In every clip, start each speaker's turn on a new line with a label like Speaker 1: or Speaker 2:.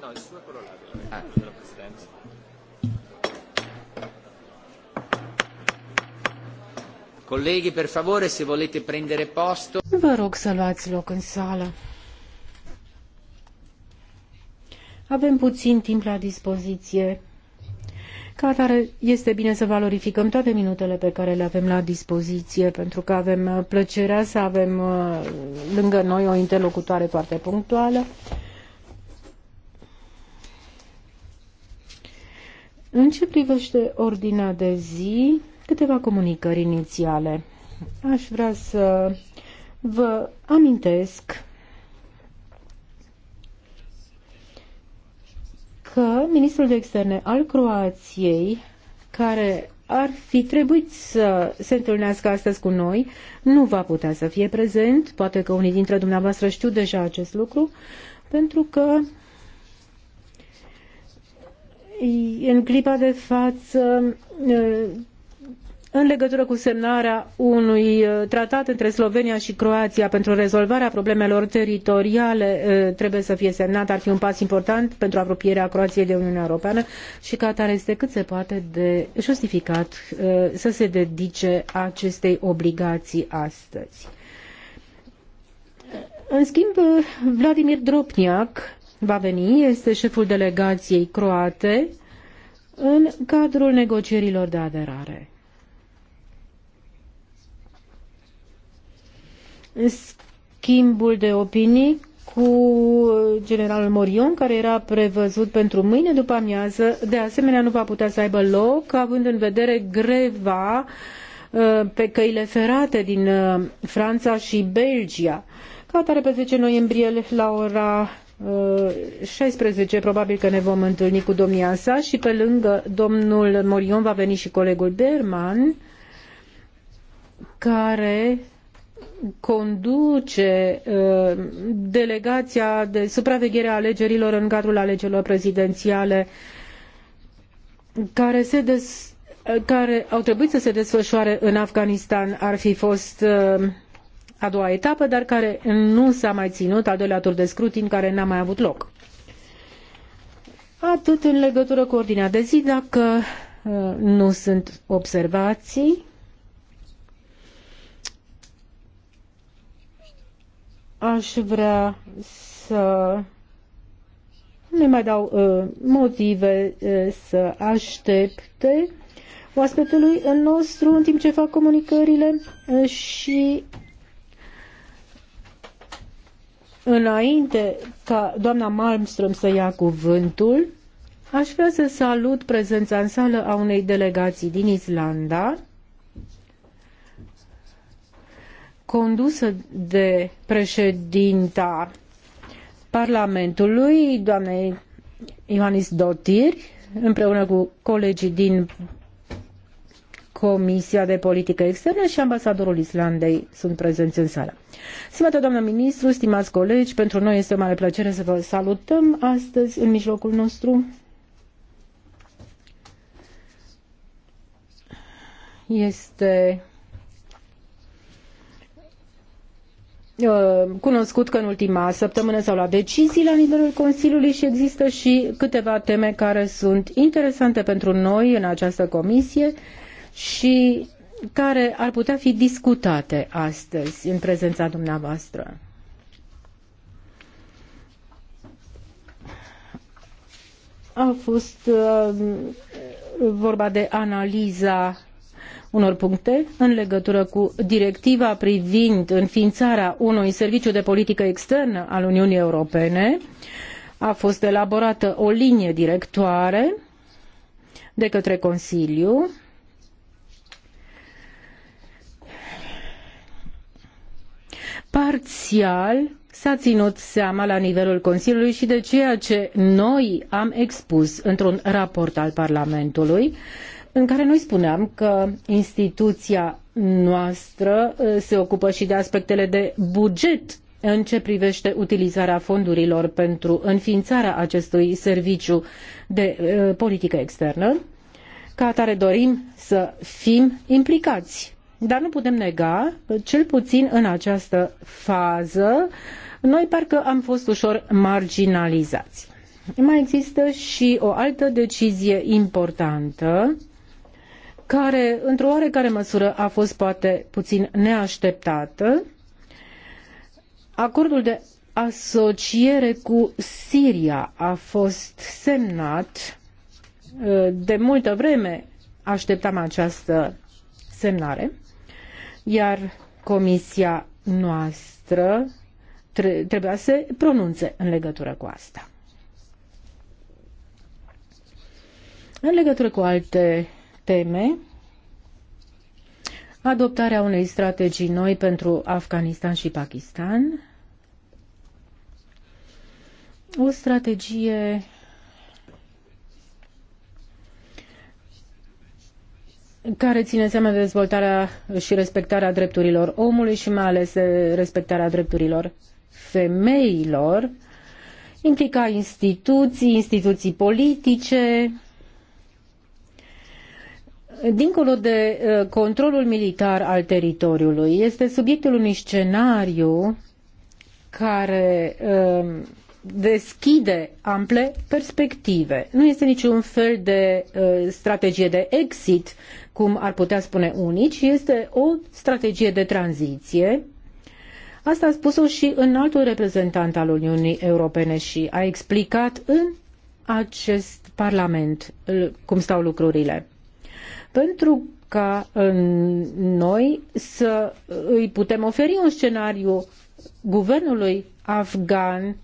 Speaker 1: no, è solo quello là della, della
Speaker 2: Presidenza. Colleghi, per favore, se volete prendere posto.
Speaker 3: Vă rog să luați loc în sală. Avem puțin timp la dispoziție. Ca atare, este bine să valorificăm toate minutele pe care le avem la dispoziție, pentru că avem uh, plăcerea să avem uh, lângă noi o interlocutoare foarte punctuală ce privește ordinea de zi, câteva comunicări inițiale. Aș vrea să vă amintesc că ministrul de externe al Croației, care ar fi trebuit să se întâlnească astăzi cu noi, nu va putea să fie prezent, poate că unii dintre dumneavoastră știu deja acest lucru, pentru că în clipa de față în legătură cu semnarea unui uh, tratat între Slovenia și Croația pentru rezolvarea problemelor teritoriale uh, trebuie să fie semnat, ar fi un pas important pentru apropierea Croației de Uniunea Europeană și ca atare este cât se poate de justificat uh, să se dedice acestei obligații astăzi. În schimb, Vladimir Dropniak va veni, este șeful delegației croate în cadrul negocierilor de aderare. Schimbul de opinii cu generalul Morion, care era prevăzut pentru mâine după amiază, de asemenea nu va putea să aibă loc, având în vedere greva uh, pe căile ferate din uh, Franța și Belgia. Ca atare pe 10 noiembrie la ora 16 probabil că ne vom întâlni cu domnia sa și pe lângă domnul Morion va veni și colegul Berman care conduce uh, delegația de supraveghere a alegerilor în cadrul alegerilor prezidențiale care, se des, uh, care au trebuit să se desfășoare în Afganistan ar fi fost uh, a doua etapă, dar care nu s-a mai ținut, al doilea tur de scrutin care n-a mai avut loc. Atât în legătură cu ordinea de zi, dacă uh, nu sunt observații. Aș vrea să ne mai dau uh, motive uh, să aștepte oaspetelui nostru în timp ce fac comunicările și Înainte ca doamna Malmström să ia cuvântul, aș vrea să salut prezența în sală a unei delegații din Islanda, condusă de președinta Parlamentului, doamnei Ioanis Dotir, împreună cu colegii din Comisia de Politică Externă și ambasadorul Islandei sunt prezenți în sală. Stimată doamnă ministru, stimați colegi, pentru noi este o mare plăcere să vă salutăm astăzi în mijlocul nostru. Este uh, cunoscut că în ultima săptămână s-au luat decizii la nivelul Consiliului și există și câteva teme care sunt interesante pentru noi în această comisie și care ar putea fi discutate astăzi în prezența dumneavoastră. A fost uh, vorba de analiza unor puncte în legătură cu directiva privind înființarea unui serviciu de politică externă al Uniunii Europene. A fost elaborată o linie directoare de către Consiliu Parțial s-a ținut seama la nivelul Consiliului și de ceea ce noi am expus într-un raport al Parlamentului, în care noi spuneam că instituția noastră uh, se ocupă și de aspectele de buget în ce privește utilizarea fondurilor pentru înființarea acestui serviciu de uh, politică externă. Ca atare dorim să fim implicați dar nu putem nega, cel puțin în această fază, noi parcă am fost ușor marginalizați. Mai există și o altă decizie importantă care, într-o oarecare măsură, a fost poate puțin neașteptată. Acordul de asociere cu Siria a fost semnat eh, de multă vreme. Așteptam această semnare iar comisia noastră tre trebuia să se pronunțe în legătură cu asta. În legătură cu alte teme, adoptarea unei strategii noi pentru Afganistan și Pakistan, o strategie care ține seama de dezvoltarea și respectarea drepturilor omului și mai ales de respectarea drepturilor femeilor, implica instituții, instituții politice, dincolo de uh, controlul militar al teritoriului, este subiectul unui scenariu care um, deschide ample perspective. Nu este niciun fel de uh, strategie de exit cum ar putea spune unii, ci este o strategie de tranziție. Asta a spus-o și în altul reprezentant al Uniunii Europene și a explicat în acest Parlament cum stau lucrurile. Pentru ca noi să îi putem oferi un scenariu guvernului afgan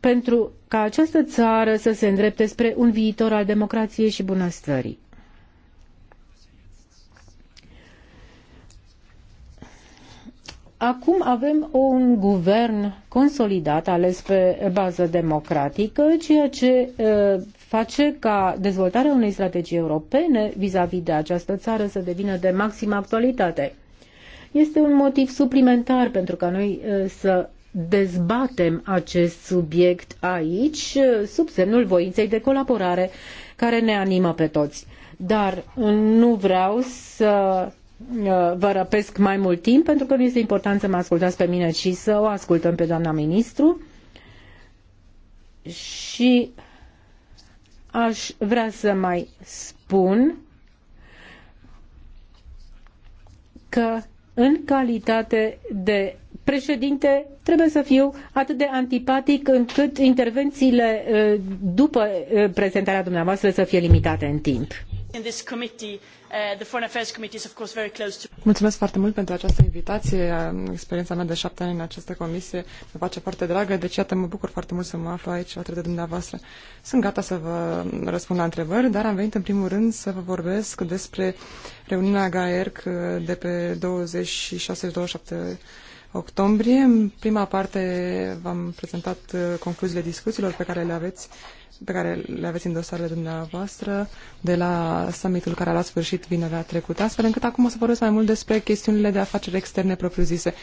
Speaker 3: pentru ca această țară să se îndrepte spre un viitor al democrației și bunăstării. Acum avem un guvern consolidat, ales pe bază democratică, ceea ce face ca dezvoltarea unei strategii europene vis-a-vis -vis de această țară să devină de maximă actualitate. Este un motiv suplimentar pentru ca noi să dezbatem acest subiect aici sub semnul voinței de colaborare care ne animă pe toți. Dar nu vreau să Uh, vă răpesc mai mult timp pentru că nu este important să mă ascultați pe mine, ci să o ascultăm pe doamna ministru. Și aș vrea să mai spun că în calitate de președinte trebuie să fiu atât de antipatic încât intervențiile uh, după uh, prezentarea dumneavoastră să fie limitate în timp.
Speaker 4: Mulțumesc foarte mult pentru această invitație. Uh, experiența mea de șapte ani în această comisie mă face foarte dragă, deci iată, mă bucur foarte mult să mă aflu aici alături de dumneavoastră. Sunt gata să vă răspund la întrebări, dar am venit în primul rând să vă vorbesc despre reuniunea GAERC uh, de pe 26-27 octombrie. În prima parte v-am prezentat uh, concluziile discuțiilor pe care le aveți pe care le aveți în dosarele dumneavoastră de la summitul care a luat sfârșit vinerea trecută, astfel încât acum o să vorbesc mai mult despre chestiunile de afaceri externe propriu-zise,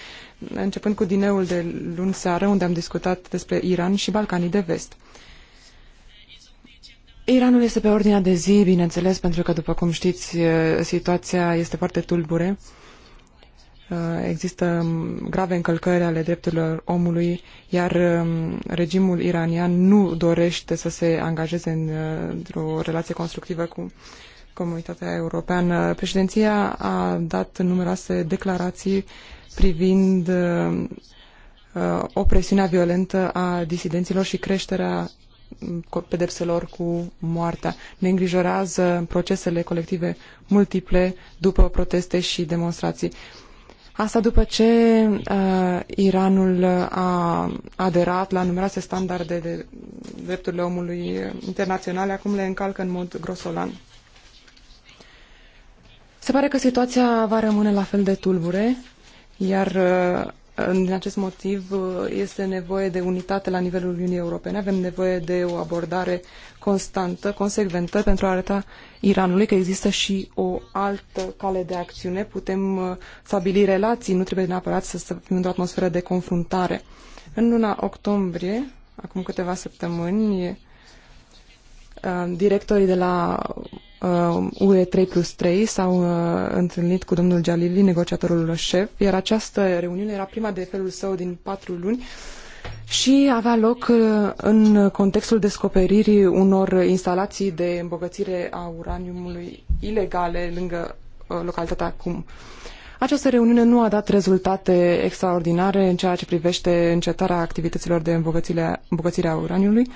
Speaker 4: începând cu dineul de luni seară, unde am discutat despre Iran și Balcanii de Vest. Iranul este pe ordinea de zi, bineînțeles, pentru că, după cum știți, situația este foarte tulbure Uh, există um, grave încălcări ale drepturilor omului, iar um, regimul iranian nu dorește să se angajeze uh, într-o relație constructivă cu comunitatea europeană. Președinția a dat numeroase declarații privind uh, opresiunea violentă a disidenților și creșterea um, pedepselor cu moartea. Ne îngrijorează procesele colective multiple după proteste și demonstrații. Asta după ce uh, Iranul a aderat la numeroase standarde de drepturile omului internaționale, acum le încalcă în mod grosolan. Se pare că situația va rămâne la fel de tulbure, iar uh, din acest motiv uh, este nevoie de unitate la nivelul Uniunii Europene, avem nevoie de o abordare constantă, consecventă pentru a arăta Iranului că există și o altă cale de acțiune. Putem uh, stabili relații, nu trebuie neapărat să fim într-o atmosferă de confruntare. În luna octombrie, acum câteva săptămâni, uh, directorii de la uh, UE 3 plus 3 s-au întâlnit cu domnul Jalili, negociatorul șef, iar această reuniune era prima de felul său din patru luni și avea loc uh, în contextul descoperirii unor instalații de îmbogățire a uraniumului ilegale lângă uh, localitatea Cum. Această reuniune nu a dat rezultate extraordinare în ceea ce privește încetarea activităților de îmbogățire a uraniului,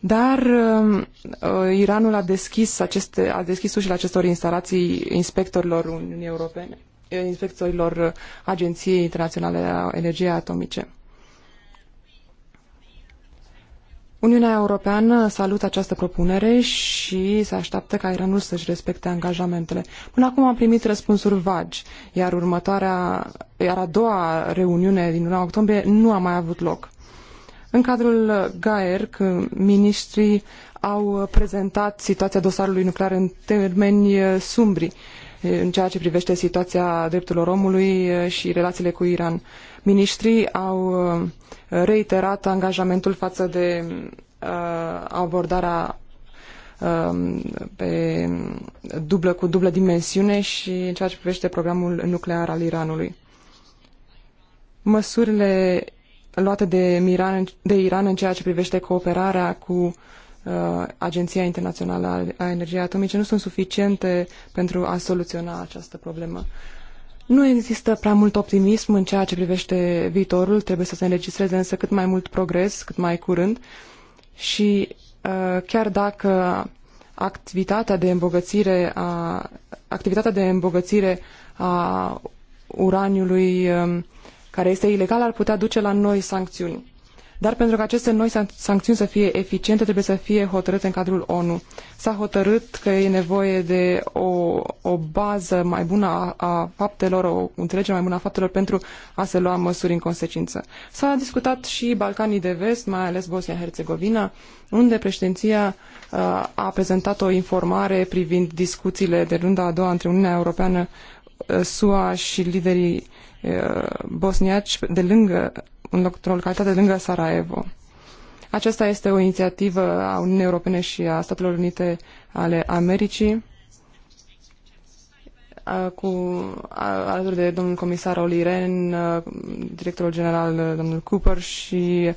Speaker 4: dar uh, uh, Iranul a deschis, aceste, a deschis ușile acestor instalații inspectorilor Uniunii Europene, inspectorilor Agenției Internaționale a Energiei Atomice. Uniunea Europeană salută această propunere și se așteaptă ca Iranul să-și respecte angajamentele. Până acum am primit răspunsuri vagi, iar următoarea, iar a doua reuniune din luna octombrie nu a mai avut loc. În cadrul GAER, când ministrii au prezentat situația dosarului nuclear în termeni sumbri, în ceea ce privește situația drepturilor omului și relațiile cu Iran. Ministrii au uh, reiterat angajamentul față de uh, abordarea um, pe dublă cu dublă dimensiune și în ceea ce privește programul nuclear al Iranului. Măsurile luate de, de Iran în ceea ce privește cooperarea cu uh, Agenția Internațională a Energiei Atomice nu sunt suficiente pentru a soluționa această problemă. Nu există prea mult optimism în ceea ce privește viitorul, trebuie să se înregistreze însă cât mai mult progres, cât mai curând și uh, chiar dacă activitatea de îmbogățire a, activitatea de îmbogățire a uraniului um, care este ilegal ar putea duce la noi sancțiuni. Dar pentru că aceste noi sancțiuni să fie eficiente, trebuie să fie hotărâte în cadrul ONU. S-a hotărât că e nevoie de o, o bază mai bună a, a faptelor, o înțelegere mai bună a faptelor pentru a se lua măsuri în consecință. S-a discutat și Balcanii de Vest, mai ales Bosnia-Herzegovina, unde președinția uh, a prezentat o informare privind discuțiile de runda a doua între Uniunea Europeană, uh, SUA și liderii uh, bosniaci de lângă într-o localitate lângă Sarajevo. Aceasta este o inițiativă a Uniunii Europene și a Statelor Unite ale Americii cu, alături de domnul comisar Oli Ren, directorul general domnul Cooper și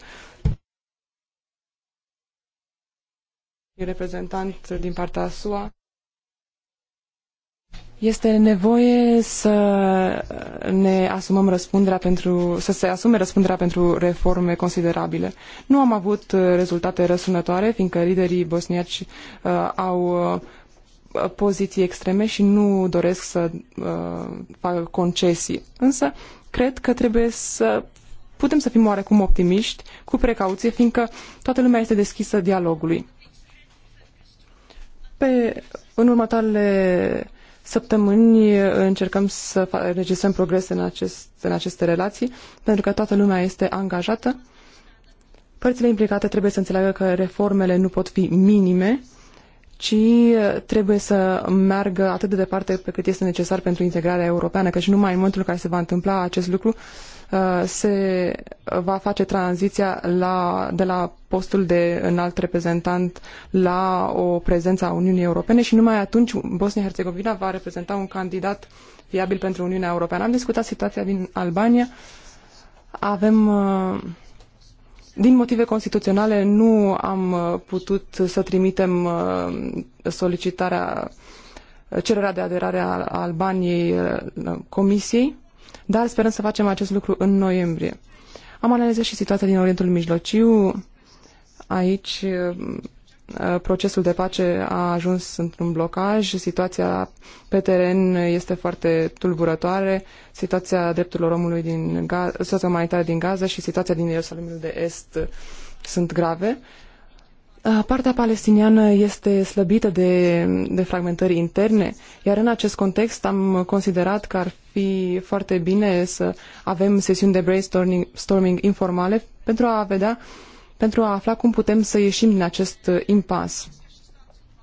Speaker 4: reprezentant din partea SUA. Este nevoie să ne asumăm răspunderea pentru, să se asume răspunderea pentru reforme considerabile. Nu am avut uh, rezultate răsunătoare, fiindcă liderii bosniaci uh, au uh, poziții extreme și nu doresc să uh, facă concesii. Însă, cred că trebuie să putem să fim oarecum optimiști, cu precauție, fiindcă toată lumea este deschisă dialogului. Pe, în următoarele săptămâni încercăm să registrăm progrese în, acest, în aceste relații, pentru că toată lumea este angajată. Părțile implicate trebuie să înțeleagă că reformele nu pot fi minime, ci trebuie să meargă atât de departe pe cât este necesar pentru integrarea europeană, căci numai în momentul în care se va întâmpla acest lucru, Uh, se va face tranziția la, de la postul de înalt reprezentant la o prezență a Uniunii Europene și numai atunci Bosnia-Herzegovina va reprezenta un candidat viabil pentru Uniunea Europeană. Am discutat situația din Albania. Avem uh, din motive constituționale nu am uh, putut să trimitem solicitarea cererea de aderare a Albaniei Comisiei dar sperăm să facem acest lucru în noiembrie. Am analizat și situația din Orientul Mijlociu. Aici uh, uh, procesul de pace a ajuns într-un blocaj, situația pe teren este foarte tulburătoare, situația drepturilor omului din Gaza, situația umanitară din Gaza și situația din Ierusalimul de Est sunt grave Partea palestiniană este slăbită de, de fragmentări interne, iar în acest context am considerat că ar fi foarte bine să avem sesiuni de brainstorming informale pentru a vedea, pentru a afla cum putem să ieșim din acest impas.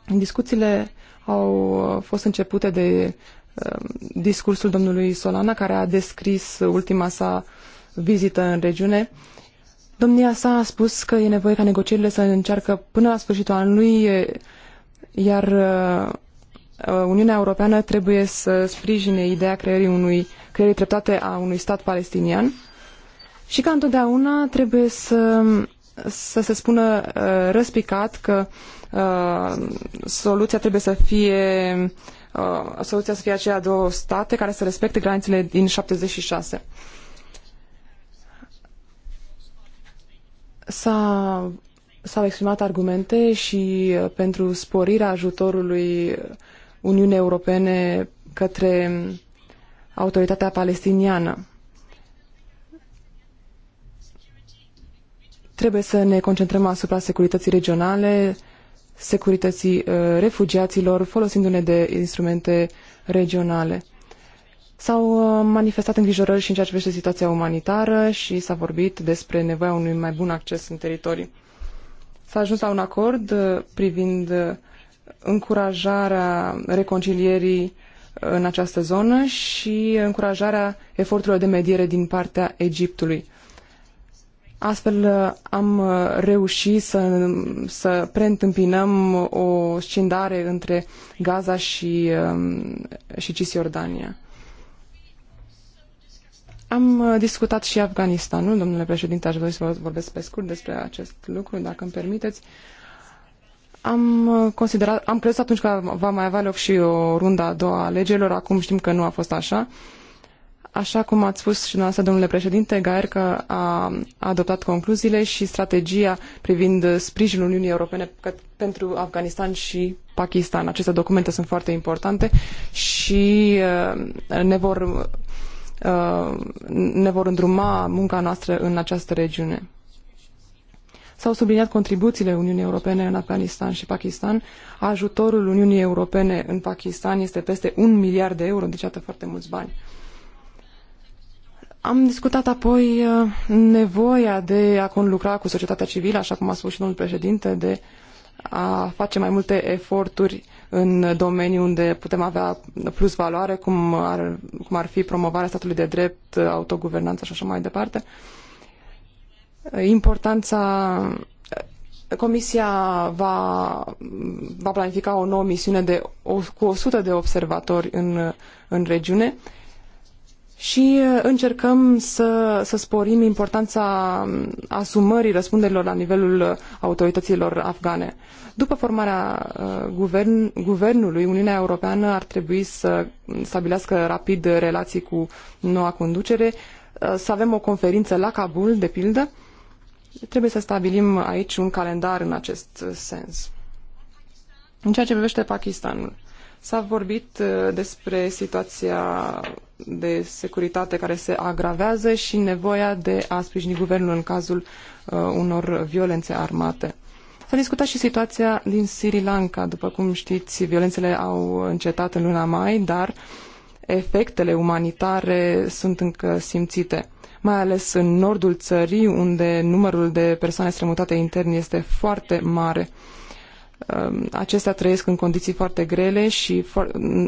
Speaker 4: Discuțiile au fost începute de discursul domnului Solana, care a descris ultima sa vizită în regiune Domnia sa a spus că e nevoie ca negocierile să încearcă până la sfârșitul anului, iar uh, Uniunea Europeană trebuie să sprijine ideea creării, unui, creării treptate a unui stat palestinian și ca întotdeauna trebuie să, să se spună uh, răspicat că uh, soluția trebuie să fie uh, soluția să fie aceea două state care să respecte granițele din 76. S-a, s-au exprimat argumente și uh, pentru sporirea ajutorului Uniunii Europene către um, autoritatea palestiniană. Trebuie să ne concentrăm asupra securității regionale, securității uh, refugiaților, folosindu-ne de instrumente regionale. S-au uh, manifestat îngrijorări și în ceea ce privește situația umanitară și s-a vorbit despre nevoia unui mai bun acces în teritorii. S-a ajuns la un acord uh, privind uh, încurajarea reconcilierii în această zonă și încurajarea eforturilor de mediere din partea Egiptului. Astfel am reușit să, să preîntâmpinăm o scindare între Gaza și, um, și Cisjordania. Am uh, discutat și Afganistanul, domnule președinte, aș dori să vorbesc pe scurt despre acest lucru, dacă îmi permiteți. Am uh, considerat, am crezut atunci că va mai avea loc și o rundă a doua a alegerilor, acum știm că nu a fost așa. Așa cum ați spus și dumneavoastră, domnule președinte, Gaer că a adoptat concluziile și strategia privind sprijinul Uniunii Europene pentru Afganistan și Pakistan. Aceste documente sunt foarte importante și uh, ne vor Uh, ne vor îndruma munca noastră în această regiune. S-au subliniat contribuțiile Uniunii Europene în Afganistan și Pakistan. Ajutorul Uniunii Europene în Pakistan este peste un miliard de euro, deci atât foarte mulți bani. Am discutat apoi uh, nevoia de a conlucra cu societatea civilă, așa cum a spus și domnul președinte, de a face mai multe eforturi în domenii unde putem avea plus valoare, cum ar, cum ar fi promovarea statului de drept, autoguvernanță și așa mai departe. Importanța Comisia va, va planifica o nouă misiune de, cu 100 de observatori în, în regiune și uh, încercăm să, să sporim importanța um, asumării răspunderilor la nivelul uh, autorităților afgane. După formarea uh, guvern, guvernului, Uniunea Europeană ar trebui să stabilească rapid relații cu noua conducere, să avem o conferință la Kabul, de pildă. Trebuie să stabilim aici un calendar în acest sens. În ceea ce privește Pakistanul, S-a vorbit uh, despre situația de securitate care se agravează și nevoia de a sprijini guvernul în cazul uh, unor violențe armate. S-a discutat și situația din Sri Lanka. După cum știți, violențele au încetat în luna mai, dar efectele umanitare sunt încă simțite, mai ales în nordul țării, unde numărul de persoane strămutate intern este foarte mare. Um, acestea trăiesc în condiții foarte grele și,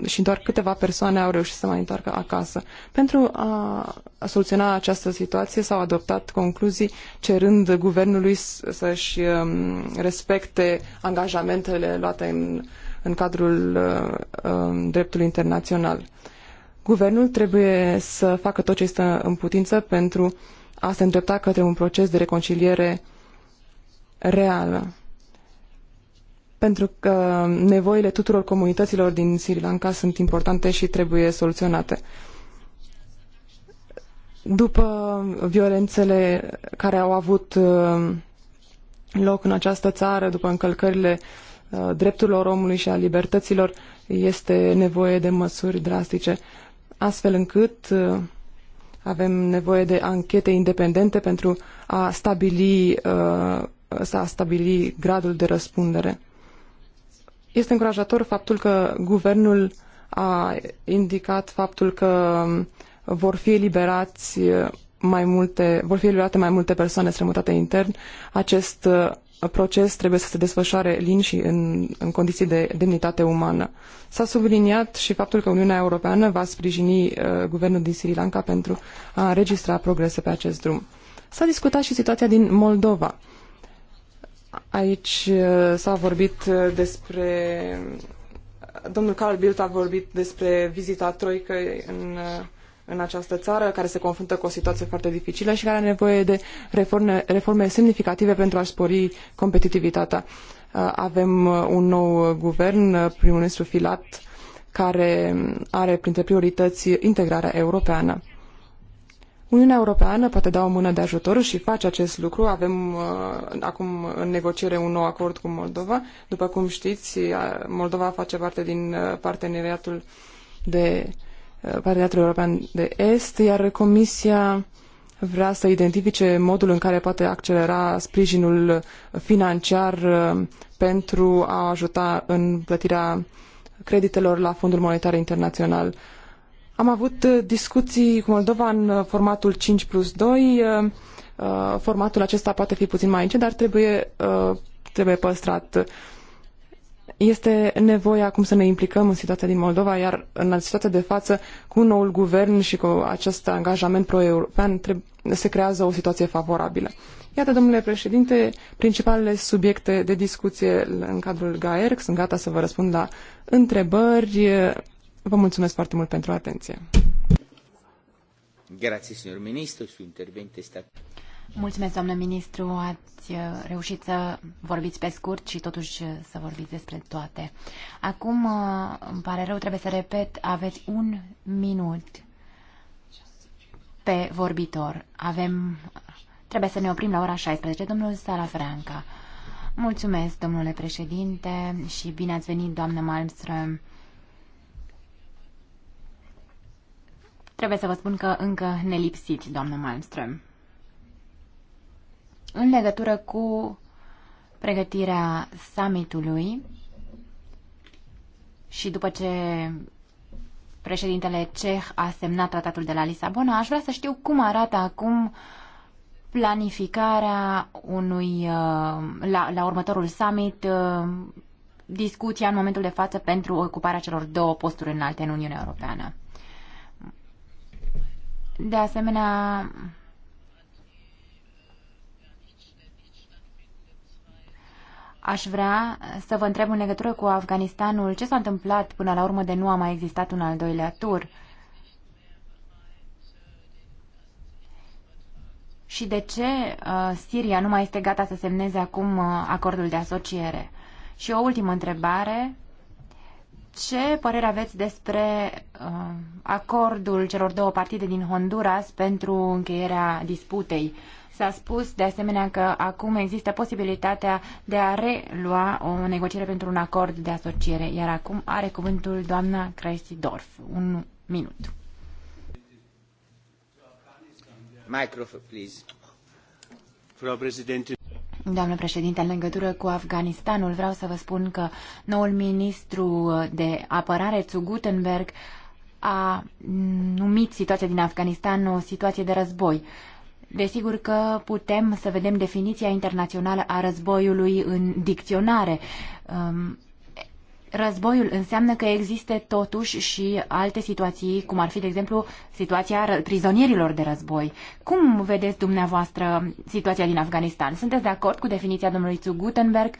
Speaker 4: și doar câteva persoane au reușit să mai întoarcă acasă. Pentru a soluționa această situație s-au adoptat concluzii cerând guvernului să-și um, respecte angajamentele luate în, în cadrul uh, um, dreptului internațional. Guvernul trebuie să facă tot ce este în putință pentru a se îndrepta către un proces de reconciliere reală pentru că nevoile tuturor comunităților din Sri Lanka sunt importante și trebuie soluționate. După violențele care au avut uh, loc în această țară, după încălcările uh, drepturilor omului și a libertăților, este nevoie de măsuri drastice, astfel încât uh, avem nevoie de anchete independente pentru a stabili, a stabili gradul de răspundere. Este încurajator faptul că guvernul a indicat faptul că vor fi eliberați mai multe, vor fi eliberate mai multe persoane strămutate intern. Acest uh, proces trebuie să se desfășoare lin și în, în condiții de demnitate umană. S-a subliniat și faptul că Uniunea Europeană va sprijini uh, guvernul din Sri Lanka pentru a înregistra progrese pe acest drum. S-a discutat și situația din Moldova. Aici uh, s-a vorbit uh, despre... Domnul Carl Bildt a vorbit despre vizita troică în, uh, în această țară, care se confruntă cu o situație foarte dificilă și care are nevoie de reforme, reforme semnificative pentru a spori competitivitatea. Avem un nou guvern, prim-ministru Filat, care are printre priorități integrarea europeană. Uniunea Europeană poate da o mână de ajutor și face acest lucru. Avem uh, acum în negociere un nou acord cu Moldova. După cum știți, uh, Moldova face parte din uh, parteneriatul de uh, parteneriatul european de est, iar Comisia vrea să identifice modul în care poate accelera sprijinul financiar uh, pentru a ajuta în plătirea creditelor la Fondul Monetar Internațional. Uh, am avut uh, discuții cu Moldova în uh, formatul 5 plus 2. Uh, formatul acesta poate fi puțin mai încet, dar trebuie, trebuie păstrat. Este nevoie acum să ne implicăm în situația din Moldova, iar în situația de față, cu noul guvern și cu acest angajament pro-european, se creează o situație favorabilă. Iată, domnule președinte, principalele subiecte de discuție în cadrul GAER. Sunt gata să vă răspund la întrebări Vă mulțumesc foarte mult pentru atenție.
Speaker 2: Grazie, signor ministru, su intervento stat...
Speaker 4: Mulțumesc,
Speaker 5: doamnă ministru. Ați uh, reușit să vorbiți pe scurt și totuși uh, să vorbiți despre toate. Acum, uh, îmi pare rău, trebuie să repet, aveți un minut pe vorbitor. Avem... Trebuie să ne oprim la ora 16. Domnul Sara Franca. Mulțumesc, domnule președinte, și bine ați venit, doamnă Malmström. Trebuie să vă spun că încă ne lipsiți, doamnă Malmström. În legătură cu pregătirea summitului și după ce președintele ceh a semnat tratatul de la Lisabona, aș vrea să știu cum arată acum planificarea unui, uh, la, la următorul summit, uh, discuția în momentul de față pentru ocuparea celor două posturi înalte în Uniunea Europeană. De asemenea, aș vrea să vă întreb în legătură cu Afganistanul ce s-a întâmplat până la urmă de nu a mai existat un al doilea tur și de ce uh, Siria nu mai este gata să semneze acum uh, acordul de asociere. Și o ultimă întrebare ce părere aveți despre uh, acordul celor două partide din Honduras pentru încheierea disputei? S-a spus de asemenea că acum există posibilitatea de a relua o negociere pentru un acord de asociere, iar acum are cuvântul doamna Crazy Dorf. Un minut.
Speaker 2: Microphone, please. Frau Präsidentin.
Speaker 5: Doamnă președinte, în legătură cu Afganistanul, vreau să vă spun că noul ministru de apărare, Tsu Gutenberg, a numit situația din Afganistan o situație de război. Desigur că putem să vedem definiția internațională a războiului în dicționare. Um, războiul înseamnă că există totuși și alte situații, cum ar fi, de exemplu, situația prizonierilor de război. Cum vedeți dumneavoastră situația din Afganistan? Sunteți de acord cu definiția domnului Zu Gutenberg?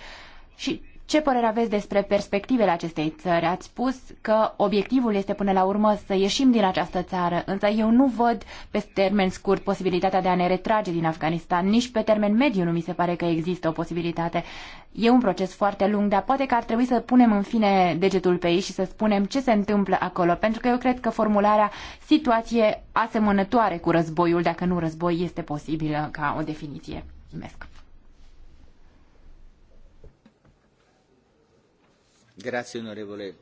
Speaker 5: Și ce părere aveți despre perspectivele acestei țări? Ați spus că obiectivul este până la urmă să ieșim din această țară, însă eu nu văd pe termen scurt posibilitatea de a ne retrage din Afganistan, nici pe termen mediu nu mi se pare că există o posibilitate. E un proces foarte lung, dar poate că ar trebui să punem în fine degetul pe ei și să spunem ce se întâmplă acolo, pentru că eu cred că formularea situație asemănătoare cu războiul, dacă nu război, este posibilă ca o definiție.
Speaker 2: Mulțumesc! Grazie, onorevole.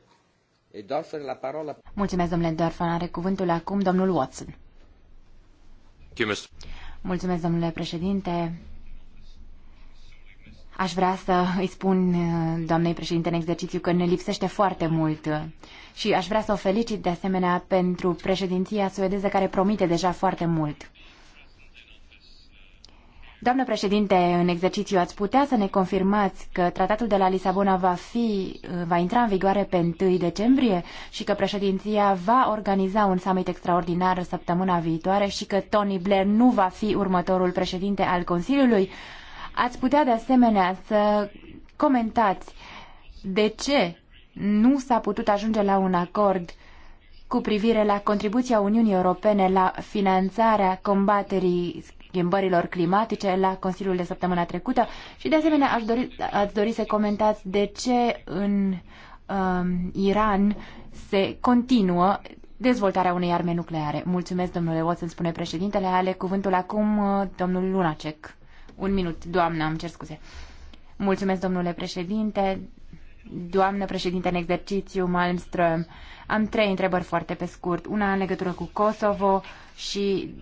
Speaker 2: Dorfer, la parola.
Speaker 5: Mulțumesc, domnule Dorfer. Are cuvântul acum domnul Watson. Mulțumesc domnule președinte. Aș vrea să îi spun uh, doamnei președinte în exercițiu că ne lipsește foarte mult și aș vrea să o felicit de asemenea pentru președinția suedeză care promite deja foarte mult. Doamnă președinte, în exercițiu ați putea să ne confirmați că tratatul de la Lisabona va fi, va intra în vigoare pe 1 decembrie și că președinția va organiza un summit extraordinar săptămâna viitoare și că Tony Blair nu va fi următorul președinte al Consiliului. Ați putea de asemenea să comentați de ce nu s-a putut ajunge la un acord cu privire la contribuția Uniunii Europene la finanțarea combaterii schimbărilor climatice la Consiliul de săptămâna trecută și de asemenea aș dori, ați dori să comentați de ce în um, Iran se continuă dezvoltarea unei arme nucleare. Mulțumesc, domnule Watson, spune președintele. Ale cuvântul acum uh, domnul Lunacek. Un minut, doamnă, îmi cer scuze. Mulțumesc, domnule președinte. Doamnă președinte în exercițiu, Malmström, am trei întrebări foarte pe scurt. Una în legătură cu Kosovo și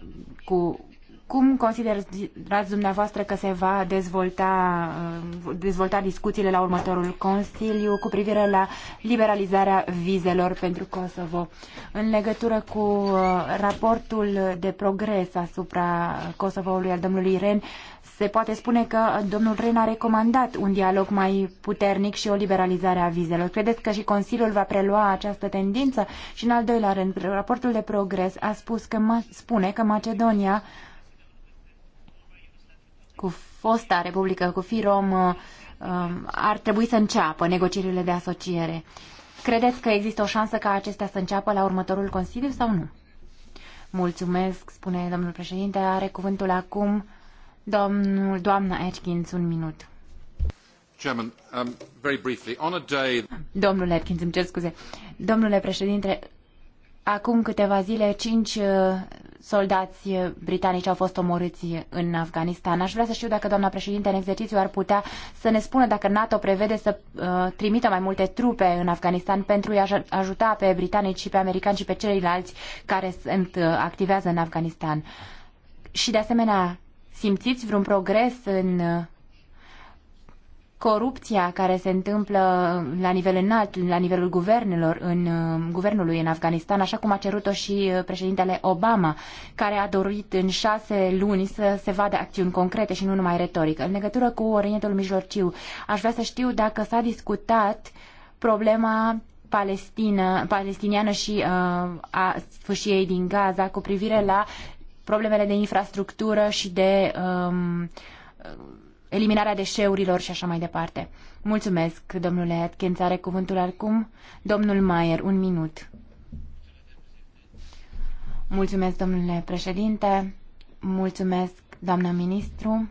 Speaker 5: cu cum considerați dumneavoastră că se va dezvolta, uh, dezvolta discuțiile la următorul Consiliu cu privire la liberalizarea vizelor pentru Kosovo? În legătură cu uh, raportul de progres asupra Kosovoului al domnului Ren, se poate spune că domnul Ren a recomandat un dialog mai puternic și o liberalizare a vizelor. Credeți că și Consiliul va prelua această tendință? Și în al doilea rând, raportul de progres a spus că, spune că Macedonia cu fosta Republică, cu FIROM, um, ar trebui să înceapă negocierile de asociere. Credeți că există o șansă ca acestea să înceapă la următorul Consiliu sau nu? Mulțumesc, spune domnul președinte. Are cuvântul acum domnul, doamna Atkins, un minut.
Speaker 1: Chairman, um, very briefly, on a day...
Speaker 5: Domnule Atkins, îmi cer scuze. Domnule președinte, acum câteva zile, cinci uh, soldați britanici au fost omorâți în Afganistan. Aș vrea să știu dacă doamna președinte în exercițiu ar putea să ne spună dacă NATO prevede să uh, trimită mai multe trupe în Afganistan pentru a ajuta pe britanici și pe americani și pe ceilalți care sunt, uh, activează în Afganistan. Și de asemenea, simțiți vreun progres în uh, corupția care se întâmplă la nivel înalt, la nivelul guvernelor, în uh, guvernului în Afganistan, așa cum a cerut-o și uh, președintele Obama, care a dorit în șase luni să se vadă acțiuni concrete și nu numai retorică. În legătură cu Orientul Mijlociu, aș vrea să știu dacă s-a discutat problema palestină, palestiniană și uh, a sfârșiei din Gaza cu privire la problemele de infrastructură și de um, eliminarea deșeurilor și așa mai departe. Mulțumesc, domnule Atkins. Are cuvântul acum domnul Maier. Un minut. Mulțumesc, domnule președinte. Mulțumesc, doamna ministru.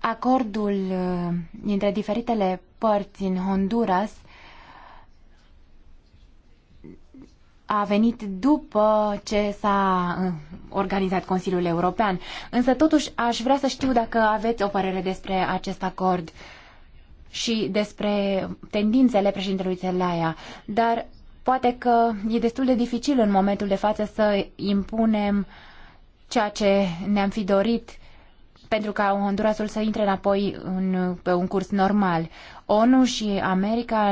Speaker 5: Acordul uh, dintre diferitele părți în Honduras a venit după ce s-a uh, organizat Consiliul European. Însă, totuși, aș vrea să știu dacă aveți o părere despre acest acord și despre tendințele președintelui Zelaya. Dar poate că e destul de dificil în momentul de față să impunem ceea ce ne-am fi dorit pentru ca Hondurasul să intre înapoi în, pe un curs normal. ONU și America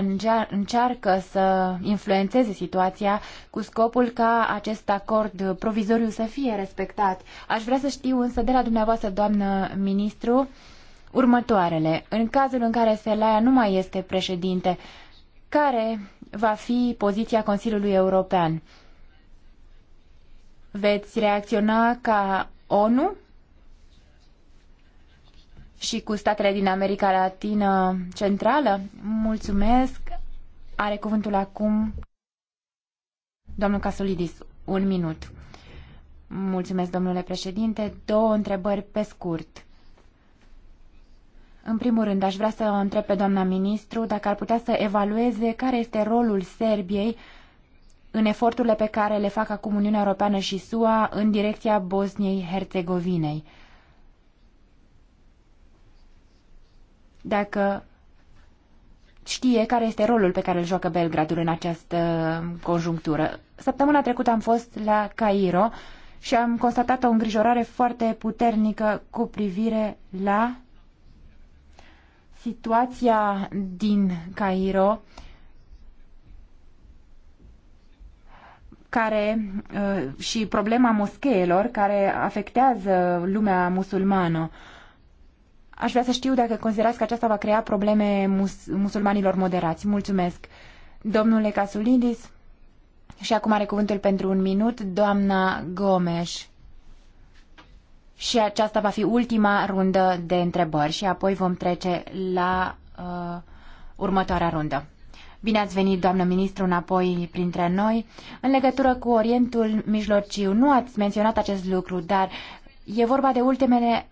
Speaker 5: încearcă să influențeze situația cu scopul ca acest acord provizoriu să fie respectat. Aș vrea să știu însă de la dumneavoastră, doamnă ministru, următoarele. În cazul în care Selaia nu mai este președinte, care va fi poziția Consiliului European? Veți reacționa ca ONU și cu statele din America Latină Centrală? Mulțumesc. Are cuvântul acum domnul Casolidis. Un minut. Mulțumesc, domnule președinte. Două întrebări pe scurt. În primul rând, aș vrea să o întreb pe doamna ministru dacă ar putea să evalueze care este rolul Serbiei în eforturile pe care le fac acum Uniunea Europeană și SUA în direcția bosniei herțegovinei dacă știe care este rolul pe care îl joacă Belgradul în această conjunctură. Săptămâna trecută am fost la Cairo și am constatat o îngrijorare foarte puternică cu privire la situația din Cairo care uh, și problema moscheelor care afectează lumea musulmană. Aș vrea să știu dacă considerați că aceasta va crea probleme mus- musulmanilor moderați. Mulțumesc. Domnule Casulidis, și acum are cuvântul pentru un minut, doamna Gomes. Și aceasta va fi ultima rundă de întrebări și apoi vom trece la uh, următoarea rundă. Bine ați venit, doamnă ministru, înapoi printre noi. În legătură cu Orientul Mijlociu, nu ați menționat acest lucru, dar e vorba de ultimele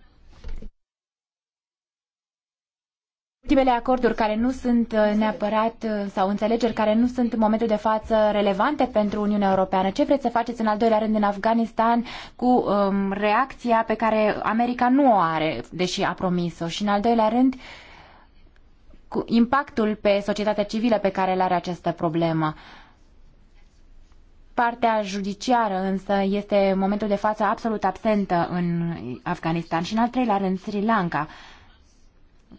Speaker 5: Ultimele acorduri care nu sunt uh, neapărat uh, sau înțelegeri care nu sunt în momentul de față relevante pentru Uniunea Europeană. Ce vreți să faceți în al doilea rând în Afganistan cu um, reacția pe care America nu o are, deși a promis-o? Și în al doilea rând, cu impactul pe societatea civilă pe care îl are această problemă. Partea judiciară însă este în momentul de față absolut absentă în Afganistan și în al treilea rând Sri Lanka,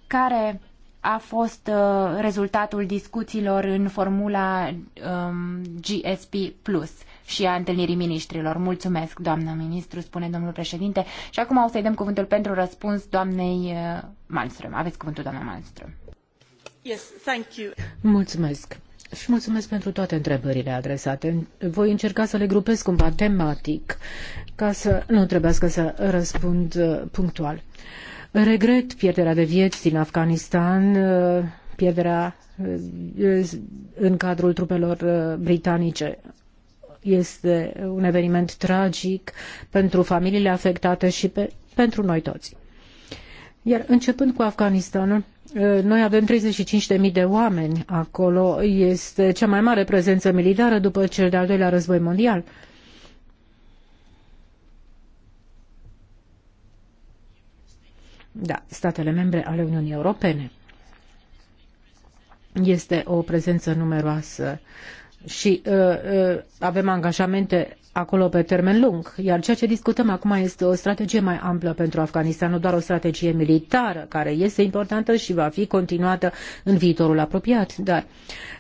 Speaker 5: care a fost uh, rezultatul discuțiilor în formula um, GSP Plus și a întâlnirii miniștrilor. Mulțumesc, doamnă ministru, spune domnul președinte. Și acum o să-i dăm cuvântul pentru răspuns doamnei uh, Malmström. Aveți cuvântul, doamna Malmström.
Speaker 1: Yes, thank you.
Speaker 5: Mulțumesc.
Speaker 3: Și mulțumesc pentru toate întrebările adresate. Voi încerca să le grupez cumva tematic ca să nu trebuiască să răspund uh, punctual. Uh, Regret pierderea de vieți din Afganistan, uh, pierderea uh, uh, în cadrul trupelor britanice. Este un eveniment tragic pentru familiile afectate și pe, pentru noi toți. Iar începând cu Afganistanul, noi avem 35.000 de oameni acolo. Este cea mai mare prezență militară după cel de-al doilea război mondial. Uh, Da, statele membre ale Uniunii Europene. Este o prezență numeroasă și uh, uh, avem angajamente acolo pe termen lung. Iar ceea ce discutăm acum este o strategie mai amplă pentru Afganistan, nu doar o strategie militară, care este importantă și va fi continuată în viitorul apropiat, dar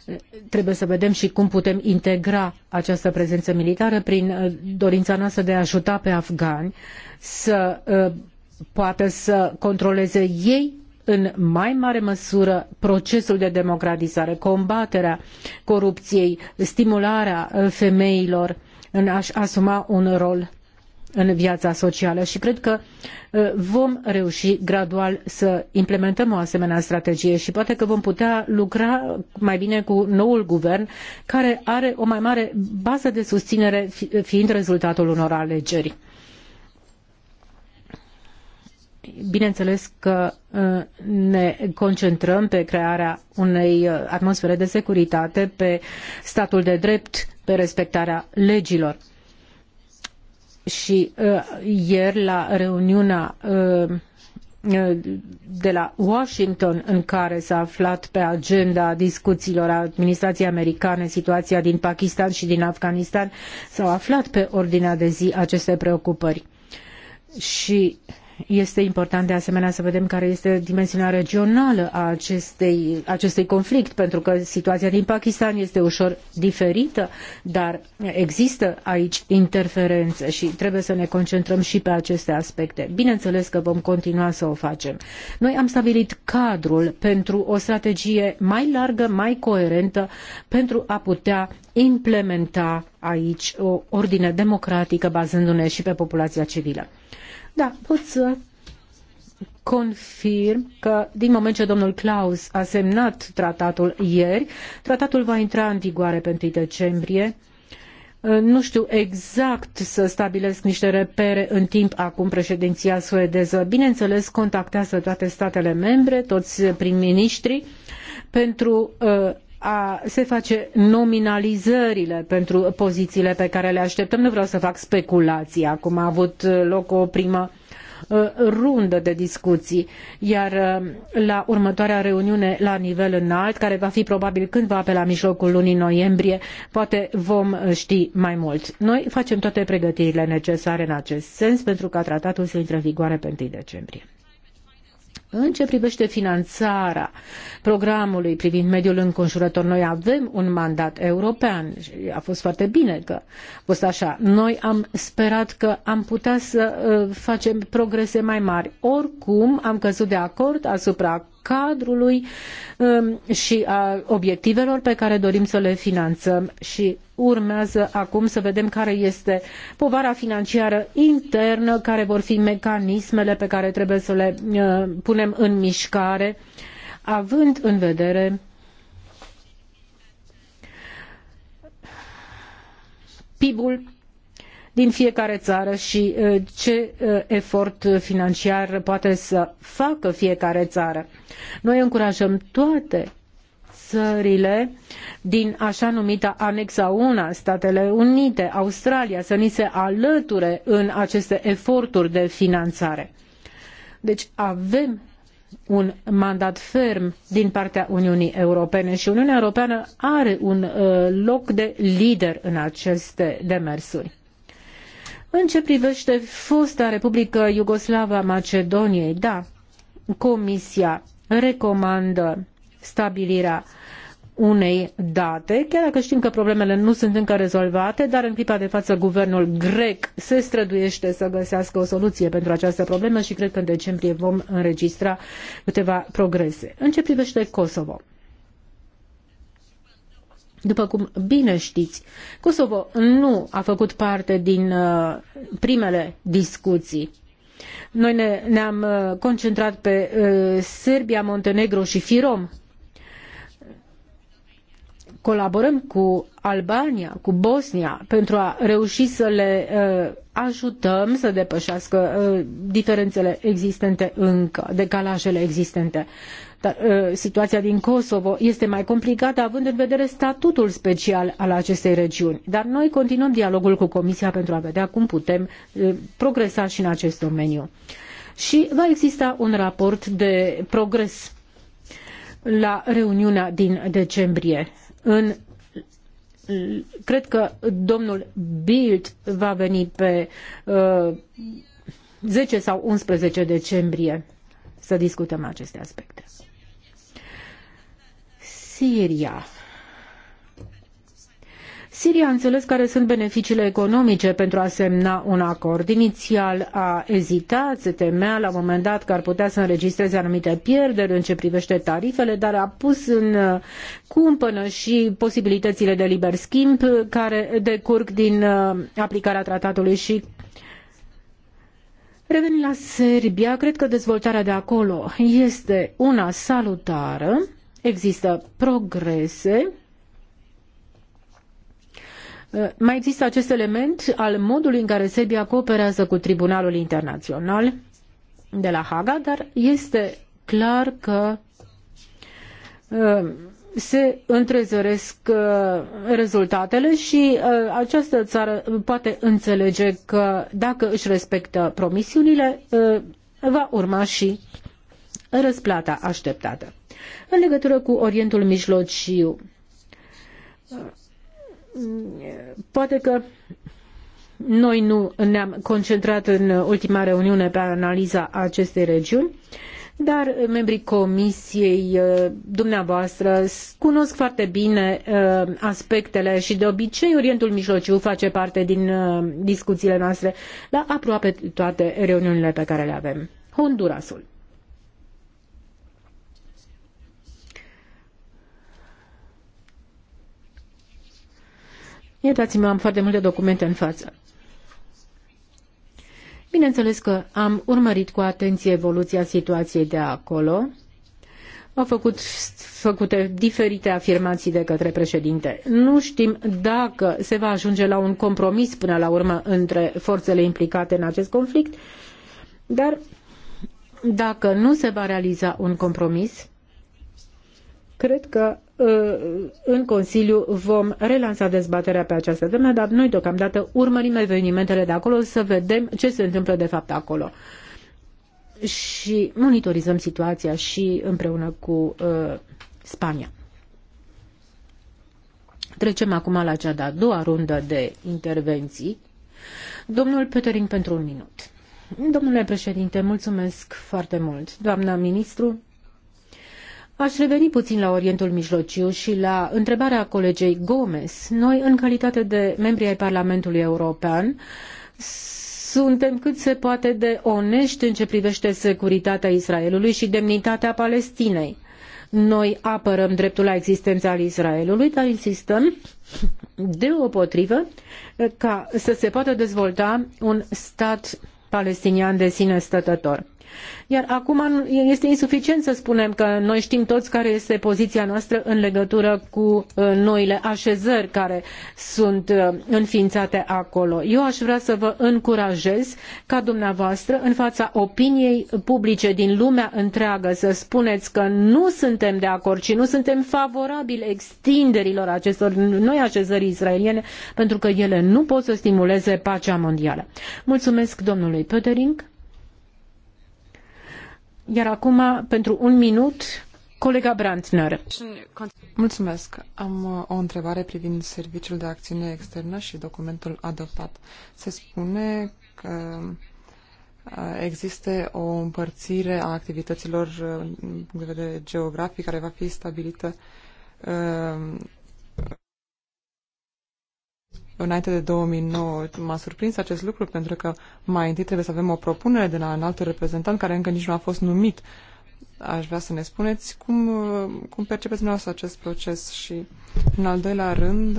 Speaker 3: uh, trebuie să vedem și cum putem integra această prezență militară prin uh, dorința noastră de a ajuta pe afgani să uh, poată să controleze ei în mai mare măsură procesul de democratizare, combaterea corupției, stimularea uh, femeilor în a asuma un rol în viața socială și cred că uh, vom reuși gradual să implementăm o asemenea strategie și poate că vom putea lucra mai bine cu noul guvern care are o mai mare bază de susținere fiind rezultatul unor alegeri. Bineînțeles că uh, ne concentrăm pe crearea unei uh, atmosfere de securitate, pe statul de drept, pe respectarea legilor. Și uh, ieri la reuniunea de la Washington în care s-a aflat pe agenda discuțiilor administrației americane situația din Pakistan și din Afganistan, s-au aflat pe ordinea de zi aceste preocupări. Și este important de asemenea să vedem care este dimensiunea regională a acestei, acestui conflict, pentru că situația din Pakistan este ușor diferită, dar există aici interferențe și trebuie să ne concentrăm și pe aceste aspecte. Bineînțeles că vom continua să o facem. Noi am stabilit cadrul pentru o strategie mai largă, mai coerentă, pentru a putea implementa aici o ordine democratică bazându-ne și pe populația civilă. Da, pot să confirm că din moment ce domnul Klaus a semnat tratatul ieri, tratatul va intra în vigoare pe 1 decembrie. Uh, nu știu exact să stabilesc niște repere în timp acum președinția suedeză. Bineînțeles, contactează toate statele membre, toți prim-ministrii, pentru uh, a, se face nominalizările pentru pozițiile pe care le așteptăm. Nu vreau să fac speculații. Acum a avut loc o primă ă, rundă de discuții, iar ă, la următoarea reuniune la nivel înalt, care va fi probabil cândva pe la mijlocul lunii noiembrie, poate vom ști mai mult. Noi facem toate pregătirile necesare în acest sens pentru ca tratatul să intre în vigoare pe 1 decembrie. În ce privește finanțarea programului privind mediul înconjurător, noi avem un mandat european și a fost foarte bine că a fost așa. Noi am sperat că am putea să uh, facem progrese mai mari. Oricum, am căzut de acord asupra cadrului um, și a obiectivelor pe care dorim să le finanțăm și urmează acum să vedem care este povara financiară internă, care vor fi mecanismele pe care trebuie să le uh, punem în mișcare, având în vedere PIB-ul din fiecare țară și uh, ce uh, efort financiar poate să facă fiecare țară. Noi încurajăm toate țările din așa numita anexa 1, Statele Unite, Australia, să ni se alăture în aceste eforturi de finanțare. Deci avem un mandat ferm din partea Uniunii Europene și Uniunea Europeană are un uh, loc de lider în aceste demersuri. În ce privește fosta Republică a Macedoniei, da, Comisia recomandă stabilirea unei date, chiar dacă știm că problemele nu sunt încă rezolvate, dar în clipa de față guvernul grec se străduiește să găsească o soluție pentru această problemă și cred că în decembrie vom înregistra câteva progrese. În ce privește Kosovo? După cum bine știți, Kosovo nu a făcut parte din uh, primele discuții. Noi ne, am uh, concentrat pe uh, Serbia, Montenegro și Firom, colaborăm cu Albania, cu Bosnia, pentru a reuși să le uh, ajutăm să depășească uh, diferențele existente încă, decalajele existente. Dar uh, situația din Kosovo este mai complicată având în vedere statutul special al acestei regiuni. Dar noi continuăm dialogul cu Comisia pentru a vedea cum putem progresa și în acest domeniu. Și va exista un raport de progres la reuniunea din decembrie în cred că domnul Bild va veni pe uh, 10 sau 11 decembrie să discutăm aceste aspecte. Siria. Siria a înțeles care sunt beneficiile economice pentru a semna un acord. Inițial a ezitat, se temea la un moment dat că ar putea să înregistreze anumite pierderi în ce privește tarifele, dar a pus în uh, cumpănă și posibilitățile de liber schimb care decurg din uh, aplicarea tratatului și Revenind la Serbia, cred că dezvoltarea de acolo este una salutară, există progrese, Uh, mai există acest element al modului în care Serbia cooperează cu Tribunalul Internațional de la Haga, dar este clar că uh, se întrezăresc uh, rezultatele și această țară poate înțelege că dacă își respectă promisiunile, va urma și răsplata așteptată. În legătură cu Orientul Mijlociu, poate că noi nu ne-am concentrat în ultima reuniune pe analiza acestei regiuni, dar membrii comisiei uh, dumneavoastră cunosc foarte bine uh, aspectele și de obicei Orientul Mijlociu face parte din uh, discuțiile noastre la aproape toate reuniunile pe care le avem. Hondurasul. Iertați-mă, am foarte multe documente în față. Bineînțeles că am urmărit cu atenție evoluția situației de acolo. Au făcut făcute diferite afirmații de către președinte. Nu știm dacă se va ajunge la un compromis până la urmă între forțele implicate în acest conflict, dar dacă nu se va realiza un compromis, cred că Uh, în Consiliu vom relansa dezbaterea pe această temă, dar noi deocamdată urmărim evenimentele de acolo să vedem ce se întâmplă de fapt acolo. Și monitorizăm situația și împreună cu uh, Spania. Trecem acum la cea de-a doua rundă de intervenții. Domnul Petering pentru un minut. Domnule președinte, mulțumesc foarte mult. Doamna ministru, Aș reveni puțin la Orientul Mijlociu și la întrebarea colegei Gomes. Noi, în calitate de membri ai Parlamentului European, suntem cât se poate de onești în ce privește securitatea Israelului și demnitatea Palestinei. Noi apărăm dreptul la existența al Israelului, dar insistăm deopotrivă ca să se poată dezvolta un stat palestinian de sine stătător. Iar acum este insuficient să spunem că noi știm toți care este poziția noastră în legătură cu uh, noile așezări care sunt uh, înființate acolo. Eu aș vrea să vă încurajez ca dumneavoastră în fața opiniei publice din lumea întreagă să spuneți că nu suntem de acord și nu suntem favorabili extinderilor acestor noi așezări israeliene pentru că ele nu pot să stimuleze pacea mondială. Mulțumesc domnului Pötering. Iar acum, pentru un minut,
Speaker 4: colega Brandner. Mulțumesc. Am uh, o întrebare privind Serviciul de Acțiune Externă și documentul adoptat. Se spune că uh, există o împărțire a activităților uh, de vedere geografic care va fi stabilită înainte de 2009. M-a surprins acest lucru pentru că mai întâi trebuie să avem o propunere de la un alt reprezentant care încă nici nu a fost numit. Aș vrea să ne spuneți cum, cum percepeți dumneavoastră acest proces și, în al doilea rând,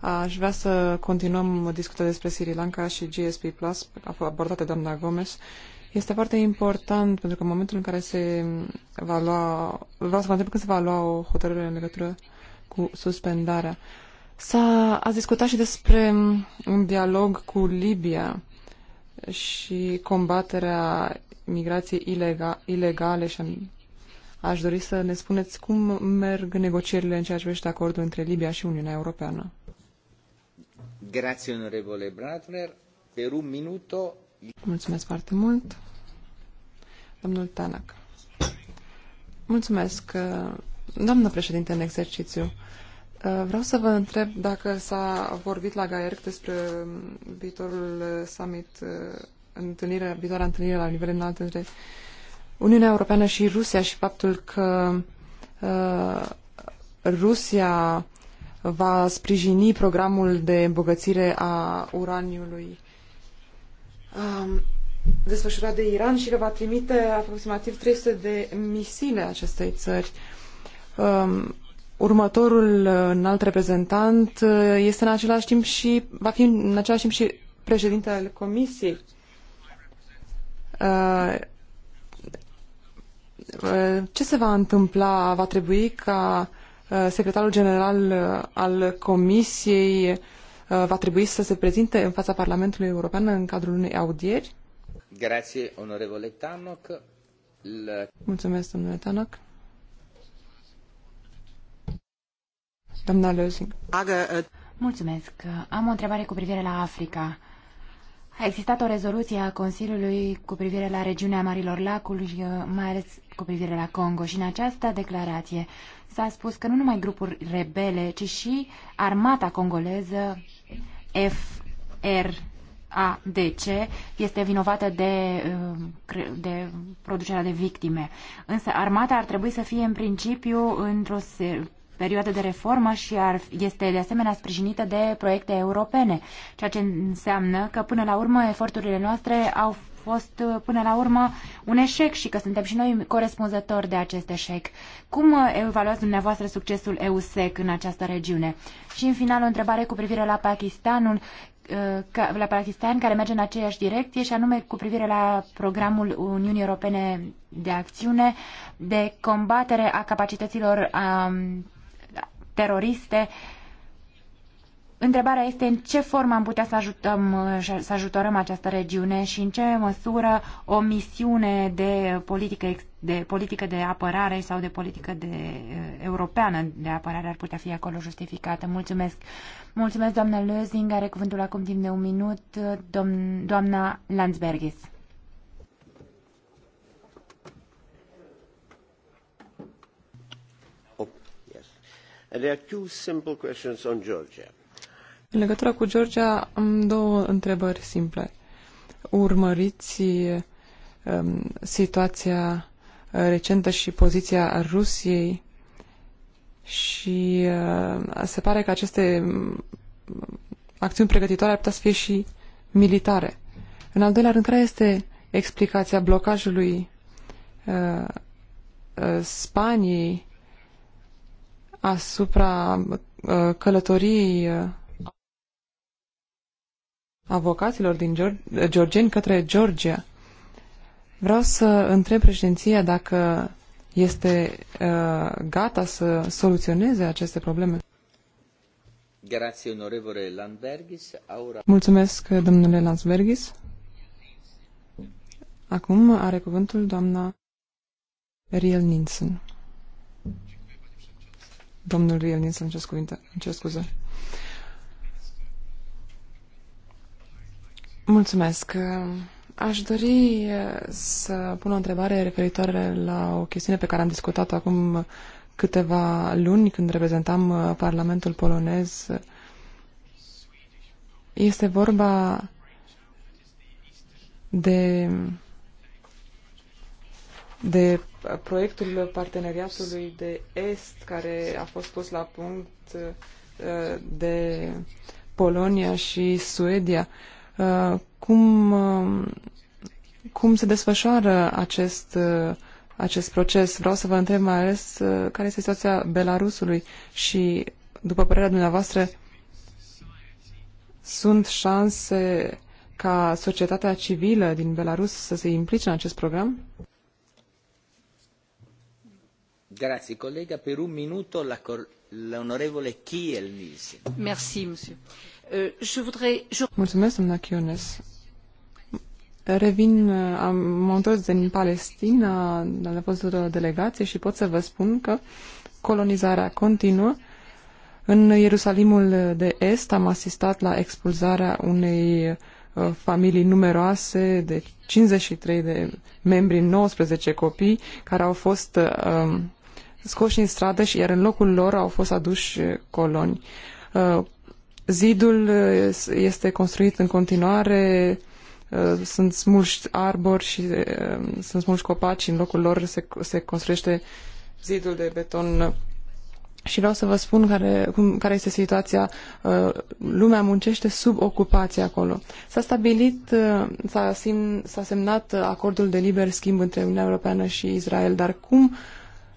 Speaker 4: aș vrea să continuăm discuția despre Sri Lanka și GSP+, Plus, abordată doamna Gomes, este foarte important pentru că în momentul în care se va lua, vreau să vă întreb când se va lua o hotărâre în legătură cu suspendarea. S-a a discutat și despre un dialog cu Libia și combaterea migrației ilega, ilegale și aș dori să ne spuneți cum merg negocierile în ceea ce privește acordul între Libia și Uniunea Europeană.
Speaker 2: Grazie, onorevole Bratner. Per un minuto...
Speaker 4: Mulțumesc foarte mult. Domnul Tanak. Mulțumesc, doamnă președinte în exercițiu. Uh, vreau să vă întreb dacă s-a vorbit la GAERC despre um, viitorul uh, summit, uh, întâlnire, viitoarea întâlnire la nivel înalt între Uniunea Europeană și Rusia și faptul că uh, Rusia va sprijini programul de îmbogățire a uraniului um, desfășurat de Iran și că va trimite aproximativ 300 de misile acestei țări. Um, următorul uh, înalt reprezentant uh, este în același timp și va fi în același timp și președinte al comisiei. Uh, ce se va întâmpla? Va trebui ca secretarul general al comisiei va trebui să se prezinte în fața Parlamentului European în cadrul unei audieri? onorevole Mulțumesc, domnule Tannock. Doamna Lozing.
Speaker 2: Ă,
Speaker 5: Mulțumesc. Am o întrebare cu privire la Africa. A existat o rezoluție a Consiliului cu privire la regiunea Marilor Lacului, uh, mai ales cu privire la Congo și în această declarație s-a spus că nu numai grupuri rebele, ci și armata congoleză FRADC este vinovată de, uh, de producerea de victime. Însă armata ar trebui să fie în principiu într-o perioadă de reformă și ar, este de asemenea sprijinită de proiecte europene, ceea ce înseamnă că până la urmă eforturile noastre au fost până la urmă un eșec și că suntem și noi corespunzători de acest eșec. Cum evaluați dumneavoastră succesul EUSEC în această regiune? Și în final o întrebare cu privire la Pakistanul uh, la Pakistan care merge în aceeași direcție și anume cu privire la programul Uniunii Europene de acțiune de combatere a capacităților um, teroriste. Întrebarea este în ce formă am putea să ajutăm, să ajutorăm această regiune și în ce măsură o misiune de politică, de politică de apărare sau de politică de eh, europeană de apărare ar putea fi acolo justificată. Mulțumesc. Mulțumesc, doamna Lözing. Are cuvântul acum timp de un minut, domn, doamna Landsbergis.
Speaker 4: În legătură cu Georgia am două întrebări simple. Urmăriți um, situația uh, recentă și poziția Rusiei și uh, se pare că aceste um, acțiuni pregătitoare ar putea să fie și militare. În al doilea rând, care este explicația blocajului uh, uh, Spaniei asupra uh, călătoriei uh, avocaților din georgieni către Georgia. Vreau să întreb președinția dacă este uh, gata să soluționeze aceste probleme.
Speaker 2: Mulțumesc,
Speaker 4: domnule Landsbergis. Acum are cuvântul doamna Riel Ninsen. Domnul Ionin să-mi cer, cuvinte, îmi cer scuze. Mulțumesc. Aș dori eh, să pun o întrebare referitoare la o chestiune pe care am discutat-o acum câteva luni când reprezentam eh, Parlamentul polonez. Este vorba de de proiectul parteneriatului de Est care a fost pus la punct uh, de Polonia și Suedia. Uh, cum, um, cum se desfășoară acest, uh, acest proces? Vreau să vă întreb mai ales care este situația Belarusului și, după părerea dumneavoastră, sunt șanse ca societatea civilă din Belarus să se implice în acest program?
Speaker 2: Mulțumesc,
Speaker 4: Revin, uh, am, întors din Palestina, am fost o delegație și pot să vă spun că colonizarea continuă. În Ierusalimul de Est am asistat la expulzarea unei uh, familii numeroase de 53 de membri, 19 copii, care au fost uh, scoși în stradă și iar în locul lor au fost aduși uh, coloni. Uh, zidul uh, este construit în continuare, sunt smulși arbori și sunt smulși copaci și în locul lor se, se construiește zidul de beton și vreau să vă spun care, cum, care este situația. Lumea muncește sub ocupație acolo. S-a stabilit, s-a, semnat acordul de liber schimb între Uniunea Europeană și Israel, dar cum uh,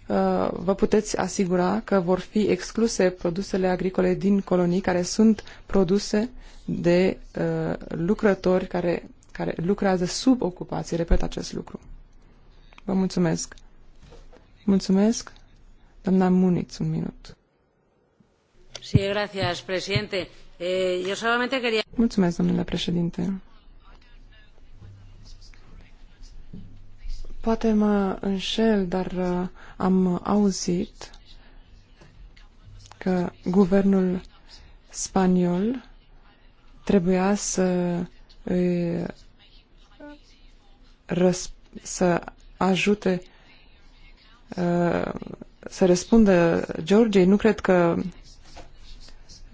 Speaker 4: Uh, vă puteți asigura că vor fi excluse produsele agricole din colonii care sunt produse de uh, lucrători care, care lucrează sub ocupație. Repet acest lucru. Vă mulțumesc. Mulțumesc. Doamna Muniț, un minut.
Speaker 3: Sí, gracias, presidente. Eh, yo solamente quería...
Speaker 4: Mulțumesc, domnule președinte. Poate mă înșel, dar uh, am auzit că guvernul spaniol trebuia să îi să ajute uh, să răspundă Georgiei. Nu cred că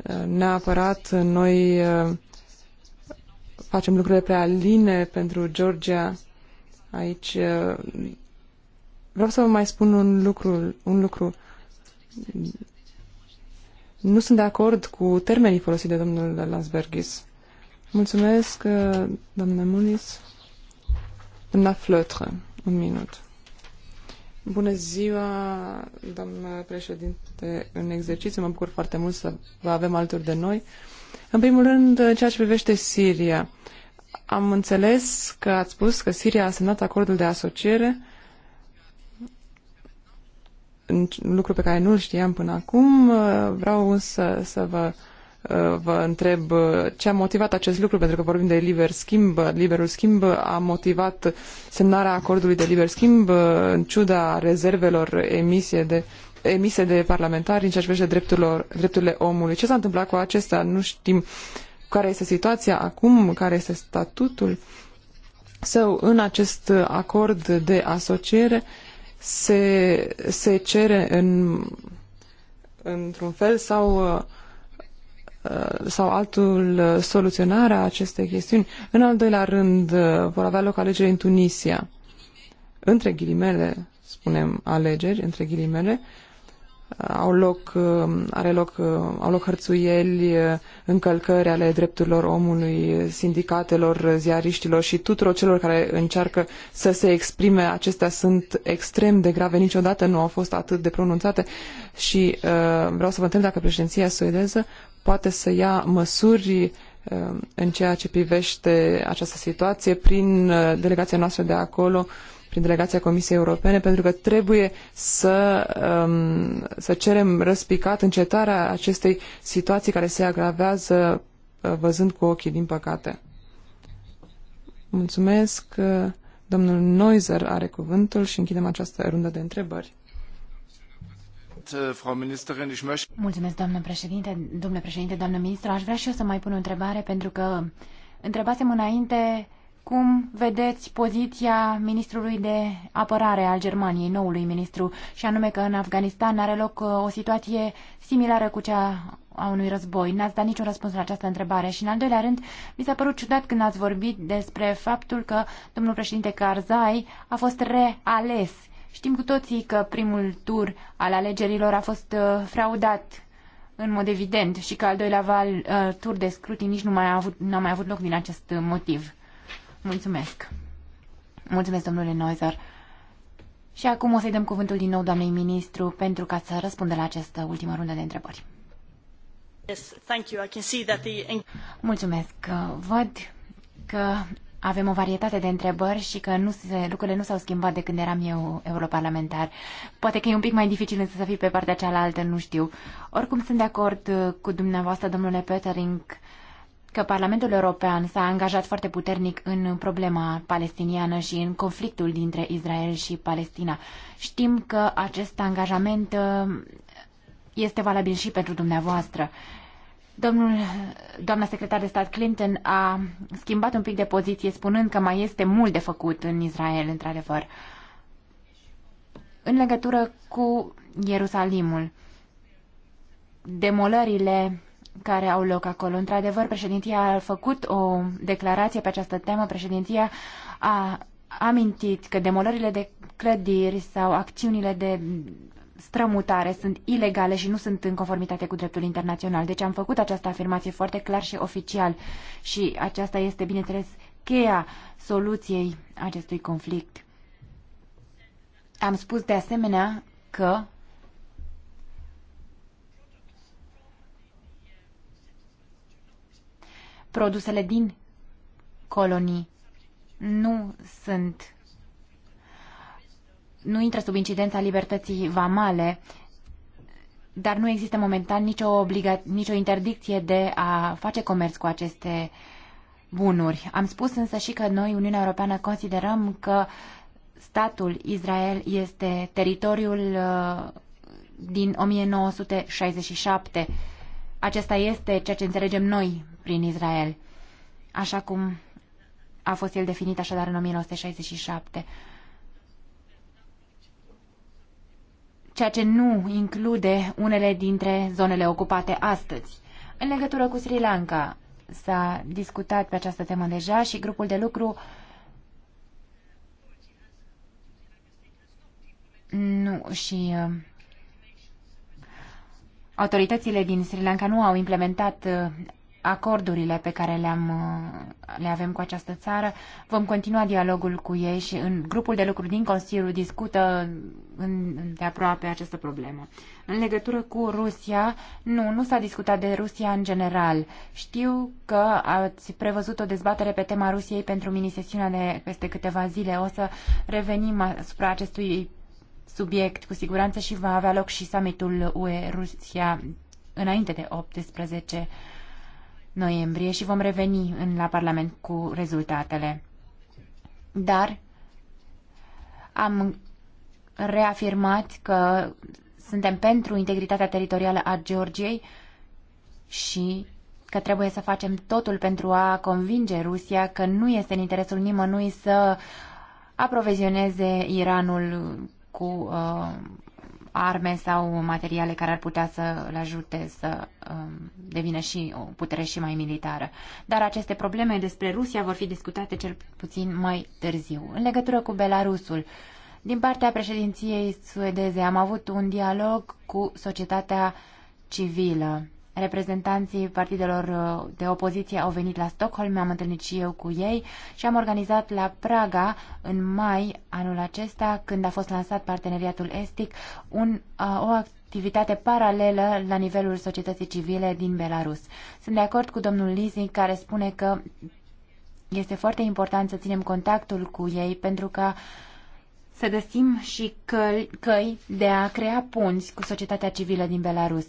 Speaker 4: uh, neapărat noi facem lucrurile prea line pentru Georgia aici. Uh, vreau să vă mai spun un lucru. Un lucru. Nu sunt de acord cu termenii folosiți de domnul Lansbergis. Mulțumesc, uh, doamna Munis. Doamna Flătră, un minut. Bună ziua, doamnă președinte în exercițiu. Mă bucur foarte mult să vă avem alături de noi. În primul rând, ceea ce privește Siria, am înțeles că ați spus că Siria a semnat acordul de asociere, lucru pe care nu-l știam până acum. Vreau să, să vă, vă întreb ce a motivat acest lucru, pentru că vorbim de liber schimb. Liberul schimb a motivat semnarea acordului de liber schimb în ciuda rezervelor emisie de emise de parlamentari în ceea ce privește drepturile omului. Ce s-a întâmplat cu acestea? Nu știm. Uh, care este situația acum, care este statutul său în acest acord de asociere, se, se cere în, într-un fel sau sau altul soluționarea acestei chestiuni. În al doilea rând, vor avea loc alegeri în Tunisia. Între ghilimele, spunem alegeri, între ghilimele, au loc, uh, are loc, uh, au loc hărțuieli, uh, încălcări ale drepturilor omului, sindicatelor, ziariștilor și tuturor celor care încearcă să se exprime. Acestea sunt extrem de grave, niciodată nu au fost atât de pronunțate și uh, vreau să vă întreb dacă președinția suedeză poate să ia măsuri uh, în ceea ce privește această situație prin uh, delegația noastră de acolo uh, prin delegația Comisiei Europene, pentru că trebuie să, um, să cerem răspicat încetarea acestei situații care se agravează uh, văzând cu ochii, din păcate. Mulțumesc. Uh, domnul Noizer are cuvântul și închidem această rundă de întrebări.
Speaker 5: Mulțumesc, doamnă președinte, domnule președinte, doamnă ministru. Aș vrea și eu să mai pun o întrebare, pentru că întrebasem înainte cum vedeți poziția ministrului de apărare al Germaniei, noului ministru, și anume că în Afganistan are loc uh, o situație similară cu cea a unui război? N-ați dat niciun răspuns la această întrebare. Și în al doilea rând, mi s-a părut ciudat când ați vorbit despre faptul că domnul președinte Karzai a fost reales. Știm cu toții că primul tur al alegerilor a fost uh, fraudat în mod evident și că al doilea val, uh, tur de scrutin nici nu mai a avut, n-a mai avut loc din acest motiv. Mulțumesc. Mulțumesc, domnule Noizer. Și acum o să-i dăm cuvântul din nou doamnei ministru pentru ca să răspundă la această ultimă rundă de întrebări.
Speaker 1: Yes, thank you. I can see that
Speaker 5: the... Mulțumesc. Văd că avem o varietate de întrebări și că nu se, lucrurile nu s-au schimbat de când eram eu europarlamentar. Poate că e un pic mai dificil însă să fii pe partea cealaltă, nu știu. Oricum sunt de acord cu dumneavoastră, domnule Petering, că Parlamentul European s-a angajat foarte puternic în problema palestiniană și în conflictul dintre Israel și Palestina. Știm că acest angajament uh, este valabil și pentru dumneavoastră. Domnul, doamna secretar de stat Clinton a schimbat un pic de poziție spunând că mai este mult de făcut în Israel, într-adevăr. În legătură cu Ierusalimul, demolările care au loc acolo. Într-adevăr, președintia a făcut o declarație pe această temă. Președintia a amintit că demolările de clădiri sau acțiunile de strămutare sunt ilegale și nu sunt în conformitate cu dreptul internațional. Deci am făcut această afirmație foarte clar și oficial și aceasta este, bineînțeles, cheia soluției acestui conflict. Am spus de asemenea că produsele din colonii nu sunt nu intră sub incidența libertății vamale, dar nu există momentan nicio, obliga- nicio interdicție de a face comerț cu aceste bunuri. Am spus însă și că noi, Uniunea Europeană, considerăm că statul Israel este teritoriul uh, din 1967. Acesta este ceea ce înțelegem noi prin Israel, așa cum a fost el definit așadar în 1967. ceea ce nu include unele dintre zonele ocupate astăzi. În legătură cu Sri Lanka s-a discutat pe această temă deja și grupul de lucru nu și uh, autoritățile din Sri Lanka nu au implementat uh, acordurile pe care le-am, uh, le avem cu această țară. Vom continua dialogul cu ei și în grupul de lucru din Consiliu discută în, de aproape această problemă. În legătură cu Rusia, nu, nu s-a discutat de Rusia în general. Știu că ați prevăzut o dezbatere pe tema Rusiei pentru minisesiunea de peste câteva zile. O să revenim asupra acestui subiect cu siguranță și va avea loc și summitul UE-Rusia înainte de 18 noiembrie și vom reveni în la Parlament cu rezultatele. Dar am reafirmat că suntem pentru integritatea teritorială a Georgiei și că trebuie să facem totul pentru a convinge Rusia că nu este în interesul nimănui să aprovizioneze Iranul cu uh, arme sau materiale care ar putea să îl ajute să um, devină și o putere și mai militară. Dar aceste probleme despre Rusia vor fi discutate cel puțin mai târziu. În legătură cu Belarusul, din partea președinției suedeze am avut un dialog cu societatea civilă reprezentanții partidelor uh, de opoziție au venit la Stockholm, am întâlnit și eu cu ei și am organizat la Praga, în mai anul acesta, când a fost lansat parteneriatul estic, un, uh, o activitate paralelă la nivelul societății civile din Belarus. Sunt de acord cu domnul Lizin care spune că este foarte important să ținem contactul cu ei pentru că să găsim și căi de a crea punți cu societatea civilă din Belarus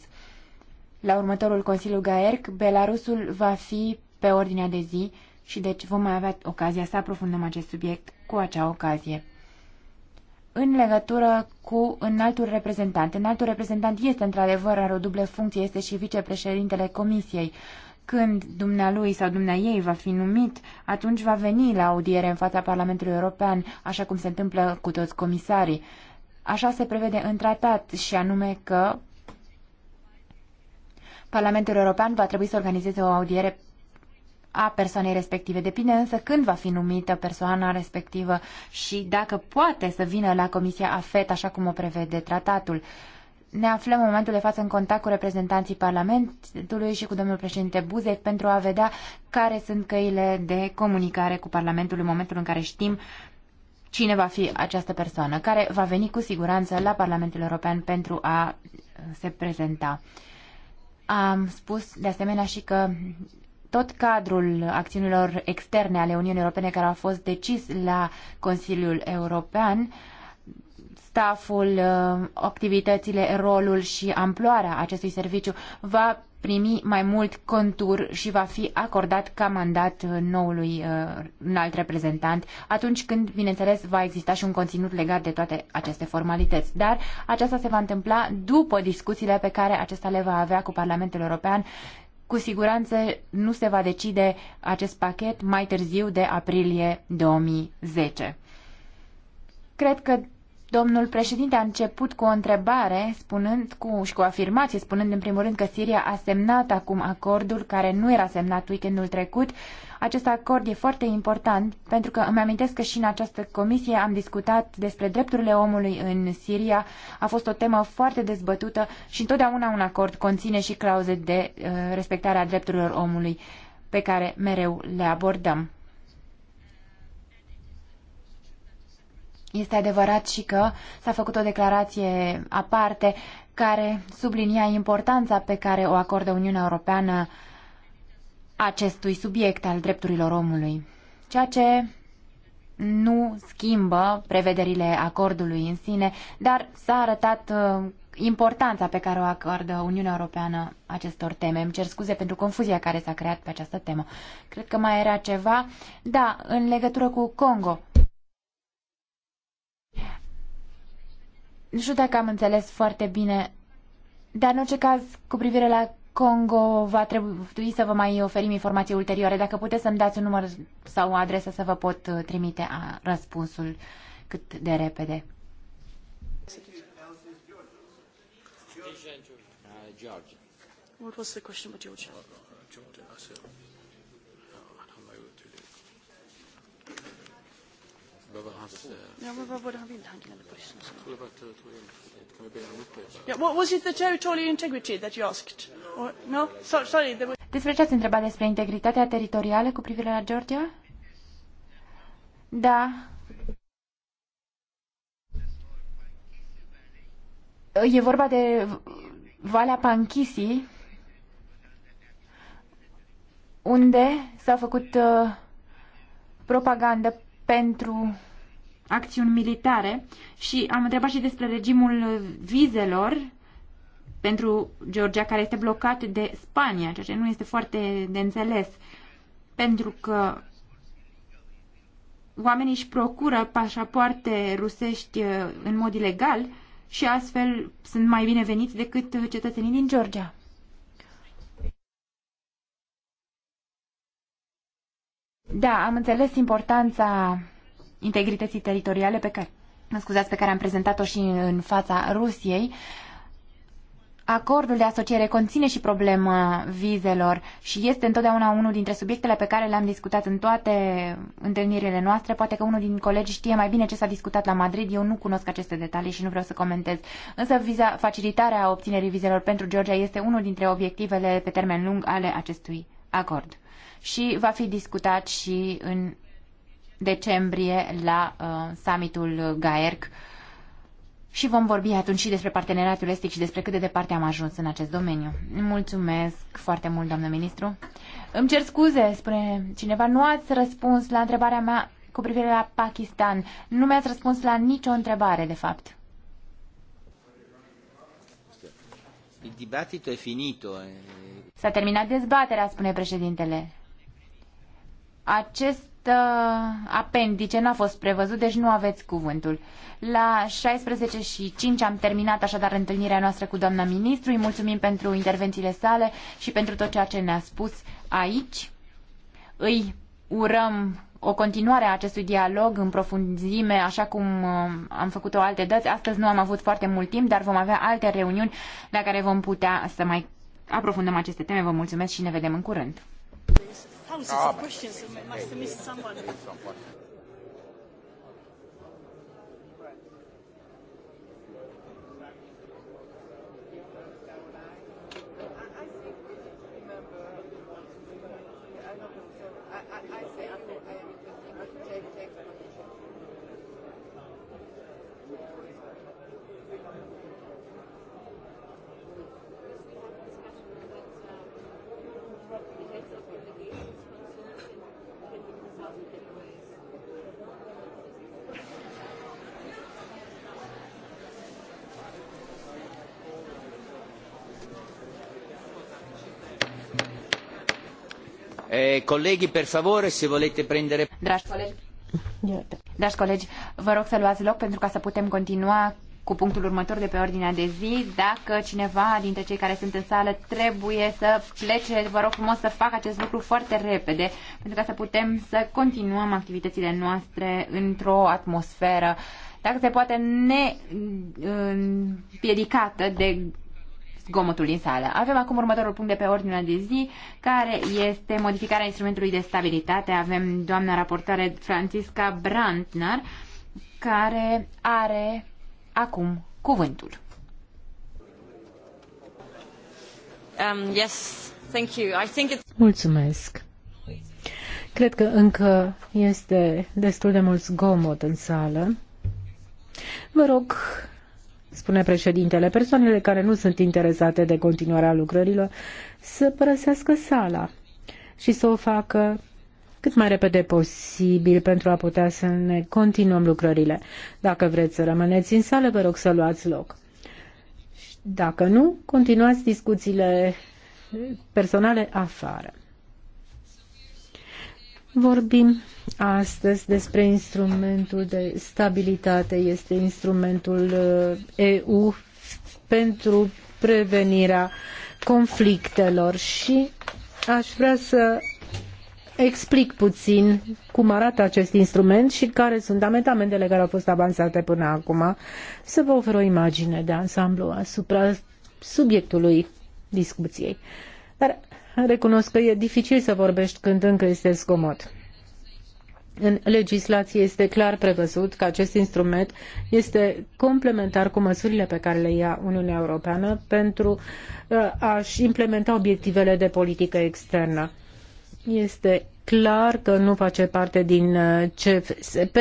Speaker 5: la următorul Consiliu GAERC, Belarusul va fi pe ordinea de zi și deci vom mai avea ocazia să aprofundăm acest subiect cu acea ocazie. În legătură cu înaltul reprezentant. Înaltul reprezentant este într-adevăr, are o dublă funcție, este și vicepreședintele Comisiei. Când dumnealui sau dumnea ei va fi numit, atunci va veni la audiere în fața Parlamentului European, așa cum se întâmplă cu toți comisarii. Așa se prevede în tratat și anume că Parlamentul European va trebui să organizeze o audiere a persoanei respective. Depinde însă când va fi numită persoana respectivă și dacă poate să vină la Comisia AFET, așa cum o prevede tratatul. Ne aflăm în momentul de față în contact cu reprezentanții Parlamentului și cu domnul președinte Buzek pentru a vedea care sunt căile de comunicare cu Parlamentul în momentul în care știm cine va fi această persoană, care va veni cu siguranță la Parlamentul European pentru a se prezenta. Am spus de asemenea și că tot cadrul acțiunilor externe ale Uniunii Europene care au fost decis la Consiliul European, staful, ă, activitățile, rolul și amploarea acestui serviciu va primi mai mult contur și va fi acordat ca mandat uh, noului uh, înalt reprezentant, atunci când, bineînțeles, va exista și un conținut legat de toate aceste formalități. Dar aceasta se va întâmpla după discuțiile pe care acesta le va avea cu Parlamentul European. Cu siguranță nu se va decide acest pachet mai târziu de aprilie 2010. Cred că Domnul președinte a început cu o întrebare spunând cu, și cu o afirmație, spunând în primul rând că Siria a semnat acum acordul care nu era semnat weekendul trecut. Acest acord e foarte important pentru că îmi amintesc că și în această comisie am discutat despre drepturile omului în Siria. A fost o temă foarte dezbătută și întotdeauna un acord conține și clauze de uh, respectare a drepturilor omului pe care mereu le abordăm. Este adevărat și că s-a făcut o declarație aparte care sublinia importanța pe care o acordă Uniunea Europeană acestui subiect al drepturilor omului, ceea ce nu schimbă prevederile acordului în sine, dar s-a arătat uh, importanța pe care o acordă Uniunea Europeană acestor teme. Îmi cer scuze pentru confuzia care s-a creat pe această temă. Cred că mai era ceva. Da, în legătură cu Congo. Nu știu dacă am înțeles foarte bine, dar în orice caz, cu privire la Congo, va trebui să vă mai oferim informații ulterioare. Dacă puteți să-mi dați un număr sau o adresă să vă pot uh, trimite a uh, răspunsul cât de repede.
Speaker 1: What was the question about Georgia? Uh,
Speaker 5: despre ce ați întrebat despre integritatea teritorială cu privire la Georgia? Da. E vorba de Valea Panchisi, unde s-a făcut uh, propagandă pentru acțiuni militare și am întrebat și despre regimul vizelor pentru Georgia, care este blocat de Spania, ceea ce nu este foarte de înțeles, pentru că oamenii își procură pașapoarte rusești uh, în mod ilegal și astfel sunt mai bine veniți decât uh, cetățenii din Georgia. Da, am înțeles importanța integrității teritoriale pe care, scuzați, pe care am prezentat-o și în fața Rusiei. Acordul de asociere conține și problema vizelor și este întotdeauna unul dintre subiectele pe care le-am discutat în toate întâlnirile noastre. Poate că unul din colegi știe mai bine ce s-a discutat la Madrid. Eu nu cunosc aceste detalii și nu vreau să comentez. Însă viza, facilitarea obținerii vizelor pentru Georgia este unul dintre obiectivele pe termen lung ale acestui acord și va fi discutat și în decembrie la uh, summitul GAERC și vom vorbi atunci și despre parteneriatul estic și despre cât de departe am ajuns în acest domeniu. Mulțumesc foarte mult, doamnă ministru. Îmi cer scuze, spune cineva, nu ați răspuns la întrebarea mea cu privire la Pakistan. Nu mi-ați răspuns la nicio întrebare, de fapt.
Speaker 2: Eh. S-a
Speaker 5: terminat dezbaterea, spune președintele. Acest uh, apendice n-a fost prevăzut, deci nu aveți cuvântul. La 16 și 5 am terminat așadar întâlnirea noastră cu doamna ministru. Îi mulțumim pentru intervențiile sale și pentru tot ceea ce ne-a spus aici. Îi urăm o continuare a acestui dialog în profunzime, așa cum uh, am făcut-o alte dăți. Astăzi nu am avut foarte mult timp, dar vom avea alte reuniuni la care vom putea să mai aprofundăm aceste teme. Vă mulțumesc și ne vedem în curând
Speaker 6: thousands of ah, questions, so I must have missed someone.
Speaker 2: colleghi, per favore, se volete prendere... Dragi
Speaker 5: colegi, vă rog să luați loc pentru ca să putem continua cu punctul următor de pe ordinea de zi. Dacă cineva dintre cei care sunt în sală trebuie să plece, vă rog frumos să facă acest lucru foarte repede, pentru ca să putem să continuăm activitățile noastre într-o atmosferă, dacă se poate, neîmpiedicată uh, de zgomotul din sală. Avem acum următorul punct de pe ordinea de zi, care este modificarea instrumentului de stabilitate. Avem doamna raportare Francisca Brandner, care are acum cuvântul. Um, yes, thank you. I think it's... Mulțumesc.
Speaker 3: Cred că încă este destul de mult zgomot în sală. Vă rog spune președintele, persoanele care nu sunt interesate de continuarea lucrărilor să părăsească sala și să o facă cât mai repede posibil pentru a putea să ne continuăm lucrările. Dacă vreți să rămâneți în sală, vă rog să luați loc. Dacă nu, continuați discuțiile personale afară. Vorbim astăzi despre instrumentul de stabilitate. Este instrumentul uh, EU pentru prevenirea conflictelor și aș vrea să explic puțin cum arată acest instrument și care sunt amendamentele care au fost avansate până acum, să vă ofer o imagine de ansamblu asupra subiectului discuției. Dar recunosc că e dificil să vorbești când încă este zgomot. În legislație este clar prevăzut că acest instrument este complementar cu măsurile pe care le ia Uniunea Europeană pentru uh, a-și implementa obiectivele de politică externă. Este clar că nu face parte din uh, CFSP.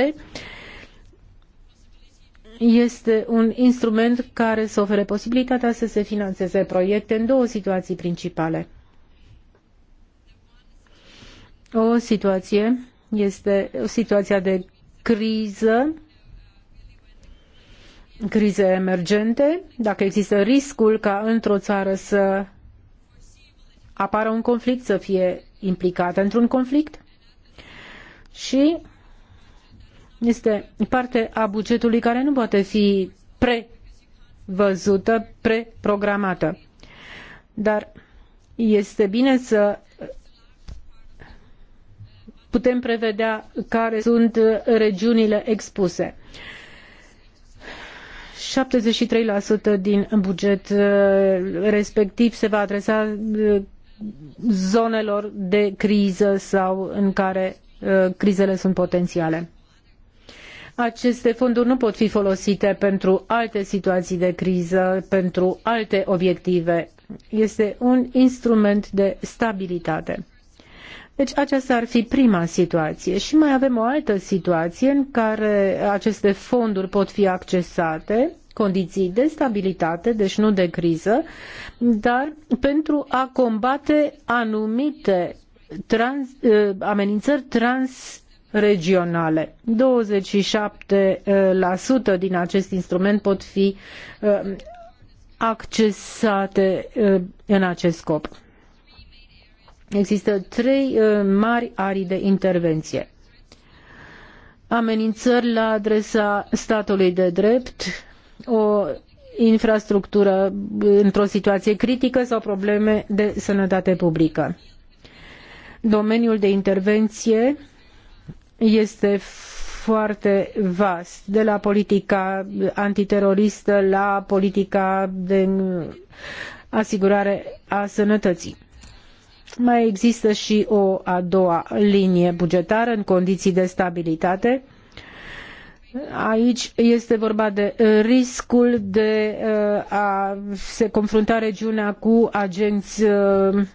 Speaker 3: Este un instrument care să ofere posibilitatea să se financeze proiecte în două situații principale – o situație, este o situație de criză, crize emergente, dacă există riscul ca într-o țară să apară un conflict, să fie implicată într-un conflict și este parte a bugetului care nu poate fi prevăzută, preprogramată. Dar este bine să putem prevedea care sunt uh, regiunile expuse. 73% din buget uh, respectiv se va adresa uh, zonelor de criză sau în care crizele sunt potențiale. Aceste fonduri nu pot fi folosite pentru alte situații de criză, pentru alte obiective. Este un instrument de stabilitate. Deci aceasta ar fi prima situație. Și mai avem o altă situație în care aceste fonduri pot fi accesate condiții de stabilitate, deci nu de criză, dar pentru a combate anumite trans, eh, amenințări transregionale. 27% din acest instrument pot fi eh, accesate eh, în acest scop. Există trei uh, mari arii de intervenție. Amenințări la adresa statului de drept, o infrastructură într-o situație critică sau probleme de sănătate publică. Domeniul de intervenție este foarte vast, de la politica antiteroristă la politica de asigurare a sănătății. Mai există și o a doua linie bugetară în condiții de stabilitate. Aici este vorba de riscul de uh, a se confrunta regiunea cu agenți uh,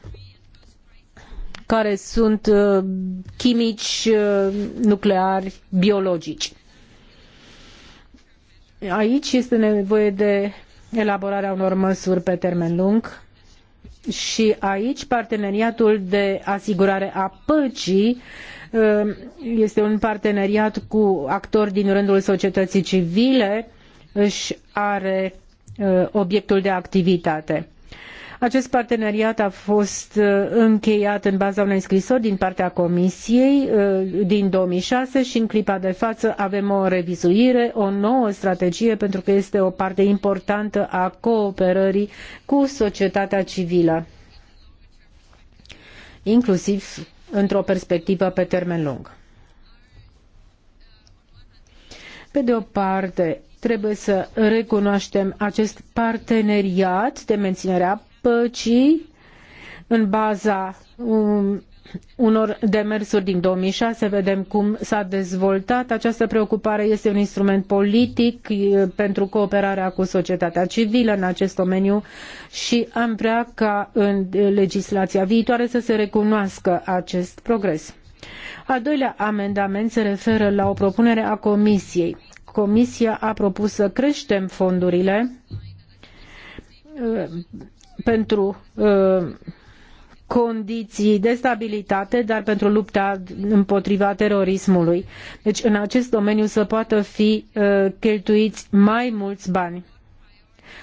Speaker 3: care sunt uh, chimici, nucleari, biologici. Aici este nevoie de elaborarea unor măsuri pe termen lung și aici parteneriatul de asigurare a păcii um, este un parteneriat cu actori din rândul societății civile, își are uh, obiectul de activitate. Acest parteneriat a fost uh, încheiat în baza unei scrisori din partea Comisiei uh, din 2006 și în clipa de față avem o revizuire, o nouă strategie pentru că este o parte importantă a cooperării cu societatea civilă inclusiv într-o perspectivă pe termen lung. Pe de o parte, trebuie să recunoaștem acest parteneriat de menținere a păcii în baza um, unor demersuri din 2006. Vedem cum s-a dezvoltat această preocupare. Este un instrument politic pentru cooperarea cu societatea civilă în acest domeniu și am vrea ca în legislația viitoare să se recunoască acest progres. Al doilea amendament se referă la o propunere a Comisiei. Comisia a propus să creștem fondurile pentru uh, condiții de stabilitate, dar pentru lupta împotriva terorismului. Deci în acest domeniu să poată fi uh, cheltuiți mai mulți bani.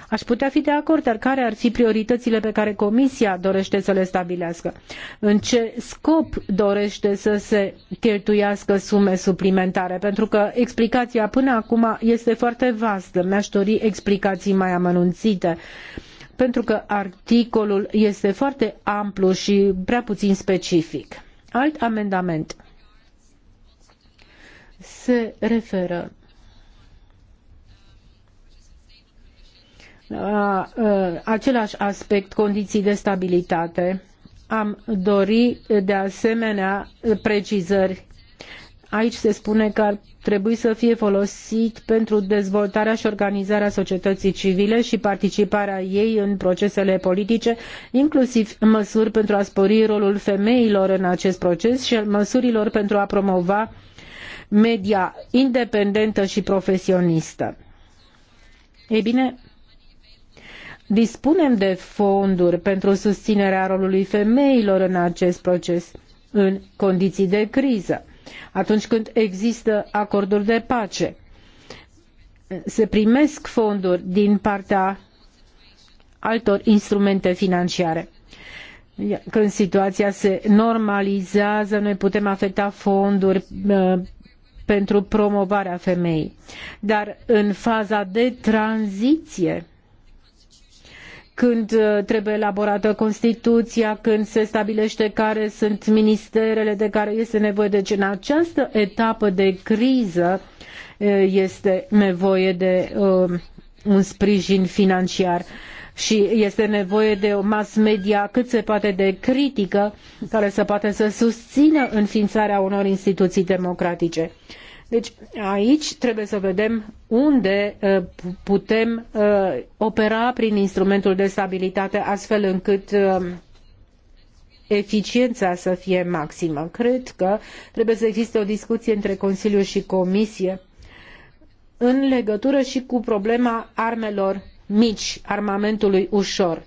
Speaker 3: Aș putea fi de acord, dar care ar fi prioritățile pe care Comisia dorește să le stabilească? În ce scop dorește să se cheltuiască sume suplimentare? Pentru că explicația până acum este foarte vastă. Mi-aș dori explicații mai amănunțite. Uh, pentru că articolul este foarte amplu și prea puțin specific. Alt amendament se referă la uh, același aspect, condiții de stabilitate. Am dori de asemenea precizări Aici se spune că ar trebui să fie folosit pentru dezvoltarea și organizarea societății civile și participarea ei în procesele politice, inclusiv măsuri pentru a spori rolul femeilor în acest proces și măsurilor pentru a promova media independentă și profesionistă. Ei bine, dispunem de fonduri pentru susținerea rolului femeilor în acest proces în condiții de criză atunci când există acorduri de pace. Se primesc fonduri din partea altor instrumente financiare. Când situația se normalizează, noi putem afecta fonduri uh, pentru promovarea femeii. Dar în faza de tranziție, când uh, trebuie elaborată Constituția, când se stabilește care sunt ministerele de care este nevoie. Deci în această etapă de criză uh, este nevoie de uh, un sprijin financiar și este nevoie de o mass media cât se poate de critică care să poată să susțină înființarea unor instituții democratice. Deci aici trebuie să vedem unde uh, putem uh, opera prin instrumentul de stabilitate astfel încât um, eficiența să fie maximă. Cred că trebuie să existe o discuție între Consiliu și Comisie în legătură și cu problema armelor mici, armamentului ușor.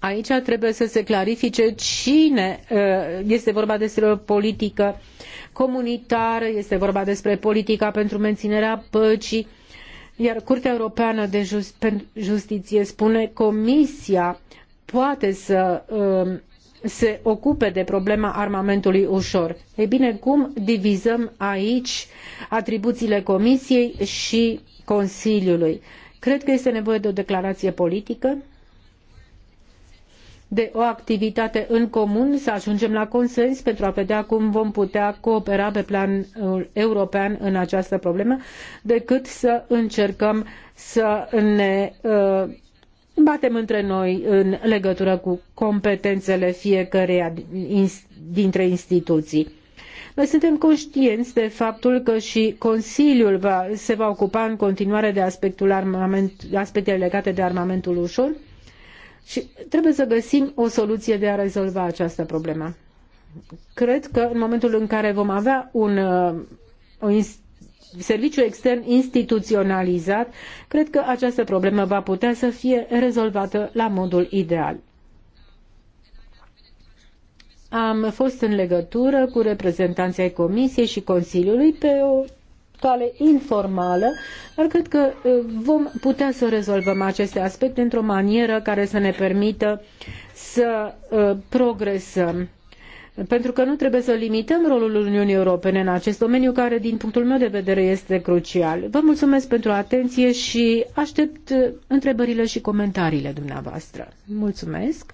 Speaker 3: Aici trebuie să se clarifice cine uh, este vorba despre o politică comunitară, este vorba despre politica pentru menținerea păcii, iar Curtea Europeană de Justiție spune Comisia poate să um, se ocupe de problema armamentului ușor. Ei bine, cum divizăm aici atribuțiile Comisiei și Consiliului? Cred că este nevoie de o declarație politică de o activitate în comun, să ajungem la consens pentru a vedea cum vom putea coopera pe plan uh, european în această problemă, decât să încercăm să ne uh, batem între noi în legătură cu competențele fiecăreia dintre instituții. Noi suntem conștienți de faptul că și Consiliul va, se va ocupa în continuare de aspectul armament, aspectele legate de armamentul ușor, și trebuie să găsim o soluție de a rezolva această problemă. Cred că în momentul în care vom avea un, uh, un serviciu extern instituționalizat, cred că această problemă va putea să fie rezolvată la modul ideal. Am fost în legătură cu reprezentanții ai Comisiei și Consiliului pe o cale informală, dar cred că uh, vom putea să rezolvăm aceste aspecte într-o manieră care să ne permită să uh, progresăm. Pentru că nu trebuie să limităm rolul Uniunii Europene în acest domeniu, care, din punctul meu de vedere, este crucial. Vă mulțumesc pentru atenție și aștept uh, întrebările și comentariile dumneavoastră. Mulțumesc!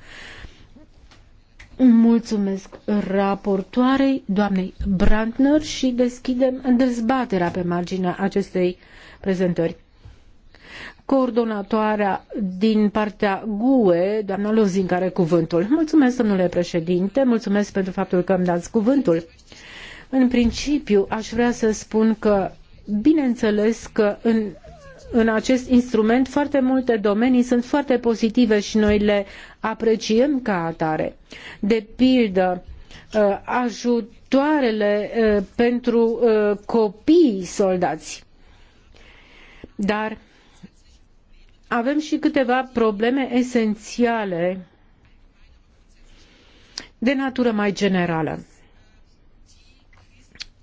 Speaker 3: Mulțumesc raportoarei, doamnei Brandner, și deschidem dezbaterea pe marginea acestei prezentări. Coordonatoarea din partea GUE, doamna Lozin, care cuvântul. Mulțumesc, domnule președinte, mulțumesc pentru faptul că îmi dați cuvântul. În principiu, aș vrea să spun că Bineînțeles că în în acest instrument foarte multe domenii sunt foarte pozitive și noi le apreciem ca atare. De pildă, uh, ajutoarele uh, pentru uh, copiii soldați. Dar avem și câteva probleme esențiale de natură mai generală.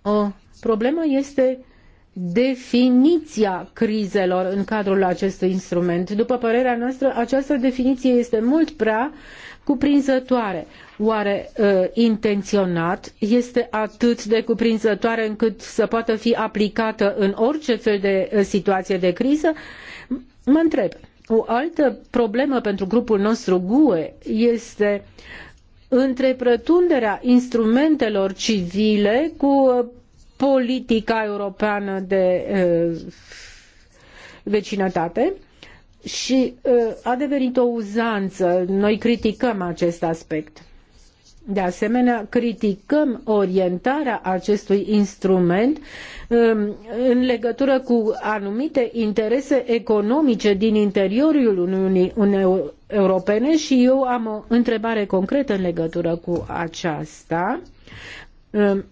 Speaker 3: O problemă este definiția crizelor în cadrul acestui instrument. După părerea noastră, această definiție este mult prea cuprinzătoare. Oare uh, intenționat este atât de cuprinzătoare încât să poată fi aplicată în orice fel de uh, situație de criză? Mă întreb. O altă problemă pentru grupul nostru GUE este între pretunderea instrumentelor civile cu ă, politica europeană de uh, vecinătate și uh, a devenit o uzanță. Noi criticăm acest aspect. De asemenea, criticăm orientarea acestui instrument um, în legătură cu anumite interese economice din interiorul Uniunii Europene și eu am o întrebare concretă în legătură cu aceasta. Um,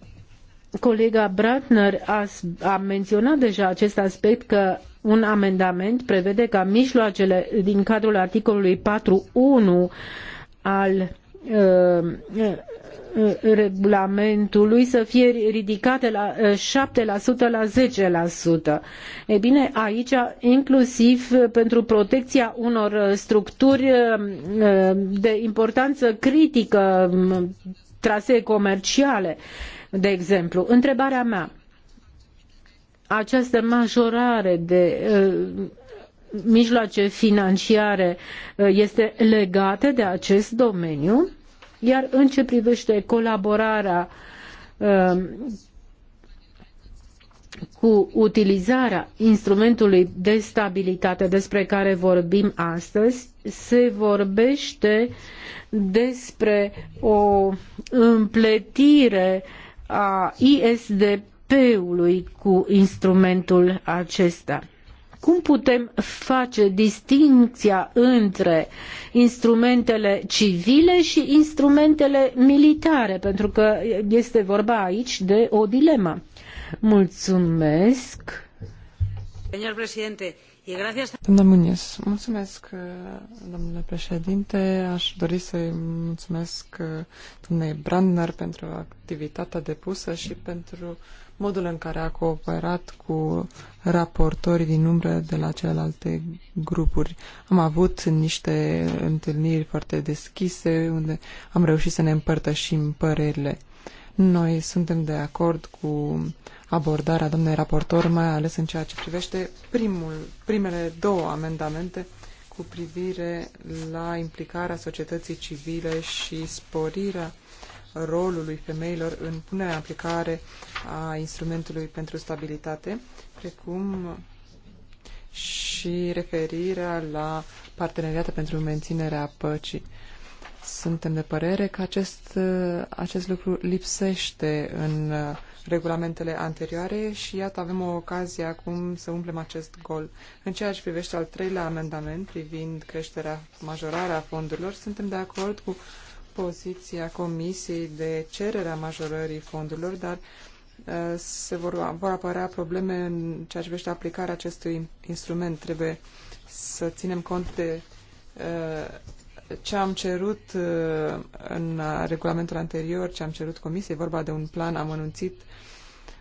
Speaker 3: Colega Bratner a, a menționat deja acest aspect că un amendament prevede ca mijloacele din cadrul articolului 4.1 al uh, uh, regulamentului să fie ridicate la 7% uh, la 10%. E bine, aici inclusiv pentru protecția unor structuri de importanță critică, um, trasee comerciale, de exemplu. Întrebarea mea, această majorare de uh, mijloace financiare uh, este legată de acest domeniu, iar în ce privește colaborarea uh, cu utilizarea instrumentului de stabilitate despre care vorbim astăzi, se vorbește despre o împletire uh, a ISDP-ului cu instrumentul acesta. Cum putem face distinția între instrumentele civile și instrumentele militare? Pentru că este vorba aici de o dilemă. Mulțumesc.
Speaker 4: Doamna Muniz, mulțumesc, domnule președinte. Aș dori să-i mulțumesc domnului Brandner pentru activitatea depusă și pentru modul în care a cooperat cu raportorii din umbră de la celelalte grupuri. Am avut niște întâlniri foarte deschise unde am reușit să ne împărtășim părerile. Noi suntem de acord cu abordarea domnului raportor, mai ales în ceea ce privește primul, primele două amendamente cu privire la implicarea societății civile și sporirea rolului femeilor în punerea în aplicare a instrumentului pentru stabilitate, precum și referirea la parteneriate pentru menținerea păcii. Suntem de părere că acest, acest lucru lipsește în regulamentele anterioare și iată avem o ocazie acum să umplem acest gol. În ceea ce privește al treilea amendament privind creșterea, majorarea fondurilor, suntem de acord cu poziția Comisiei de cererea majorării fondurilor, dar uh, se vor, vor apărea probleme în ceea ce privește aplicarea acestui instrument. Trebuie să ținem cont de uh, ce am cerut uh, în uh, regulamentul anterior, ce am cerut comisiei, vorba de un plan amănunțit,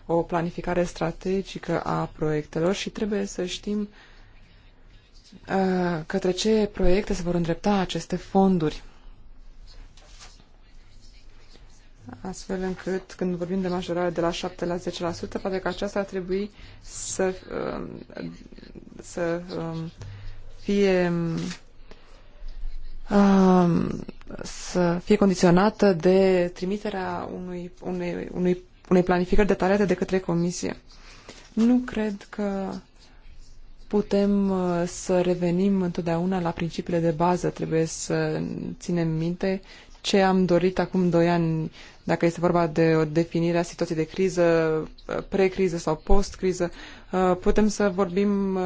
Speaker 4: o planificare strategică a proiectelor și trebuie să știm uh, către ce proiecte se vor îndrepta aceste fonduri. astfel încât când vorbim de majorare de la 7 la 10%, poate că aceasta ar trebui să, să um, fie um, Um, să fie condiționată de trimiterea unui, unei, unui, unei planificări detaliate de către Comisie. Nu cred că putem uh, să revenim întotdeauna la principiile de bază. Trebuie să ținem minte ce am dorit acum doi ani, dacă este vorba de o definire a situației de criză, uh, pre-criză sau post-criză. Uh, putem să vorbim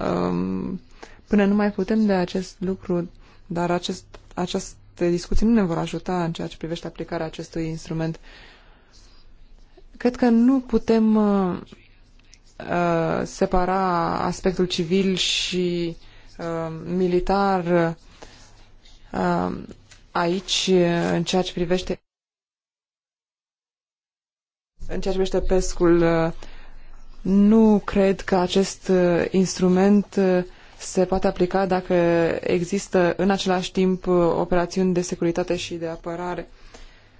Speaker 4: um, până nu mai putem de acest lucru, dar acest, aceste discuții nu ne vor ajuta în ceea ce privește aplicarea acestui instrument. Cred că nu putem uh, uh, separa aspectul civil și uh, militar uh, aici în ceea ce privește în ceea ce privește pescul, uh, nu cred că acest uh, instrument uh, se poate aplica dacă există în același timp uh, operațiuni de securitate și de apărare.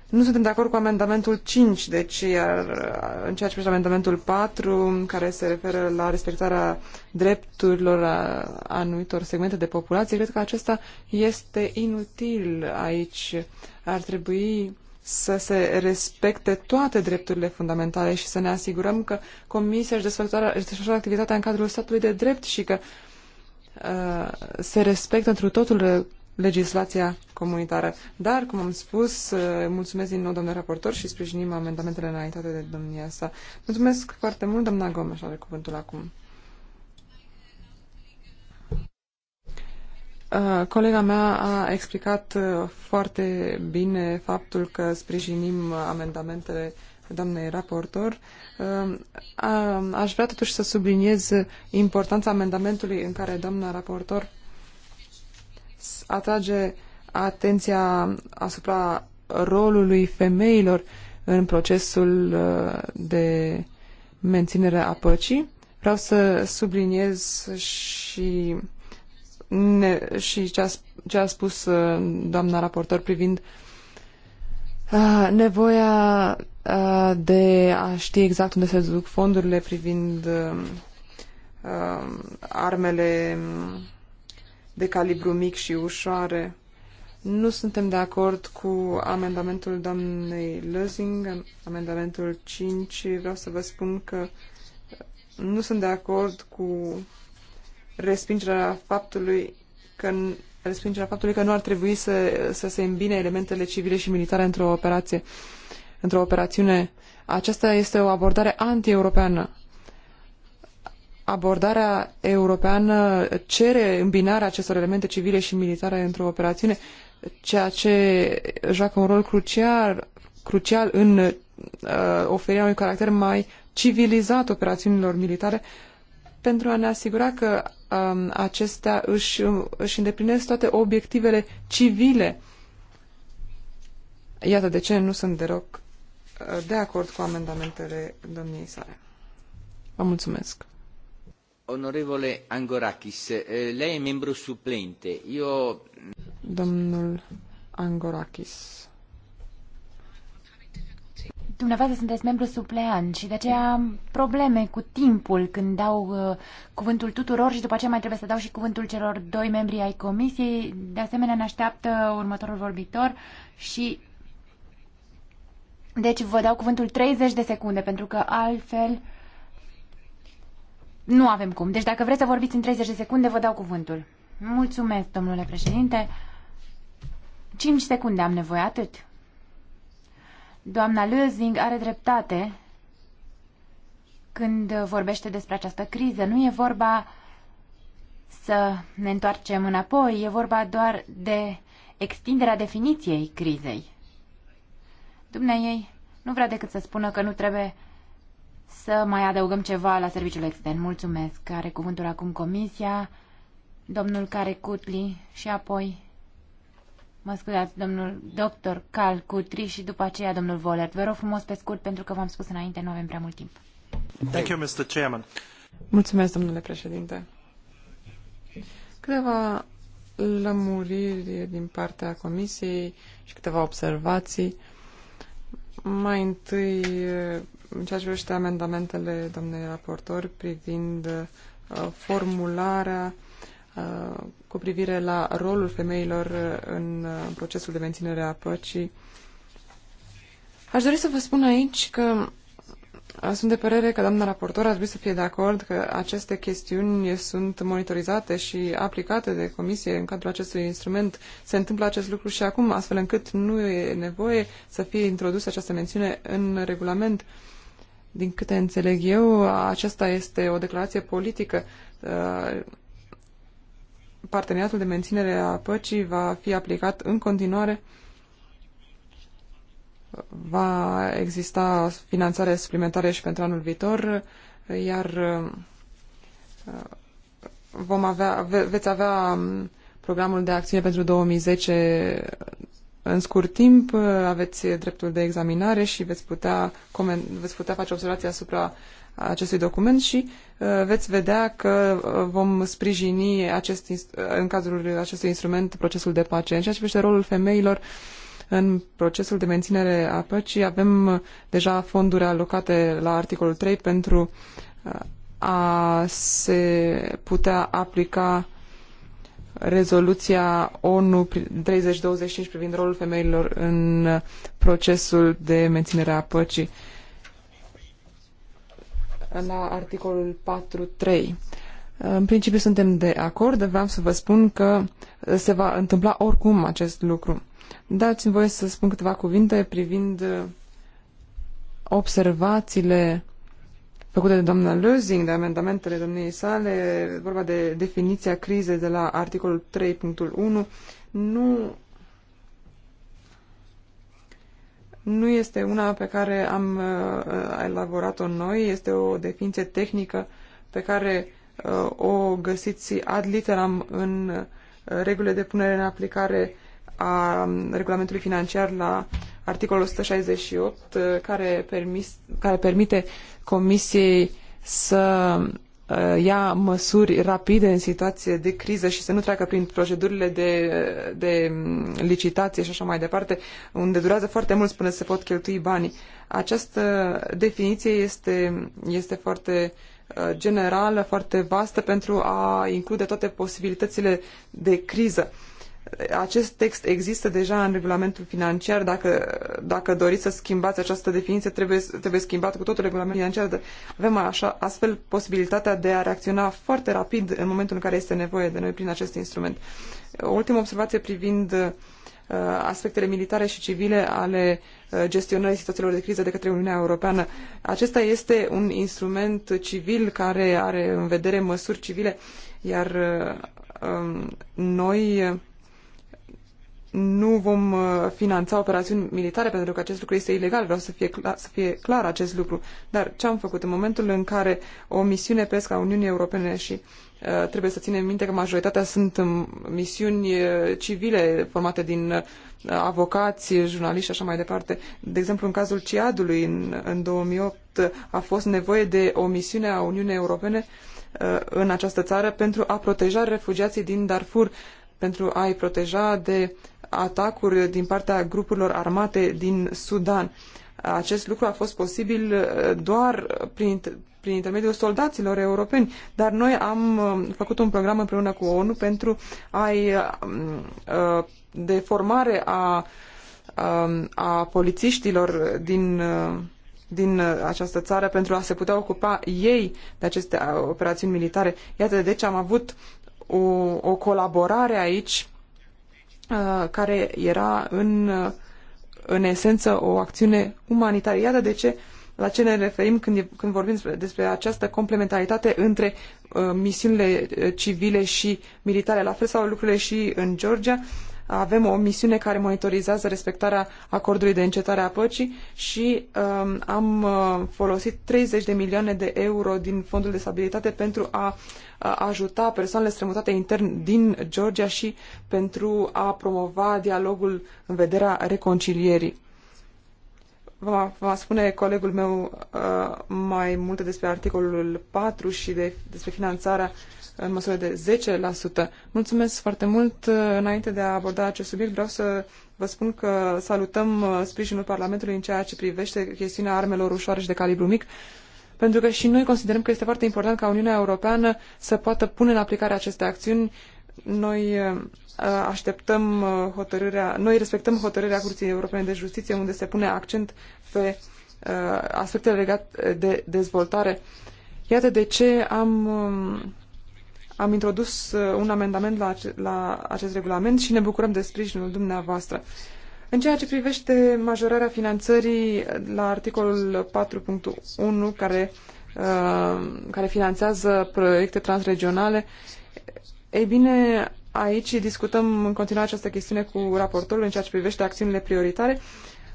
Speaker 4: Nu suntem de acord cu amendamentul 5, deci iar uh, în ceea ce privește amendamentul 4, care se referă la respectarea drepturilor a uh, anumitor segmente de populație, cred că acesta este inutil aici. Ar trebui să se respecte toate drepturile fundamentale și să ne asigurăm că Comisia își desfășoară, desfășoară activitatea în cadrul statului de drept și că Uh, se respectă întru totul legislația comunitară. Dar, cum am spus, uh, mulțumesc din nou, domnule raportor, și sprijinim amendamentele înaintate de domnia sa. Mulțumesc foarte mult, doamna Gomes, are cuvântul acum. Uh, colega mea a explicat foarte bine faptul că sprijinim amendamentele uh, doamnei raportor. Ehm, aș vrea totuși să subliniez importanța amendamentului în care doamna raportor atrage atenția asupra rolului femeilor în procesul de menținere a păcii. Vreau să subliniez și, ne, și ce, a, ce a spus doamna raportor privind uh, Ah, nevoia ah, de a ști exact unde se duc fondurile privind ah, armele de calibru mic și ușoare. Nu suntem de acord cu amendamentul doamnei Lăzing, amendamentul 5. Vreau să vă spun că nu sunt de acord cu respingerea faptului că respingerea faptului că nu ar trebui să, să se îmbine elementele civile și militare într-o operație, într-o operațiune. Aceasta este o abordare anti-europeană. Abordarea europeană cere îmbinarea acestor elemente civile și militare într-o operațiune, ceea ce joacă un rol crucial, crucial în uh, oferirea unui caracter mai civilizat operațiunilor militare, uh, pentru a ne asigura că um, acestea își, își îndeplinesc toate obiectivele civile. Iată de ce nu sunt deloc uh, de acord cu amendamentele domniei sale. Vă mulțumesc.
Speaker 2: Onorevole Angorakis, uh, lei e membru suplente. Eu...
Speaker 4: Domnul Angorakis.
Speaker 5: Dumneavoastră sunteți membru suplean și de aceea am probleme cu timpul când dau uh, cuvântul tuturor și după aceea mai trebuie să dau și cuvântul celor doi membri ai comisiei. De asemenea, ne așteaptă următorul vorbitor și... Deci vă dau cuvântul 30 de secunde pentru că altfel nu avem cum. Deci dacă vreți să vorbiți în 30 de secunde, vă dau cuvântul. Mulțumesc, domnule președinte. 5 secunde am nevoie, atât. Doamna Lözing are dreptate când vorbește despre această criză. Nu e vorba să ne întoarcem înapoi, e vorba doar de extinderea definiției crizei. Dumnea ei nu vrea decât să spună că nu trebuie să mai adăugăm ceva la serviciul extern. Mulțumesc. Are cuvântul acum comisia, domnul Care Cutli și apoi Mă scuzați, domnul doctor Cal Cutri și după aceea domnul Voler. Vă rog frumos pe scurt, pentru că v-am spus înainte, nu avem prea mult timp.
Speaker 4: Thank you, Mr. Chairman. Mulțumesc, domnule președinte. Câteva lămuriri din partea comisiei și câteva observații. Mai întâi, în ceea ce privește amendamentele domnului raportor privind uh, formularea uh, Uh, cu privire la rolul femeilor uh, uh, în procesul de menținere a păcii. Aș dori să vă spun aici că sunt de părere că doamna raportor ar trebui să fie de acord că aceste chestiuni sunt monitorizate și aplicate de comisie în cadrul acestui instrument. Se întâmplă acest lucru și acum, astfel încât nu e nevoie să fie introdusă această mențiune în regulament. Din câte înțeleg eu, aceasta este o declarație politică parteneriatul de menținere a păcii va fi aplicat în continuare. Va exista finanțare suplimentare și pentru anul viitor, iar uh, vom avea, ve, veți avea um, programul de acțiune pentru 2010 în scurt timp, uh, aveți dreptul de examinare și veți putea, coment, veți putea face observații asupra acestui document și uh, veți vedea că uh, vom sprijini acest, uh, în cadrul acestui instrument procesul de pace. În ceea ce privește rolul femeilor în procesul de menținere a păcii, avem deja fonduri alocate la articolul 3 pentru a se putea aplica rezoluția ONU 3025 privind rolul femeilor în procesul de menținere a păcii la articolul 4.3. În principiu suntem de acord, dar vreau să vă spun că se va întâmpla oricum acest lucru. Dați-mi voie să spun câteva cuvinte privind observațiile făcute de doamna Lusing, de amendamentele domniei sale, vorba de definiția crizei de la articolul 3.1, nu nu este una pe care am uh, uh, elaborat-o noi, este o definiție tehnică pe care uh, o găsiți ad literam în regulile de punere în aplicare a um, regulamentului financiar la articolul 168 care, permis, care permite Comisiei să Uh, ia măsuri rapide în situație de criză și să nu treacă prin procedurile de, de licitație și așa mai departe, unde durează foarte mult până se pot cheltui banii. Această definiție este, este foarte uh, generală, foarte vastă pentru a include toate posibilitățile de criză acest text există deja în regulamentul financiar. Dacă, dacă doriți să schimbați această definiție, trebuie, trebuie schimbat cu totul regulamentul financiar. Avem așa, astfel posibilitatea de a reacționa foarte rapid în momentul în care este nevoie de noi prin acest instrument. O ultimă observație privind uh, aspectele militare și civile ale uh, gestionării situațiilor de criză de către Uniunea Europeană. Acesta este un instrument civil care are în vedere măsuri civile, iar uh, um, noi nu vom uh, finanța operațiuni militare pentru că acest lucru este ilegal, vreau să fie, clar, să fie clar acest lucru. Dar ce am făcut în momentul în care o misiune pesca a Uniunii Europene și uh, trebuie să ținem minte că majoritatea sunt um, misiuni uh, civile formate din uh, avocați, jurnaliști și așa mai departe. De exemplu, în cazul Ciadului în, în 2008 a fost nevoie de o misiune a Uniunii Europene uh, în această țară pentru a proteja refugiații din Darfur pentru a-i proteja de uh, atacuri din partea grupurilor armate din Sudan. Acest lucru a fost posibil uh, doar prin, prin intermediul soldaților europeni, dar noi am uh, făcut un program împreună cu ONU pentru a-i uh, de formare a, a, um, a polițiștilor din, din această țară pentru a se putea ocupa ei de aceste operațiuni militare. Iată, deci am avut o, o colaborare aici Uh, care era în, uh, în esență o acțiune umanitară. Iată de ce la ce ne referim când, când vorbim despre, despre această complementaritate între uh, misiunile uh, civile și militare. La fel sau lucrurile și în Georgia. Avem o misiune care monitorizează respectarea acordului de încetare a păcii și um, am uh, folosit 30 de milioane de euro din fondul de stabilitate pentru a ajuta persoanele strămutate intern din Georgia și pentru a promova dialogul în vederea reconcilierii. Va, va spune colegul meu uh, mai multe despre articolul 4 și de, despre finanțarea în măsură de 10%. Mulțumesc foarte mult. Uh, înainte de a aborda acest subiect, vreau să vă spun că salutăm uh, sprijinul Parlamentului în ceea ce privește chestiunea armelor ușoare și de calibru mic. Uh, pentru că și noi considerăm că este foarte important ca Uniunea Europeană să poată pune în aplicare aceste acțiuni. Noi uh, așteptăm uh, hotărârea, noi respectăm hotărârea Curții Europene de Justiție, unde se pune accent pe uh, aspectele legate de dezvoltare. Iată de ce am, um, am introdus un amendament la, la acest regulament și ne bucurăm de sprijinul dumneavoastră. În ceea ce privește majorarea finanțării la articolul 4.1 care, uh, care finanțează proiecte transregionale, ei bine, aici discutăm în continuare această chestiune cu raportorul în ceea ce privește acțiunile prioritare.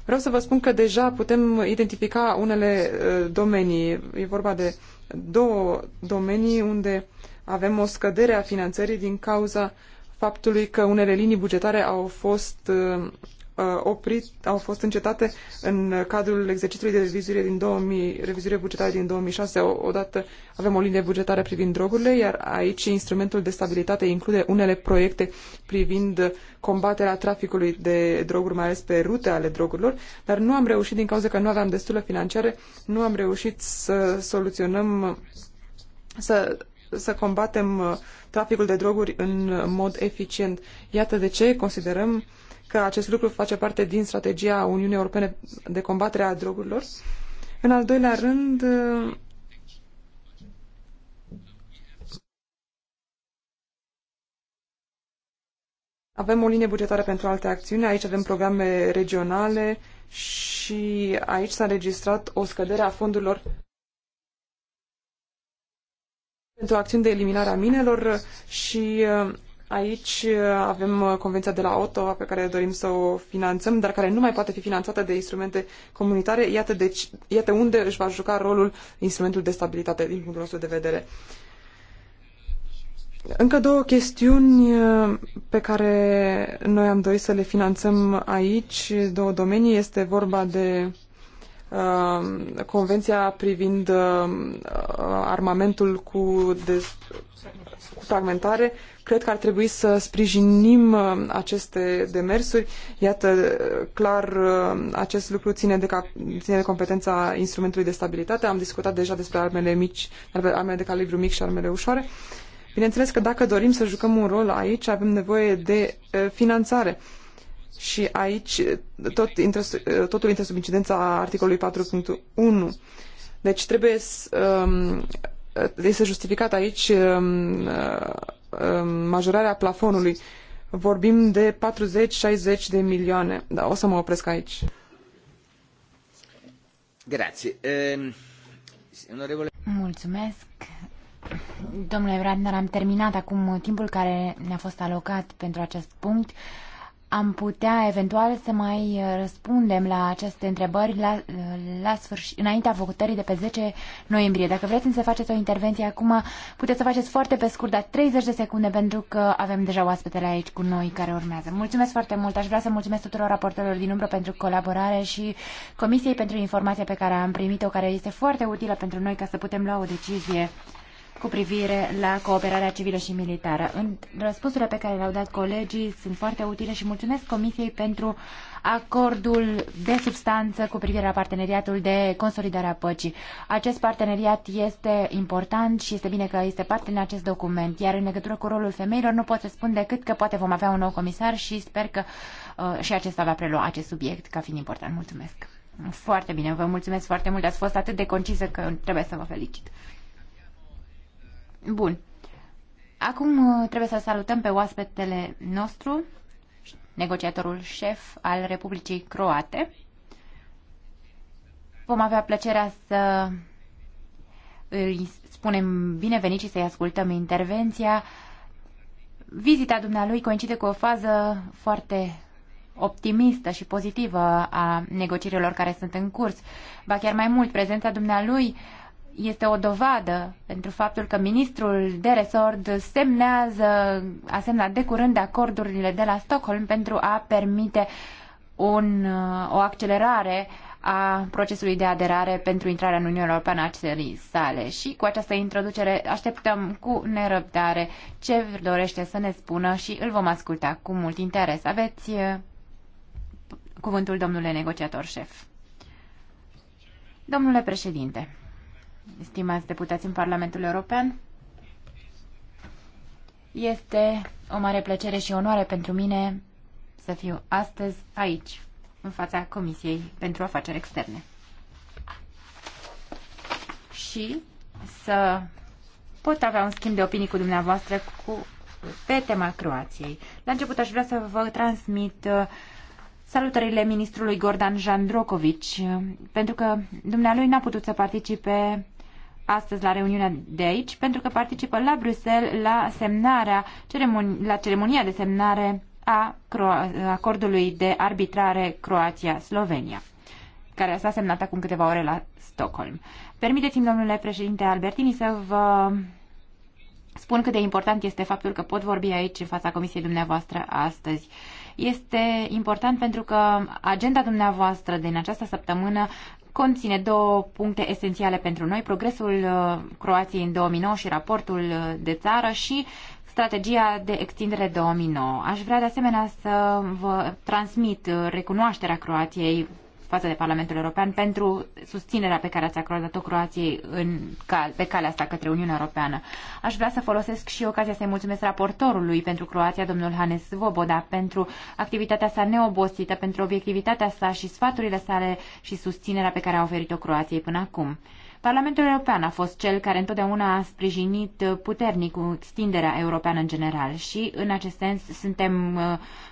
Speaker 4: Vreau să vă spun că deja putem identifica unele uh, domenii. E vorba de două domenii unde avem o scădere a finanțării din cauza faptului că unele linii bugetare au fost uh, oprit, au fost încetate în cadrul exercițiului de revizuire din 2000, revizuire bugetară din 2006. Odată avem o linie bugetară privind drogurile, iar aici instrumentul de stabilitate include unele proiecte privind combaterea traficului de droguri, mai ales pe rute ale drogurilor, dar nu am reușit din cauza că nu aveam destulă financiare, nu am reușit să soluționăm să să combatem traficul de droguri în mod eficient. Iată de ce considerăm că acest lucru face parte din strategia Uniunii Europene de combatere a drogurilor. În al doilea rând, avem o linie bugetară pentru alte acțiuni, aici avem programe regionale și aici s-a registrat o scădere a fondurilor pentru acțiuni de eliminare a minelor și Aici uh, avem uh, convenția de la Ottawa pe care dorim să o finanțăm, dar care nu mai poate fi finanțată de instrumente comunitare. Iată, deci, iată unde își va juca rolul instrumentul de stabilitate din punctul nostru de vedere. Încă două chestiuni uh, pe care noi am dorit să le finanțăm aici, două domenii. Este vorba de uh, convenția privind uh, armamentul cu, de, cu fragmentare Cred că ar trebui să sprijinim uh, aceste demersuri. Iată, uh, clar, uh, acest lucru ține de, cap, ține de competența instrumentului de stabilitate. Am discutat deja despre armele mici, armele de calibru mic și armele ușoare. Bineînțeles că dacă dorim să jucăm un rol aici, avem nevoie de finanțare. Și aici tot intră, totul intră sub incidența articolului 4.1. Deci trebuie să, um, este justificat aici um, Ehm, majorarea plafonului. Vorbim de 40-60 de milioane. Da, o să mă opresc aici. Ehm, Mulțumesc.
Speaker 5: Domnule Bradner, am terminat acum timpul care ne-a fost alocat pentru acest punct am putea eventual să mai uh, răspundem la aceste întrebări la, uh, la sfârșit, înaintea votării de pe 10 noiembrie. Dacă vreți să faceți o intervenție acum, puteți să faceți foarte pe scurt, dar 30 de secunde, pentru că avem deja oaspetele aici cu noi care urmează. Mulțumesc foarte mult, aș vrea să mulțumesc tuturor raportorilor din umbră pentru colaborare și Comisiei pentru informația pe care am primit-o, care este foarte utilă pentru noi ca să putem lua o decizie cu privire la cooperarea civilă și militară. În răspunsurile pe care le-au dat colegii sunt foarte utile și mulțumesc Comisiei pentru acordul de substanță cu privire la parteneriatul de consolidare a păcii. Acest parteneriat este important și este bine că este parte din acest document, iar în legătură cu rolul femeilor nu pot să spun decât că poate vom avea un nou comisar și sper că uh, și acesta va prelua acest subiect ca fiind important. Mulțumesc! Foarte bine, vă mulțumesc foarte mult, ați fost atât de concisă că trebuie să vă felicit. Bun. Acum uh, trebuie să salutăm pe oaspetele nostru, negociatorul șef al Republicii Croate. Vom avea plăcerea să îi spunem binevenit și să-i ascultăm intervenția. Vizita dumnealui coincide cu o fază foarte optimistă și pozitivă a negocierilor care sunt în curs. Ba chiar mai mult, prezența dumnealui uh, este o dovadă pentru faptul că ministrul de resort semnează, a semnat de curând acordurile de la Stockholm pentru a permite un, o accelerare a procesului de aderare pentru intrarea în Uniunea Europeană a țării sale. Și cu această introducere așteptăm cu nerăbdare ce dorește să ne spună și îl vom asculta cu mult interes. Aveți uh, cuvântul domnule negociator șef. Domnule președinte, stimați deputați în Parlamentul European. Este o mare plăcere și onoare pentru mine să fiu astăzi aici, în fața Comisiei pentru Afaceri Externe. Și să pot avea un schimb de opinii cu dumneavoastră cu, pe tema Croației. La început aș vrea să vă transmit uh, salutările ministrului Gordan Jandrokovic, uh, pentru că dumnealui n-a putut să participe astăzi la reuniunea de aici, pentru că participă la Bruxelles la semnarea, ceremoni, la ceremonia de semnare a acordului de arbitrare Croația-Slovenia, care s-a semnat acum câteva ore la Stockholm. Permiteți-mi, domnule președinte Albertini, să vă spun cât de important este faptul că pot vorbi aici în fața comisiei dumneavoastră astăzi. Este important pentru că agenda dumneavoastră din această săptămână conține două puncte esențiale pentru noi, progresul uh, Croației în 2009 și raportul uh, de țară și strategia de extindere 2009. Aș vrea de asemenea să vă transmit uh, recunoașterea Croației față de Parlamentul European pentru susținerea pe care ați acordat-o Croației în cal, pe calea asta către Uniunea Europeană. Aș vrea să folosesc și ocazia să-i mulțumesc raportorului pentru Croația, domnul Hannes Svoboda, pentru activitatea sa neobosită, pentru obiectivitatea sa și sfaturile sale și susținerea pe care a oferit-o Croației până acum. Parlamentul European a fost cel care întotdeauna a sprijinit puternic extinderea europeană în general și, în acest sens, suntem uh,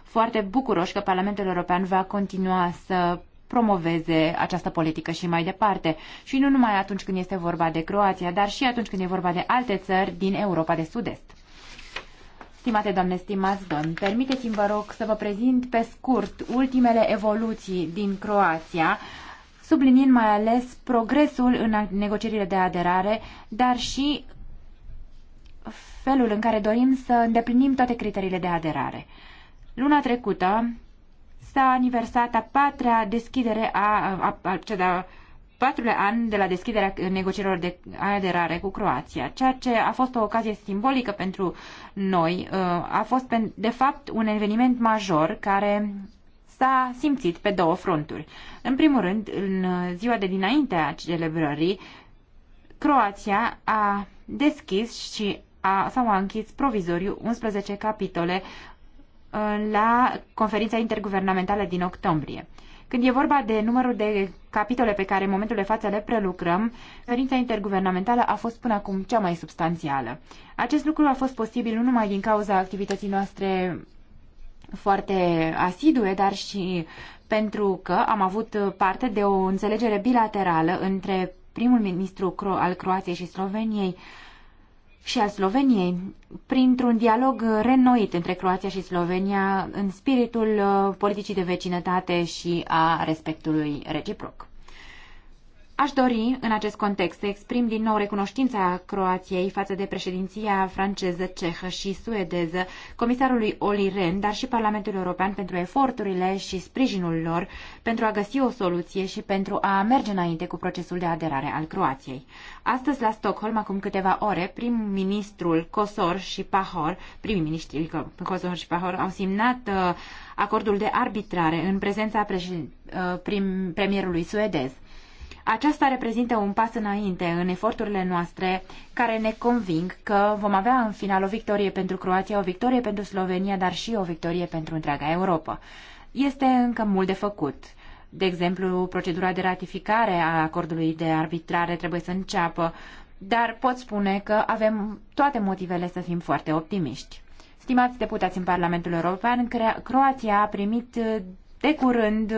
Speaker 5: foarte bucuroși că Parlamentul European va continua să promoveze această politică și mai departe. Și nu numai atunci când este vorba de Croația, dar și atunci când e vorba de alte țări din Europa de Sud-Est. Stimate doamne, stimați domn, permiteți-mi vă rog să vă prezint pe scurt ultimele evoluții din Croația, subliniind mai ales progresul în negocierile de aderare, dar și felul în care dorim să îndeplinim toate criteriile de aderare. Luna trecută, s-a aniversat a patra deschidere a, a, a, a, a, a patrulea an de la deschiderea negocierilor de aderare cu Croația, ceea ce a fost o ocazie simbolică pentru noi. Uh, a fost, de fapt, un eveniment major care s-a simțit pe două fronturi. În primul rând, în ziua de dinainte a celebrării, Croația a deschis și a, sau a închis provizoriu 11 capitole la conferința interguvernamentală din octombrie. Când e vorba de numărul de capitole pe care în momentul de față le prelucrăm, conferința interguvernamentală a fost până acum cea mai substanțială. Acest lucru a fost posibil nu numai din cauza activității noastre foarte asidue, dar și pentru că am avut parte de o înțelegere bilaterală între primul ministru al Croației și Sloveniei, și al Sloveniei printr-un dialog reînnoit între Croația și Slovenia în spiritul uh, politicii de vecinătate și a respectului reciproc. Aș dori, în acest context, să exprim din nou recunoștința Croației față de președinția franceză, cehă și suedeză, comisarului Oli Rehn, dar și Parlamentul European pentru eforturile și sprijinul lor pentru a găsi o soluție și pentru a merge înainte cu procesul de aderare al Croației. Astăzi, la Stockholm, acum câteva ore, prim-ministrul Kosor și Pahor, primii ministrii Kosor și Pahor, au semnat uh, acordul de arbitrare în prezența uh, prim, premierului suedez. Aceasta reprezintă un pas înainte în eforturile noastre care ne conving că vom avea în final o victorie pentru Croația, o victorie pentru Slovenia, dar și o victorie pentru întreaga Europa. Este încă mult de făcut. De exemplu, procedura de ratificare a acordului de arbitrare trebuie să înceapă, dar pot spune că avem toate motivele să fim foarte optimiști. Stimați deputați în Parlamentul European, Croația a primit de curând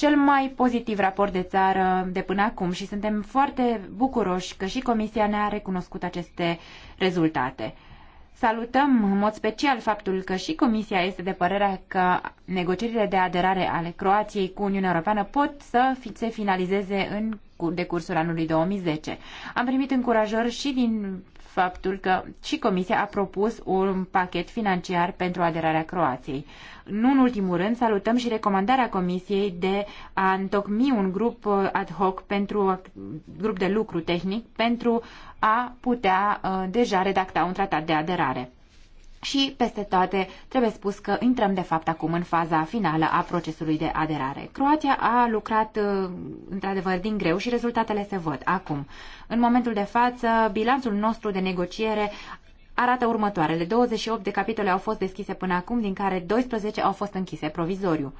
Speaker 5: cel mai pozitiv raport de țară de până acum și suntem foarte bucuroși că și Comisia ne-a recunoscut aceste rezultate. Salutăm în mod special faptul că și Comisia este de părerea că negocierile de aderare ale Croației cu Uniunea Europeană pot să se finalizeze în de cursul anului 2010. Am primit încurajări și din faptul că și Comisia a propus un pachet financiar pentru aderarea Croației. Nu în ultimul rând, salutăm și recomandarea Comisiei de a întocmi un grup uh, ad hoc pentru uh, grup de lucru tehnic pentru a putea uh, deja redacta un tratat de aderare. Și, peste toate, trebuie spus că intrăm de fapt acum în faza finală a procesului de aderare. Croația a lucrat uh, într-adevăr din greu și rezultatele se văd acum. În momentul de față, bilanțul nostru de negociere arată următoarele. 28 de capitole au fost deschise până acum, din care 12 au fost închise provizoriu.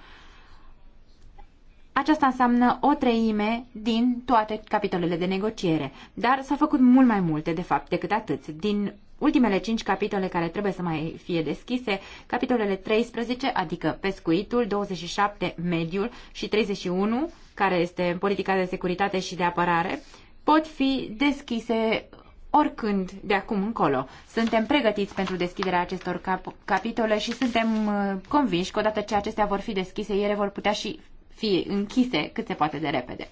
Speaker 5: Aceasta înseamnă o treime din toate capitolele de negociere, dar s-au făcut mult mai multe, de fapt, decât atât. Din ultimele cinci capitole care trebuie să mai fie deschise, capitolele 13, adică pescuitul, 27, mediul și 31, care este politica de securitate și de apărare, pot fi deschise oricând de acum încolo. Suntem pregătiți pentru deschiderea acestor cap- capitole și suntem uh, convinși că odată ce acestea vor fi deschise, ele vor putea și fi închise cât se poate de repede.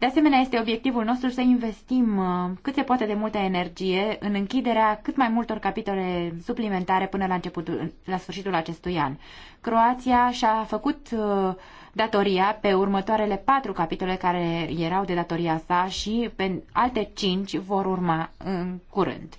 Speaker 5: De asemenea, este obiectivul nostru să investim uh, cât se poate de multă energie în închiderea cât mai multor capitole suplimentare până la, începutul, la sfârșitul acestui an. Croația și-a făcut uh, datoria pe următoarele patru capitole care erau de datoria sa și pe alte cinci vor urma în curând.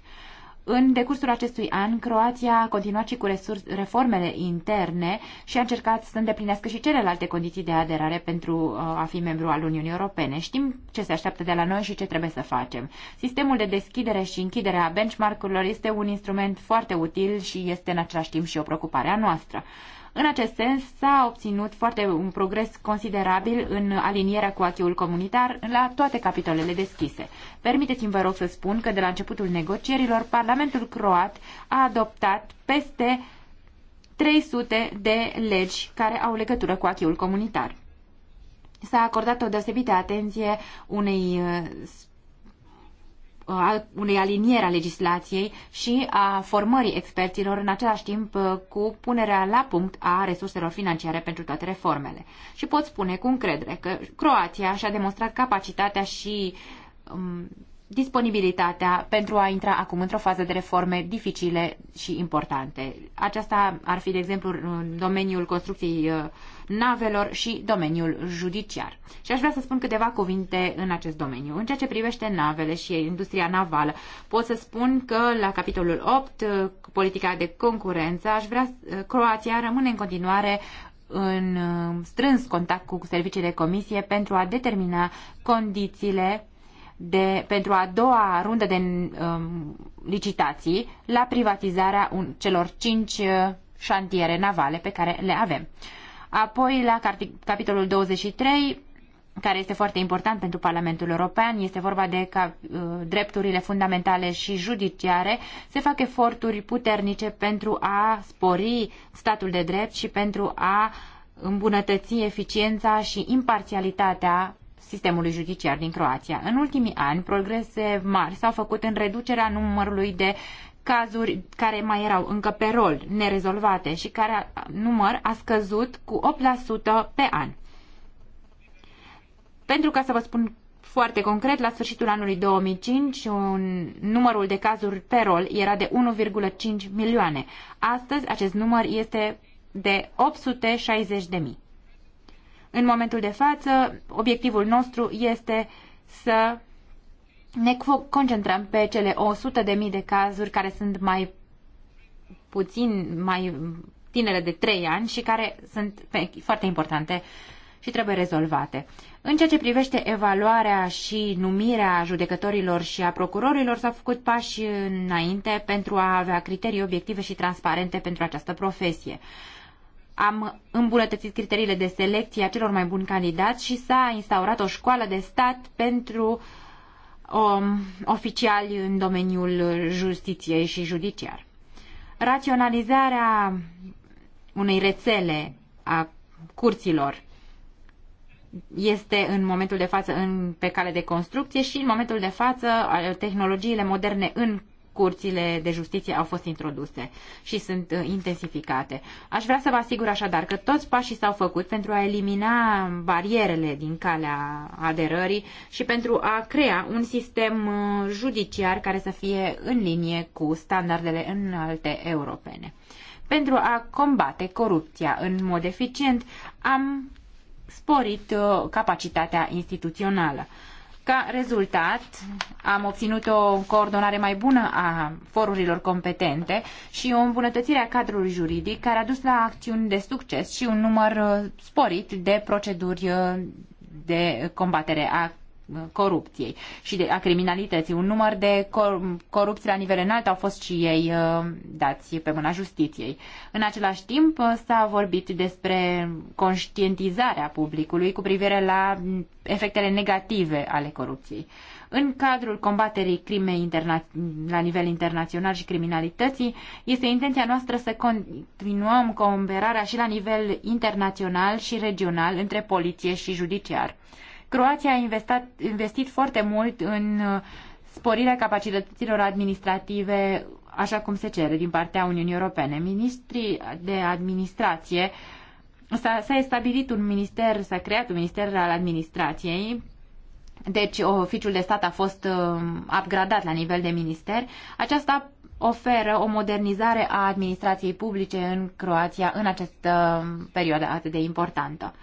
Speaker 5: În decursul acestui an, Croația a continuat și cu reformele interne și a încercat să îndeplinească și celelalte condiții de aderare pentru uh, a fi membru al Uniunii Europene. Știm ce se așteaptă de la noi și ce trebuie să facem. Sistemul de deschidere și închidere a benchmark-urilor este un instrument foarte util și este în același timp și o preocupare a noastră. În acest sens s-a obținut foarte un progres considerabil în alinierea cu acheul comunitar la toate capitolele deschise. Permiteți-mi, vă rog, să spun că de la începutul negocierilor, Parlamentul croat a adoptat peste 300 de legi care au legătură cu acheul comunitar. S-a acordat o deosebită atenție unei uh, unei aliniere a legislației și a formării experților în același timp cu punerea la punct a resurselor financiare pentru toate reformele. Și pot spune cu încredere că Croația și-a demonstrat capacitatea și um, disponibilitatea pentru a intra acum într-o fază de reforme dificile și importante. Aceasta ar fi, de exemplu, în domeniul construcției uh, navelor și domeniul judiciar. Și aș vrea să spun câteva cuvinte în acest domeniu. În ceea ce privește navele și industria navală, pot să spun că la capitolul 8, uh, politica de concurență, aș vrea uh, Croația rămâne în continuare în strâns contact cu serviciile comisie pentru a determina condițiile de, pentru a doua rundă de um, licitații la privatizarea un, celor cinci uh, șantiere navale pe care le avem. Apoi, la capitolul 23, care este foarte important pentru Parlamentul European, este vorba de ca, uh, drepturile fundamentale și judiciare, se fac eforturi puternice pentru a spori statul de drept și pentru a îmbunătăți eficiența și imparțialitatea sistemului judiciar din Croația. În ultimii ani, progrese mari s-au făcut în reducerea numărului de cazuri care mai erau încă pe rol, nerezolvate și care număr a scăzut cu 8% pe an. Pentru ca să vă spun foarte concret, la sfârșitul anului 2005, un, numărul de cazuri pe rol era de 1,5 milioane. Astăzi, acest număr este de 860 de mii. În momentul de față, obiectivul nostru este să ne concentrăm pe cele 100.000 de cazuri care sunt mai puțin, mai tinere de 3 ani și care sunt foarte importante și trebuie rezolvate. În ceea ce privește evaluarea și numirea judecătorilor și a procurorilor, s-au făcut pași înainte pentru a avea criterii obiective și transparente pentru această profesie am îmbunătățit criteriile de selecție a celor mai buni candidați și s-a instaurat o școală de stat pentru um, oficiali în domeniul justiției și judiciar. Raționalizarea unei rețele a curților este în momentul de față în, pe cale de construcție și în momentul de față uh, tehnologiile moderne în curțile de justiție au fost introduse și sunt uh, intensificate. Aș vrea să vă asigur așadar că toți pașii s-au făcut pentru a elimina barierele din calea aderării și pentru a crea un sistem uh, judiciar care să fie în linie cu standardele înalte europene. Pentru a combate corupția în mod eficient, am sporit uh, capacitatea instituțională. Ca rezultat, am obținut o coordonare mai bună a forurilor competente și o îmbunătățire a cadrului juridic care a dus la acțiuni de succes și un număr uh, sporit de proceduri uh, de combatere a corupției și de, a criminalității. Un număr de cor- corupții la nivel înalt au fost și ei uh, dați pe mâna justiției. În același timp uh, s-a vorbit despre conștientizarea publicului cu privire la efectele negative ale corupției. În cadrul combaterii crimei la nivel internațional și criminalității, este intenția noastră să continuăm cooperarea și la nivel internațional și regional între poliție și judiciar. Croația a investat, investit foarte mult în uh, sporirea capacităților administrative, așa cum se cere din partea Uniunii Europene. Ministrii de administrație S-a stabilit un minister, s-a creat un minister al administrației deci oficiul de stat a fost uh, upgradat la nivel de minister. Aceasta oferă o modernizare a administrației publice în Croația în această perioadă atât de importantă.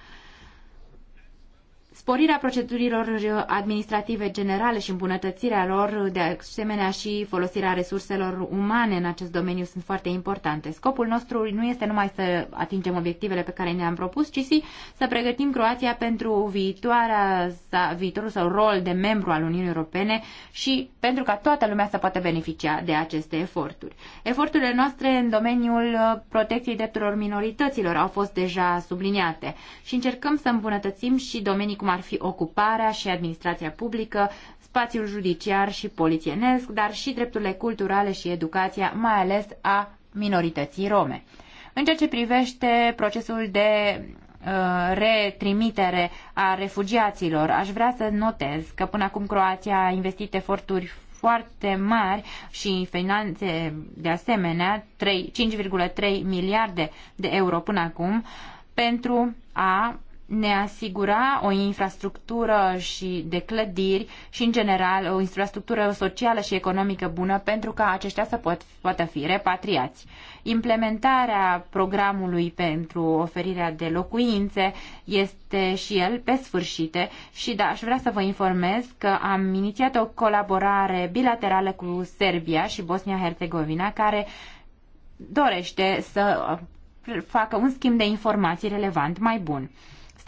Speaker 5: Sporirea procedurilor uh, administrative generale și îmbunătățirea lor, de asemenea și folosirea resurselor umane în acest domeniu sunt foarte importante. Scopul nostru nu este numai să atingem obiectivele pe care ne-am propus, ci și să pregătim Croația pentru viitoarea, viitorul sau rol de membru al Uniunii Europene și pentru ca toată lumea să poată beneficia de aceste eforturi. Eforturile noastre în domeniul uh, protecției drepturilor minorităților au fost deja subliniate și încercăm să îmbunătățim și domenii cum ar fi ocuparea și administrația publică, spațiul judiciar și polițienesc, dar și drepturile culturale și educația, mai ales a minorității rome. În ceea ce privește procesul de uh, retrimitere a refugiaților. Aș vrea să notez că până acum Croația a investit eforturi foarte mari și finanțe de asemenea 5,3 miliarde de euro până acum pentru a ne asigura o infrastructură și de clădiri și, în general, o infrastructură socială și economică bună pentru ca aceștia să pot, poată fi repatriați. Implementarea programului pentru oferirea de locuințe este și el pe sfârșite și da, aș vrea să vă informez că am inițiat o colaborare bilaterală cu Serbia și Bosnia-Herzegovina care dorește să facă un schimb de informații relevant mai bun.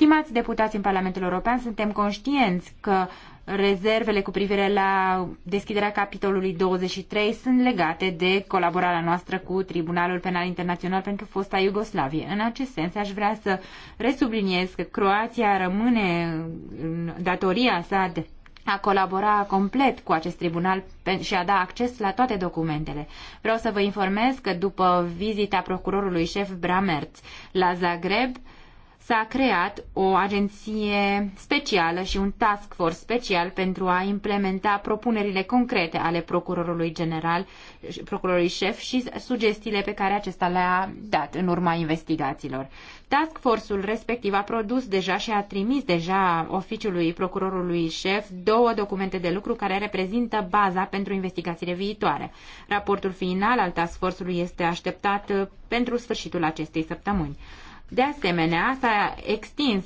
Speaker 5: Stimați deputați în Parlamentul European, suntem conștienți că rezervele cu privire la deschiderea capitolului 23 sunt legate de colaborarea noastră cu Tribunalul Penal Internațional pentru fosta Iugoslavie. În acest sens, aș vrea să resubliniez că Croația rămâne datoria sa de a colabora complet cu acest tribunal și a da acces la toate documentele. Vreau să vă informez că după vizita procurorului șef Bramerț la Zagreb, s-a creat o agenție specială și un task force special pentru a implementa propunerile concrete ale procurorului general, procurorului șef și sugestiile pe care acesta le-a dat în urma investigațiilor. Task force-ul respectiv a produs deja și a trimis deja oficiului procurorului șef două documente de lucru care reprezintă baza pentru investigațiile viitoare. Raportul final al task force-ului este așteptat pentru sfârșitul acestei săptămâni. De asemenea, s-a extins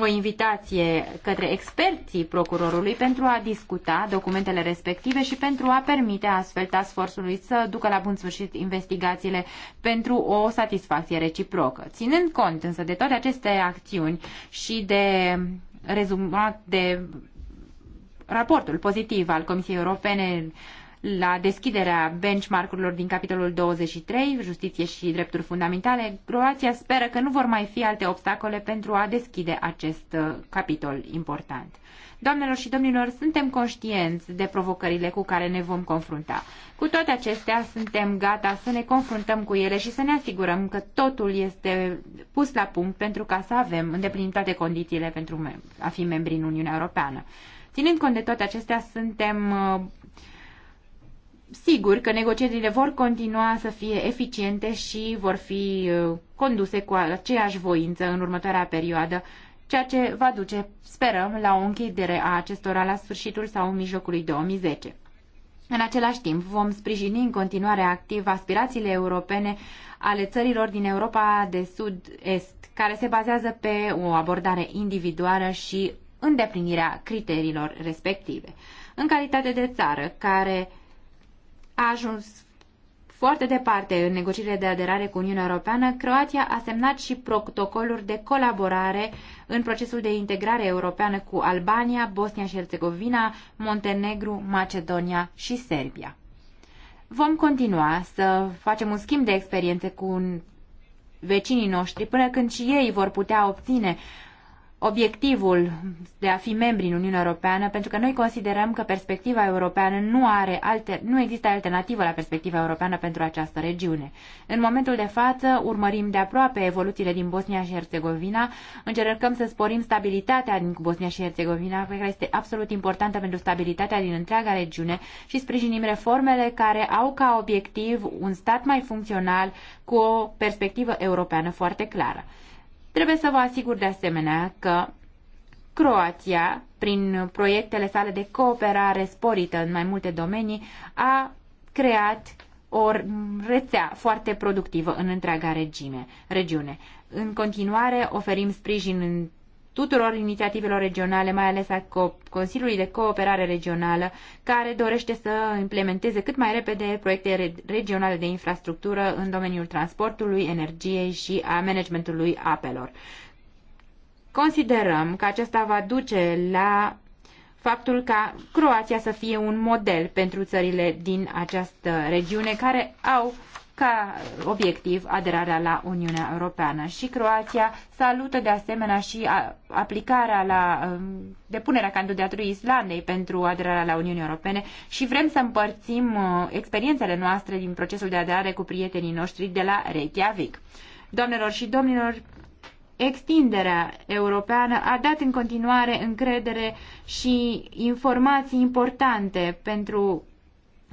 Speaker 5: o invitație către experții procurorului pentru a discuta documentele respective și pentru a permite astfel task force-ului să ducă la bun sfârșit investigațiile pentru o satisfacție reciprocă. Ținând cont însă de toate aceste acțiuni și de rezumat de raportul pozitiv al Comisiei Europene la deschiderea benchmark-urilor din capitolul 23, justiție și drepturi fundamentale, Croația speră că nu vor mai fi alte obstacole pentru a deschide acest uh, capitol important. Doamnelor și domnilor, suntem conștienți de provocările cu care ne vom confrunta. Cu toate acestea, suntem gata să ne confruntăm cu ele și să ne asigurăm că totul este pus la punct pentru ca să avem îndeplinit toate condițiile pentru a fi membri în Uniunea Europeană. Ținând cont de toate acestea, suntem uh, sigur că negocierile vor continua să fie eficiente și vor fi uh, conduse cu aceeași voință în următoarea perioadă, ceea ce va duce, sperăm, la o închidere a acestora la sfârșitul sau în mijlocul 2010. În același timp, vom sprijini în continuare activ aspirațiile europene ale țărilor din Europa de Sud-Est, care se bazează pe o abordare individuală și îndeplinirea criteriilor respective. În calitate de țară care a ajuns foarte departe în negocierile de aderare cu Uniunea Europeană, Croația a semnat și protocoluri de colaborare în procesul de integrare europeană cu Albania, Bosnia și Herțegovina, Montenegru, Macedonia și Serbia. Vom continua să facem un schimb de experiențe cu vecinii noștri până când și ei vor putea obține obiectivul de a fi membri în Uniunea Europeană, pentru că noi considerăm că perspectiva europeană nu, are alte, nu există alternativă la perspectiva europeană pentru această regiune. În momentul de față, urmărim de aproape evoluțiile din Bosnia și Herțegovina, încercăm să sporim stabilitatea din Bosnia și Herțegovina, care este absolut importantă pentru stabilitatea din întreaga regiune și sprijinim reformele care au ca obiectiv un stat mai funcțional cu o perspectivă europeană foarte clară. Trebuie să vă asigur de asemenea că Croația, prin proiectele sale de cooperare sporită în mai multe domenii, a creat o rețea foarte productivă în întreaga regime, regiune. În continuare, oferim sprijin în tuturor inițiativelor regionale, mai ales a Consiliului de Cooperare Regională, care dorește să implementeze cât mai repede proiecte regionale de infrastructură în domeniul transportului, energiei și a managementului apelor. Considerăm că acesta va duce la faptul ca Croația să fie un model pentru țările din această regiune care au ca obiectiv aderarea la Uniunea Europeană și Croația salută de asemenea și aplicarea la um, depunerea candidatului Islandei pentru aderarea la Uniunea Europene și vrem să împărțim uh, experiențele noastre din procesul de aderare cu prietenii noștri de la Reykjavik. Doamnelor și domnilor, extinderea europeană a dat în continuare încredere și informații importante pentru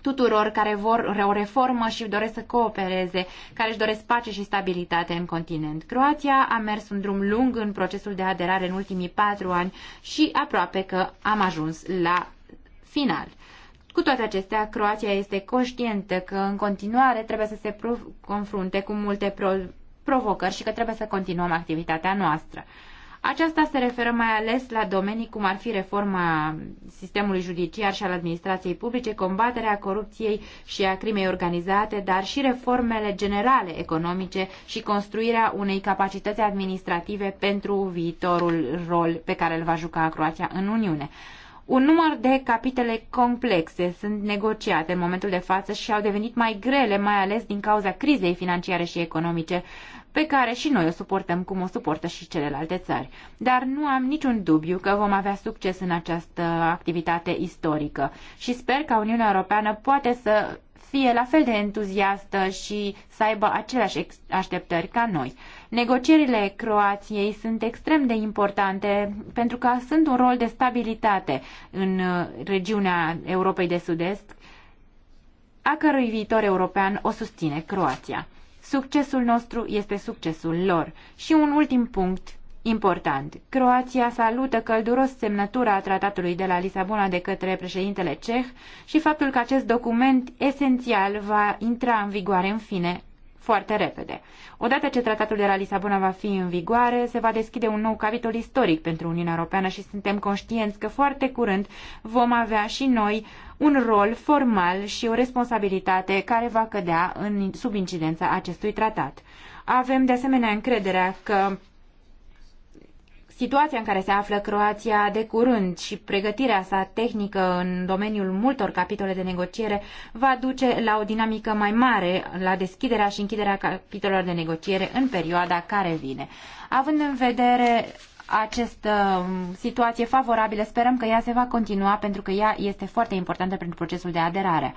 Speaker 5: tuturor care vor o reformă și doresc să coopereze, care își doresc pace și stabilitate în continent. Croația a mers un drum lung în procesul de aderare în ultimii patru ani și aproape că am ajuns la final. Cu toate acestea, Croația este conștientă că în continuare trebuie să se confrunte cu multe pro- provocări și că trebuie să continuăm activitatea noastră. Aceasta se referă mai ales la domenii cum ar fi reforma sistemului judiciar și al administrației publice, combaterea corupției și a crimei organizate, dar și reformele generale economice și construirea unei capacități administrative pentru viitorul rol pe care îl va juca Croația în Uniune. Un număr de capitele complexe sunt negociate în momentul de față și au devenit mai grele, mai ales din cauza crizei financiare și economice pe care și noi o suportăm cum o suportă și celelalte țări. Dar nu am niciun dubiu că vom avea succes în această activitate istorică și sper că Uniunea Europeană poate să fie la fel de entuziastă și să aibă aceleași așteptări ca noi. Negocierile Croației sunt extrem de importante pentru că sunt un rol de stabilitate în uh, regiunea Europei de Sud-Est, a cărui viitor european o susține Croația. Succesul nostru este succesul lor. Și un ultim punct important. Croația salută călduros semnătura a tratatului de la Lisabona de către președintele ceh și faptul că acest document esențial va intra în vigoare în fine foarte repede. Odată ce tratatul de la Lisabona va fi în vigoare, se va deschide un nou capitol istoric pentru Uniunea Europeană și suntem conștienți că foarte curând vom avea și noi un rol formal și o responsabilitate care va cădea în, sub incidența acestui tratat. Avem de asemenea încrederea că situația în care se află Croația de curând și pregătirea sa tehnică în domeniul multor capitole de negociere va duce la o dinamică mai mare la deschiderea și închiderea capitolelor de negociere în perioada care vine. Având în vedere această um, situație favorabilă. Sperăm că ea se va continua pentru că ea este foarte importantă pentru procesul de aderare.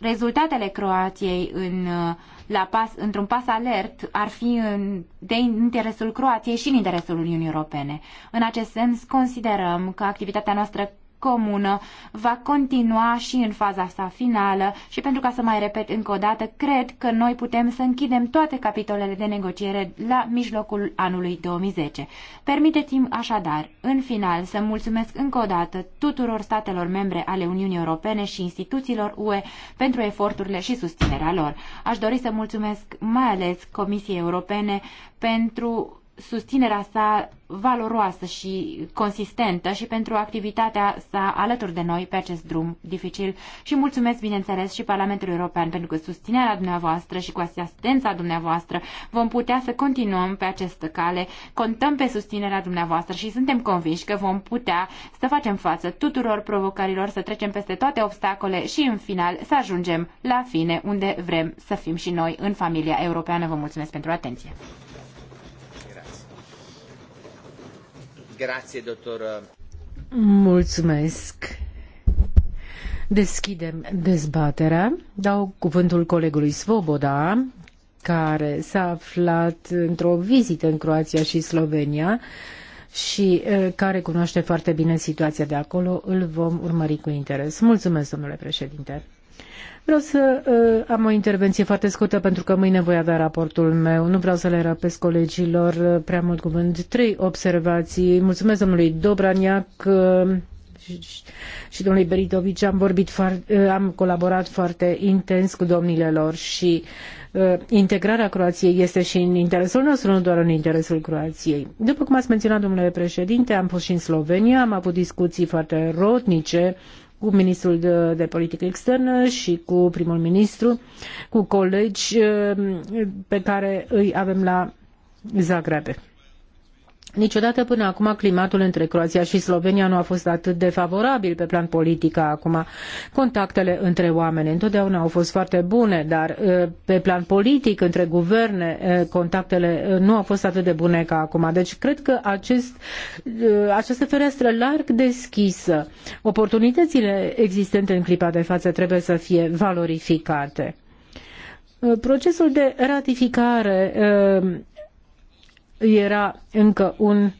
Speaker 5: Rezultatele Croației în, uh, la pas, într-un pas alert ar fi în, de interesul Croației și în interesul Uniunii Europene. În acest sens, considerăm că activitatea noastră comună va continua și în faza sa finală și pentru ca să mai repet încă o dată, cred că noi putem să închidem toate capitolele de negociere la mijlocul anului 2010. Permiteți-mi așadar, în final, să mulțumesc încă o dată tuturor statelor membre ale Uniunii Europene și instituțiilor UE pentru eforturile și susținerea lor. Aș dori să mulțumesc mai ales Comisiei Europene pentru susținerea sa valoroasă și consistentă și pentru activitatea sa alături de noi pe acest drum dificil și mulțumesc, bineînțeles, și Parlamentului European pentru că susținerea dumneavoastră și cu asistența dumneavoastră vom putea să continuăm pe această cale, contăm pe susținerea dumneavoastră și suntem convinși că vom putea să facem față tuturor provocărilor, să trecem peste toate obstacole și, în final, să ajungem la fine unde vrem să fim și noi în familia europeană. Vă mulțumesc pentru
Speaker 2: atenție! doctor.
Speaker 3: Mulțumesc. Deschidem dezbaterea. Dau cuvântul colegului Svoboda, care s-a aflat într-o vizită în Croația și Slovenia și care cunoaște foarte bine situația de acolo. Îl vom urmări cu interes. Mulțumesc, domnule președinte. Vreau să uh, am o intervenție foarte scurtă pentru că mâine voi avea raportul meu. Nu vreau să le răpesc colegilor uh, prea mult cuvânt. Trei observații. Mulțumesc domnului Dobraniac uh, și, și domnului Beritovici. Am, vorbit foarte, uh, am colaborat foarte intens cu domnile lor și uh, integrarea Croației este și în interesul nostru, nu doar în interesul Croației. După cum ați menționat, domnule președinte, am fost și în Slovenia, am avut discuții foarte rotnice uh, cu ministrul de, de politică externă și cu primul ministru, cu colegi eh, pe care îi avem la Zagrebe. Niciodată până acum climatul între Croația și Slovenia nu a fost atât de favorabil pe plan politic ca acum. Contactele între oameni întotdeauna au fost foarte bune, dar uh, pe plan politic, între guverne, uh, contactele uh, nu au fost atât de bune ca acum. Deci cred că acest, această fereastră larg deschisă, oportunitățile existente în clipa de față trebuie să fie valorificate. Procesul de ratificare era încă un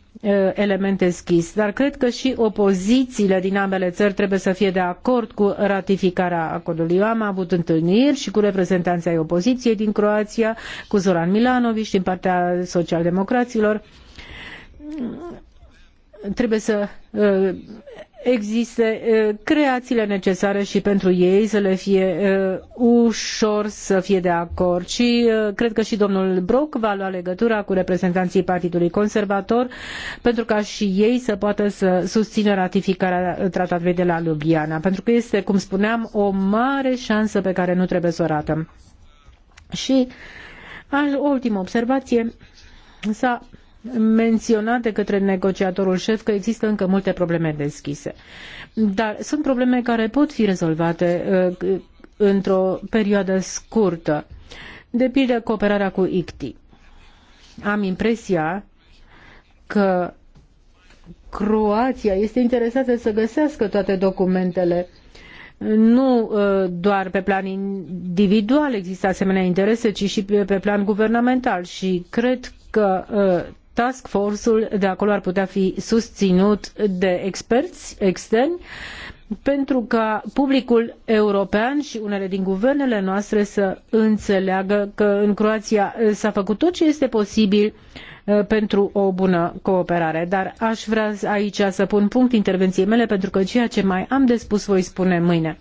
Speaker 3: element deschis. Dar cred că și opozițiile din ambele țări trebuie să fie de acord cu ratificarea acordului. Eu am avut întâlniri și cu reprezentanții ai opoziției din Croația, cu Zoran Milanoviș din partea socialdemocraților. Trebuie să existe uh, creațiile necesare și pentru ei să le fie uh, ușor să fie de acord. Și uh, cred că și domnul Brok va lua legătura cu reprezentanții Partidului Conservator pentru ca și ei să poată să susțină ratificarea tratatului de la Ljubljana, pentru că este, cum spuneam, o mare șansă pe care nu trebuie să o ratăm. Și o ultimă observație s-a menționat de către negociatorul șef că există încă multe probleme deschise. Dar sunt probleme care pot fi rezolvate uh, într-o perioadă scurtă. De pildă, cooperarea cu ICTI. Am impresia că Croația este interesată să găsească toate documentele nu uh, doar pe plan individual există asemenea interese, ci și pe plan guvernamental și cred că uh, task force-ul de acolo ar putea fi susținut de experți externi pentru ca publicul european și unele din guvernele noastre să înțeleagă că în Croația s-a făcut tot ce este posibil uh, pentru o bună cooperare. Dar aș vrea aici să pun punct intervenției mele pentru că ceea ce mai am de spus voi spune mâine.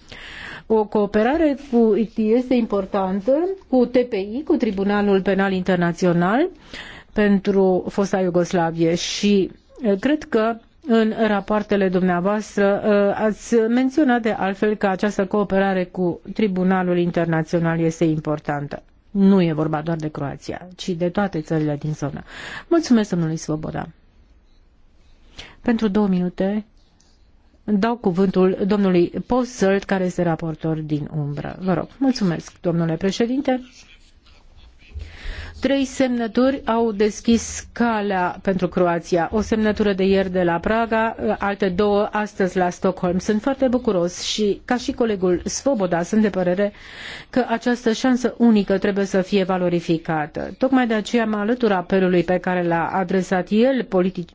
Speaker 3: O cooperare cu este importantă, cu TPI, cu Tribunalul Penal Internațional, uh, pentru fosta Iugoslavie și eh, cred că în rapoartele dumneavoastră eh, ați menționat de altfel că această cooperare cu Tribunalul Internațional este importantă. Nu e vorba doar de Croația, ci de toate țările din zonă. Mulțumesc domnului Svoboda. Pentru două minute dau cuvântul domnului Posselt, care este raportor din umbră. Vă rog, mulțumesc, domnule președinte. Trei semnături au deschis calea pentru Croația. O semnătură de ieri de la Praga, alte două astăzi la Stockholm. Sunt foarte bucuros și, ca și colegul Svoboda, sunt de părere că această șansă unică trebuie să fie valorificată. Tocmai de aceea mă alătur apelului pe care l-a adresat el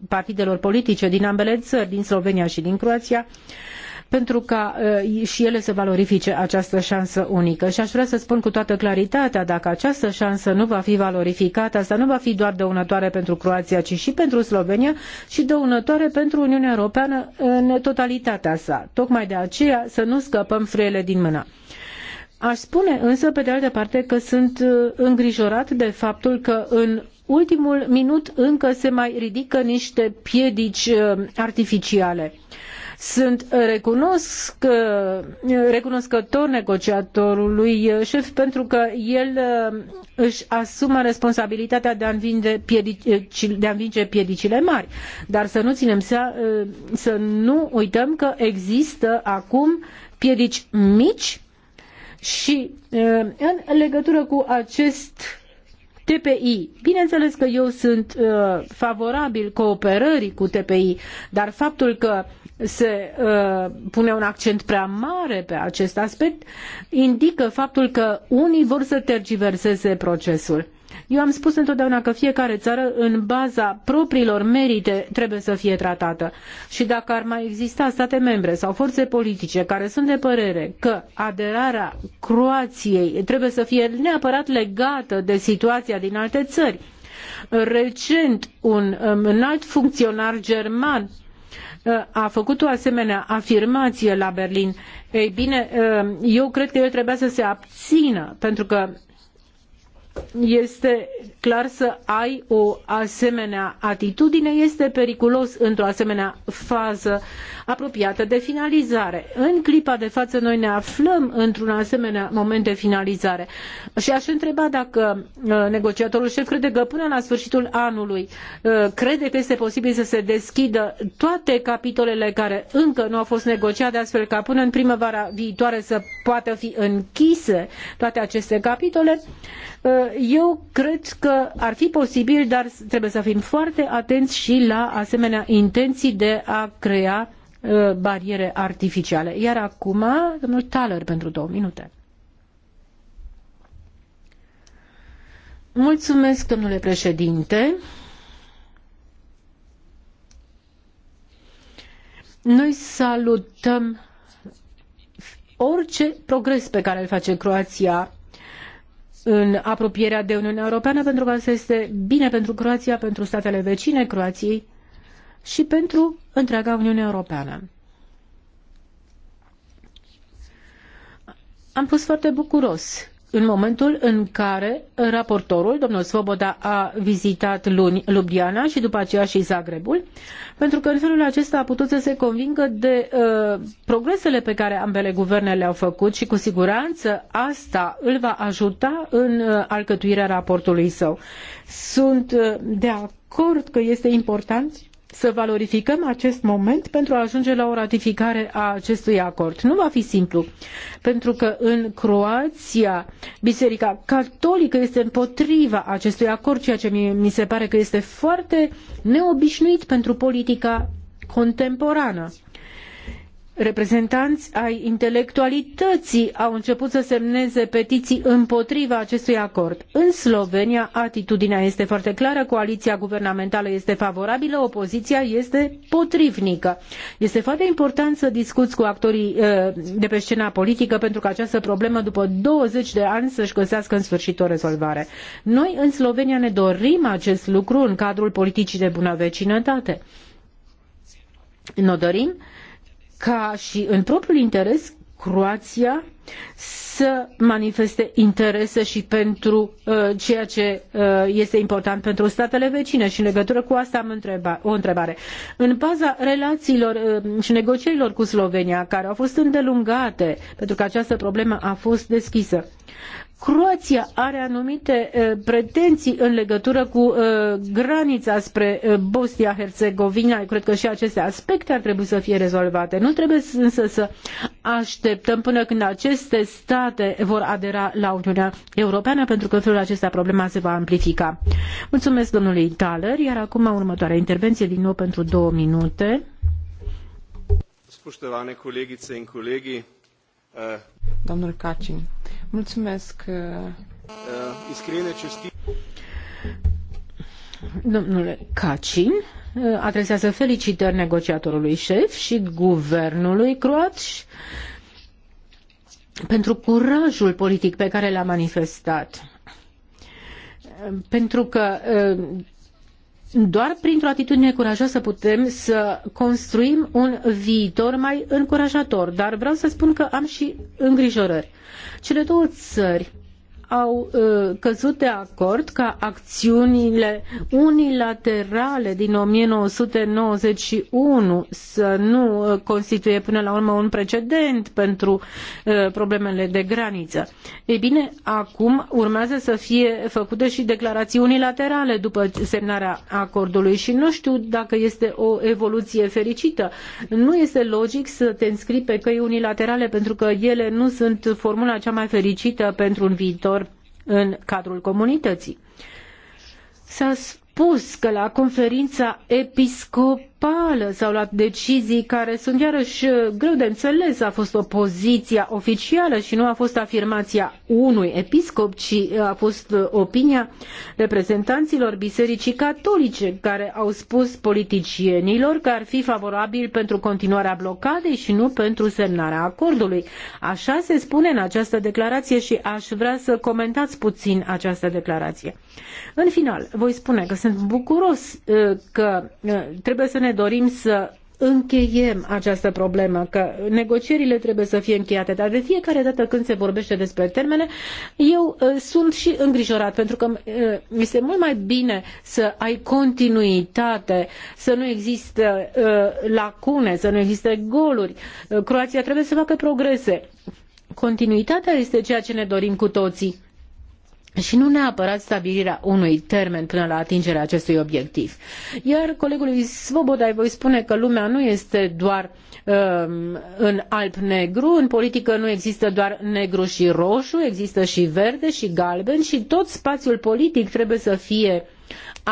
Speaker 3: partidelor politice din ambele țări, din Slovenia și din Croația, pentru ca uh, și ele să valorifice această șansă unică. Și aș vrea să spun cu toată claritatea, dacă această șansă nu va fi valorificată, asta nu va fi doar dăunătoare pentru Croația, ci și pentru Slovenia și dăunătoare pentru Uniunea Europeană în totalitatea sa. Tocmai de aceea să nu scăpăm freele din mână. Aș spune însă, pe de altă parte, că sunt uh, îngrijorat de faptul că în ultimul minut încă se mai ridică niște piedici uh, artificiale. Uh, sunt uh, recunosc, uh, recunoscător negociatorului uh, șef pentru că el își asumă responsabilitatea de a învinge, piedici, de a învinge piedicile mari. Dar să nu ținem să, să nu uităm că există acum piedici mici și în legătură cu acest TPI. Bineînțeles că eu sunt uh, favorabil cooperării cu TPI, dar faptul că se uh, pune un accent prea mare pe acest aspect, indică faptul că unii vor să tergiverseze procesul. Eu am spus întotdeauna că fiecare țară, în baza propriilor merite, trebuie să fie tratată. Și dacă ar mai exista state membre sau forțe politice care sunt de părere că aderarea Croației trebuie să fie neapărat legată de situația din alte țări, recent un um, înalt funcționar german a făcut o asemenea afirmație la Berlin, ei bine, eu cred că el trebuia să se abțină, pentru că este clar să ai o asemenea atitudine, este periculos într-o asemenea fază apropiată de finalizare. În clipa de față noi ne aflăm într-un asemenea moment de finalizare și aș întreba dacă uh, negociatorul șef crede că până la sfârșitul anului uh, crede că este posibil să se deschidă toate capitolele care încă nu au fost negociate, astfel ca până în primăvara viitoare să poată fi închise toate aceste capitole. Eh, eu cred că ar fi posibil, dar trebuie să fim foarte atenți și la asemenea intenții de a crea eh, bariere artificiale. Iar acum, domnul Thaler, pentru două minute. Mulțumesc, domnule președinte. Noi salutăm orice progres pe care îl face Croația în apropierea de Uniunea Europeană, pentru că asta este bine pentru Croația, pentru statele vecine Croației și pentru întreaga Uniune Europeană. Am fost foarte bucuros în momentul în care raportorul, domnul Svoboda, a vizitat luni Ljubljana și după aceea și Zagrebul, pentru că în felul acesta a putut să se convingă de uh, progresele pe care ambele guverne le-au făcut și cu siguranță asta îl va ajuta în uh, alcătuirea raportului său. Sunt uh, de acord că este important să valorificăm acest moment pentru a ajunge la o ratificare a acestui acord. Nu va fi simplu, pentru că în Croația Biserica Catolică este împotriva acestui acord, ceea ce mi se pare că este foarte neobișnuit pentru politica contemporană reprezentanți ai intelectualității au început să semneze petiții împotriva acestui acord. În Slovenia, atitudinea este foarte clară, coaliția guvernamentală este favorabilă, opoziția este potrivnică. Este foarte important să discuți cu actorii eh, de pe scena politică pentru că această problemă după 20 de ani să-și găsească în sfârșit o rezolvare. Noi în Slovenia ne dorim acest lucru în cadrul politicii de bună vecinătate. Ne dorim ca și în propriul interes Croația să manifeste interese și pentru uh, ceea ce uh, este important pentru statele vecine și în legătură cu asta am întreba, o întrebare. În baza relațiilor uh, și negocierilor cu Slovenia, care au fost îndelungate, pentru că această problemă a fost deschisă, Croația are anumite pretenții în legătură cu granița spre Bosnia-Herzegovina. Cred că și aceste aspecte ar trebui să fie rezolvate. Nu trebuie însă să așteptăm până când aceste state vor adera la Uniunea Europeană, pentru că în felul acesta problema se va amplifica. Mulțumesc domnului Thaler, iar acum următoarea intervenție din nou pentru două minute.
Speaker 1: Spuștevane, colegițe în colegii, Uh,
Speaker 4: Domnul Cacin, mulțumesc.
Speaker 3: Iscriele uh, uh, cestii. Domnule Cacin, adresează felicitări negociatorului șef și guvernului croat pentru curajul politic pe care l-a manifestat. Pentru că doar printr-o atitudine curajoasă putem să construim un viitor mai încurajator, dar vreau să spun că am și îngrijorări. Cele două țări au uh, căzut de acord ca acțiunile unilaterale din 1991 să nu uh, constituie până la urmă un precedent pentru uh, problemele de graniță. Ei bine, acum urmează să fie făcute și declarații unilaterale după semnarea acordului și nu știu dacă este o evoluție fericită. Nu este logic să te înscrii pe căi unilaterale pentru că ele nu sunt formula cea mai fericită pentru un viitor în cadrul comunității. S-a spus că la conferința episcop principală s-au luat decizii care sunt iarăși uh, greu de înțeles. A fost opoziția oficială și nu a fost afirmația unui episcop, ci uh, a fost uh, opinia reprezentanților Bisericii Catolice care au spus politicienilor că ar fi favorabil pentru continuarea blocadei și nu pentru semnarea acordului. Așa se spune în această declarație și aș vrea să comentați puțin această declarație. În final, voi spune că sunt bucuros că trebuie să ne ne dorim să încheiem această problemă, că negocierile trebuie să fie încheiate, dar de fiecare dată când se vorbește despre termene, eu uh, sunt și îngrijorat, pentru că uh, este mult mai bine să ai continuitate, să nu există uh, lacune, să nu existe goluri. Uh, Croația trebuie să facă progrese. Continuitatea este ceea ce ne dorim cu toții și nu neapărat stabilirea unui termen până la atingerea acestui obiectiv. Iar colegului Svoboda îi voi spune că lumea nu este doar um, în alb-negru, în politică nu există doar negru și roșu, există și verde și galben și tot spațiul politic trebuie să fie uh,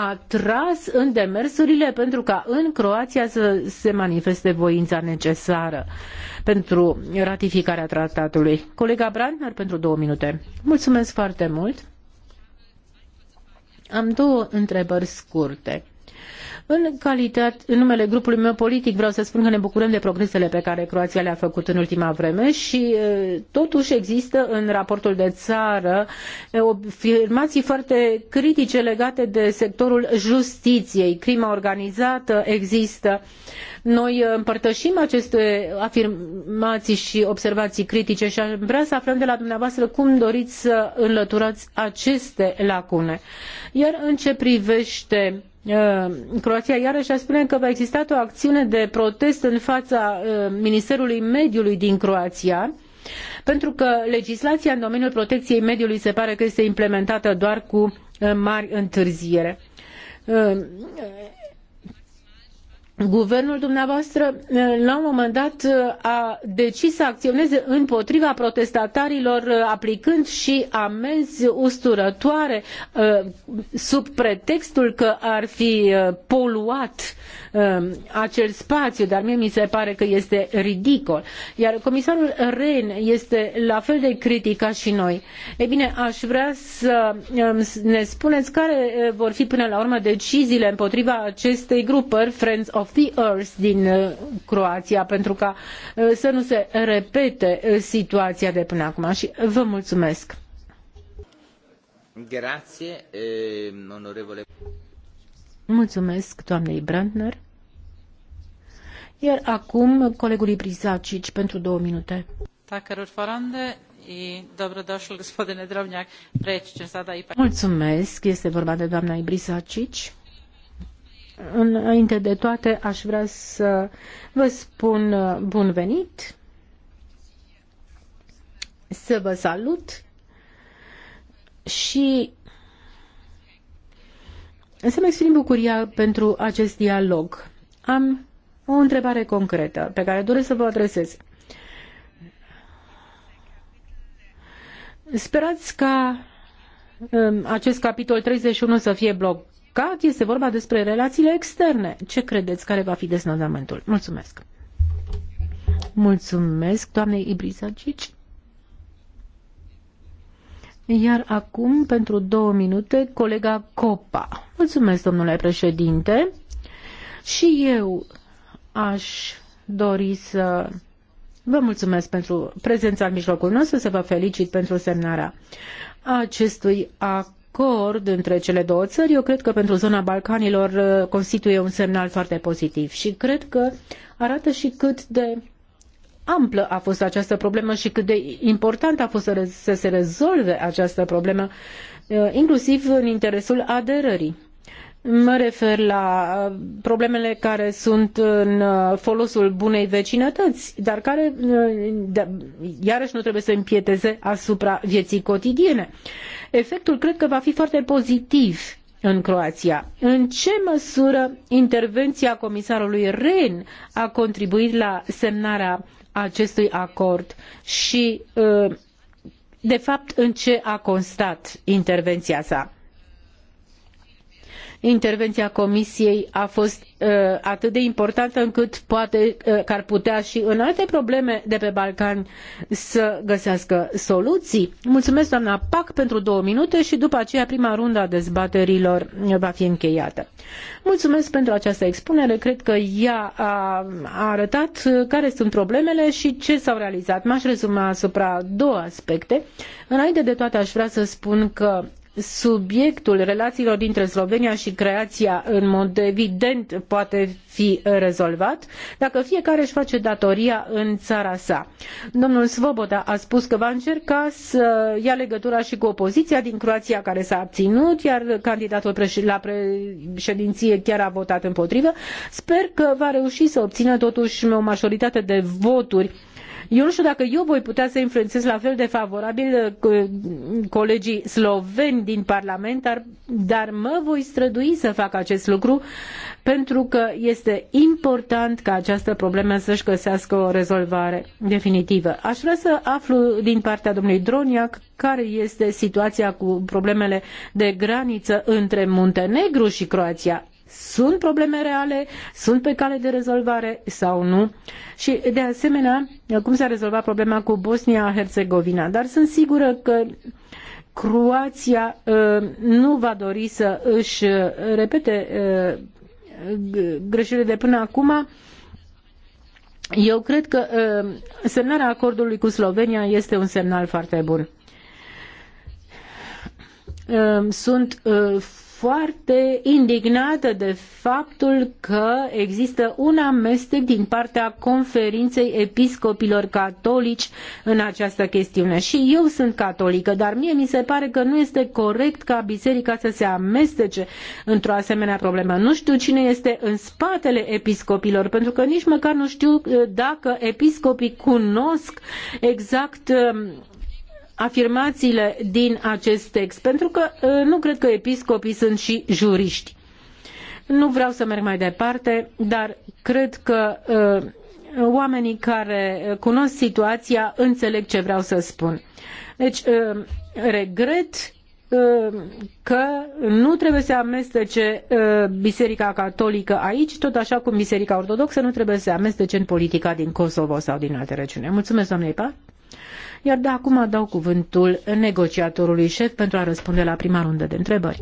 Speaker 3: a tras în demersurile pentru ca în Croația să se manifeste voința necesară pentru ratificarea tratatului. Colega Brandner, pentru două minute. Mulțumesc foarte mult. Am două întrebări scurte. În, calitate, în numele grupului meu politic vreau să spun că ne bucurăm de progresele pe care Croația le-a făcut în ultima vreme și totuși există în raportul de țară afirmații foarte critice legate de sectorul justiției, crima organizată există. Noi împărtășim aceste afirmații și observații critice și am vrea să aflăm de la dumneavoastră cum doriți să înlăturați aceste lacune. Iar în ce privește Uh, Croația iarăși a spune că va exista o acțiune de protest în fața uh, Ministerului Mediului din Croația, pentru că legislația în domeniul protecției mediului se pare că este implementată doar cu uh, mari întârziere. Guvernul dumneavoastră, eh, la un moment dat, eh, a decis să acționeze împotriva protestatarilor, eh, aplicând și amenzi usturătoare, sub pretextul că ar fi poluat acel spațiu, dar mie mi se pare că este ridicol. Iar comisarul Rehn este la fel de ca și noi. E bine, aș vrea să ne spuneți care vor fi până la urmă deciziile împotriva acestei grupări, Friends of of the Earth din uh, Croația pentru ca uh, să nu se repete uh, situația de până acum și vă mulțumesc.
Speaker 2: Grazie, onorevole.
Speaker 3: Mulțumesc doamnei Brandner. Iar acum colegului Prizacici pentru două minute. Mulțumesc, este vorba de doamna Ibrisacici. Înainte de toate, aș vrea să vă spun uh, bun venit, să vă salut și să-mi exprim bucuria pentru acest dialog. Am o întrebare concretă pe care doresc să vă adresez. Sperați ca um, acest capitol 31 să fie bloc păcat este vorba despre relațiile externe. Ce credeți care va fi deznodamentul? Mulțumesc! Mulțumesc, doamnei Ibrisagici. Iar acum, pentru două minute, colega Copa. Mulțumesc, domnule președinte. Și eu aș dori să vă mulțumesc pentru prezența în mijlocul nostru, să vă felicit pentru semnarea acestui act acord între cele două țări, eu cred că pentru zona Balcanilor uh, constituie un semnal foarte pozitiv și cred că arată și cât de amplă a fost această problemă și cât de important a fost să, să se rezolve această problemă, uh, inclusiv în interesul aderării. Mă refer la uh, problemele care sunt în uh, folosul bunei vecinătăți, dar care uh, iarăși nu trebuie să împieteze asupra vieții cotidiene. Efectul cred că va fi foarte pozitiv în Croația. În ce măsură intervenția comisarului Rehn a contribuit la semnarea acestui acord și, de fapt, în ce a constat intervenția sa? intervenția Comisiei a fost uh, atât de importantă încât poate uh, că ar putea și în alte probleme de pe Balcani să găsească soluții. Mulțumesc, doamna Pac, pentru două minute și după aceea prima rundă a dezbaterilor va fi încheiată. Mulțumesc pentru această expunere. Cred că ea a, a arătat care sunt problemele și ce s-au realizat. M-aș rezuma asupra două aspecte. Înainte de toate aș vrea să spun că subiectul relațiilor dintre Slovenia și Croația în mod evident poate fi rezolvat dacă fiecare își face datoria în țara sa. Domnul Svoboda a spus că va încerca să ia legătura și cu opoziția din Croația care s-a abținut, iar candidatul la președinție chiar a votat împotrivă. Sper că va reuși să obțină totuși o majoritate de voturi eu nu știu dacă eu voi putea să influențez la fel de favorabil uh, colegii sloveni din Parlament, dar, dar mă voi strădui să fac acest lucru pentru că este important ca această problemă să-și găsească o rezolvare definitivă. Aș vrea să aflu din partea domnului Droniac care este situația cu problemele de graniță între Muntenegru și Croația sunt probleme reale, sunt pe cale de rezolvare sau nu. Și de asemenea, cum s-a rezolvat problema cu Bosnia-Herzegovina. Dar sunt sigură că Croația ă, nu va dori să își repete ă, greșelile de până acum. Eu cred că ă, semnarea acordului cu Slovenia este un semnal foarte bun. Sunt foarte indignată de faptul că există un amestec din partea conferinței episcopilor catolici în această chestiune. Și eu sunt catolică, dar mie mi se pare că nu este corect ca biserica să se amestece într-o asemenea problemă. Nu știu cine este în spatele episcopilor, pentru că nici măcar nu știu eh, dacă episcopii cunosc exact eh, afirmațiile din acest text, pentru că uh, nu cred că episcopii sunt și juriști. Nu vreau să merg mai departe, dar cred că uh, oamenii care cunosc situația înțeleg ce vreau să spun. Deci, uh, regret că nu trebuie să amestece Biserica Catolică aici, tot așa cum Biserica Ortodoxă nu trebuie să se amestece în politica din Kosovo sau din alte regiuni. Mulțumesc, doamnei Pat. Iar de acum dau cuvântul negociatorului șef pentru a răspunde la prima rundă de întrebări.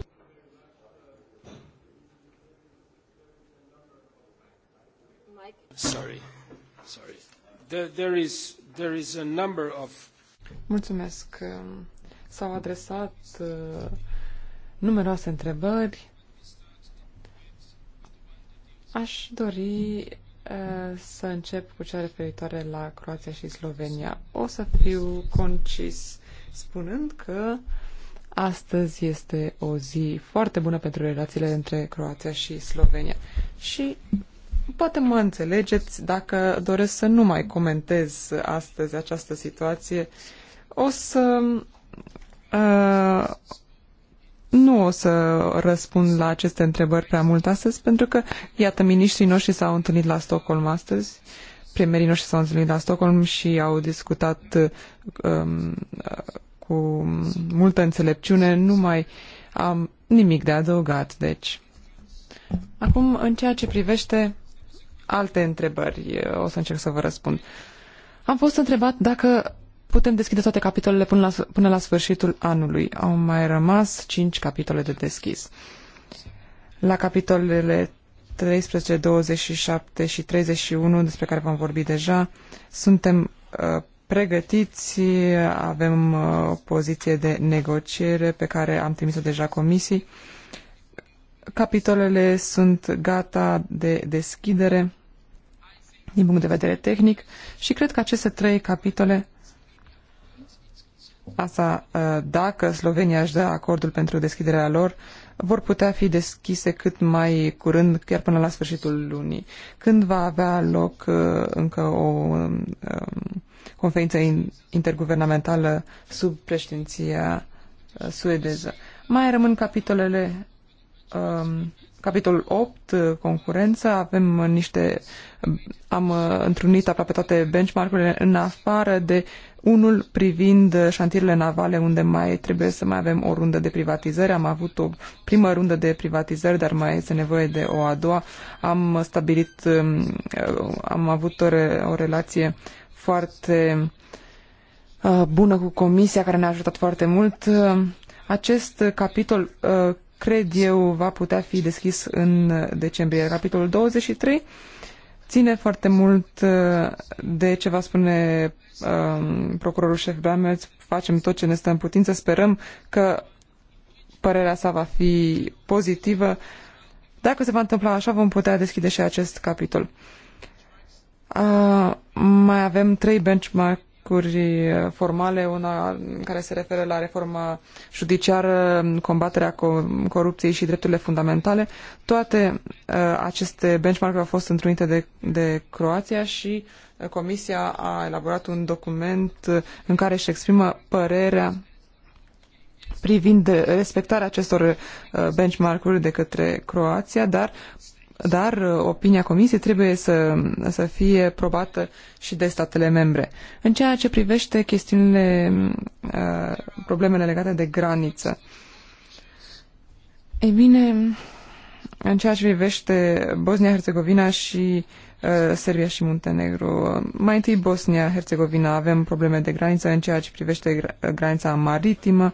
Speaker 4: Sorry.
Speaker 1: Sorry. There, there is, there is a number of...
Speaker 4: Mulțumesc. S-au adresat uh, numeroase întrebări. Aș dori Eh, să încep cu cea referitoare la Croația și Slovenia. O să fiu concis spunând că astăzi este o zi foarte bună pentru relațiile între Croația și Slovenia. Și poate mă înțelegeți dacă doresc să nu mai comentez astăzi această situație. O să uh, nu o să răspund la aceste întrebări prea mult astăzi, pentru că, iată, miniștrii noștri s-au întâlnit la Stockholm astăzi, premierii noștri s-au întâlnit la Stockholm și au discutat um, cu multă înțelepciune. Nu mai am nimic de adăugat, deci. Acum, în ceea ce privește alte întrebări, o să încerc să vă răspund. Am fost întrebat dacă putem deschide toate capitolele până la, până la sfârșitul anului. Au mai rămas 5 capitole de deschis. La capitolele 13, 27 și 31, despre care v-am vorbit deja, suntem uh, pregătiți, avem uh, o poziție de negociere pe care am trimis-o deja comisii. Capitolele sunt gata de deschidere din punct de vedere tehnic și cred că aceste trei capitole Asta ă, dacă Slovenia își dă acordul pentru deschiderea lor, vor putea fi deschise cât mai curând, chiar până la sfârșitul lunii. Când va avea loc ă, încă o ă, conferință interguvernamentală sub președinția suedeză? Mai rămân capitolele capitolul 8, concurență, avem niște, am întrunit aproape toate benchmark-urile în afară de unul privind șantierele navale unde mai trebuie să mai avem o rundă de privatizări. Am avut o primă rundă de privatizări, dar mai este nevoie de o a doua. Am stabilit, um, uh, am avut o, re, o relație foarte uh, bună cu comisia care ne-a ajutat foarte mult. Uh, acest capitol cred eu va putea fi deschis în decembrie. Capitolul 23 ține foarte mult uh, de ce va spune um, procurorul șef Bramerț. Facem tot ce ne stă în putință. Sperăm că părerea sa va fi pozitivă. Dacă se va întâmpla așa, vom putea deschide și acest capitol. Uh, mai avem trei benchmark atacuri formale, una care se referă la reforma judiciară, combaterea corupției și drepturile fundamentale. Toate uh, aceste benchmark-uri au fost întrunite de, de Croația și uh, Comisia a elaborat un document uh, în care își exprimă părerea privind respectarea acestor benchmark-uri de către Croația, dar dar uh, opinia Comisiei trebuie să, să fie probată și de statele membre. În ceea ce privește chestiunile, uh, problemele legate de graniță, ei bine, în ceea ce privește Bosnia-Herzegovina și uh, Serbia și Muntenegru. Mai întâi Bosnia-Herzegovina avem probleme de graniță în ceea ce privește granița maritimă. Uh,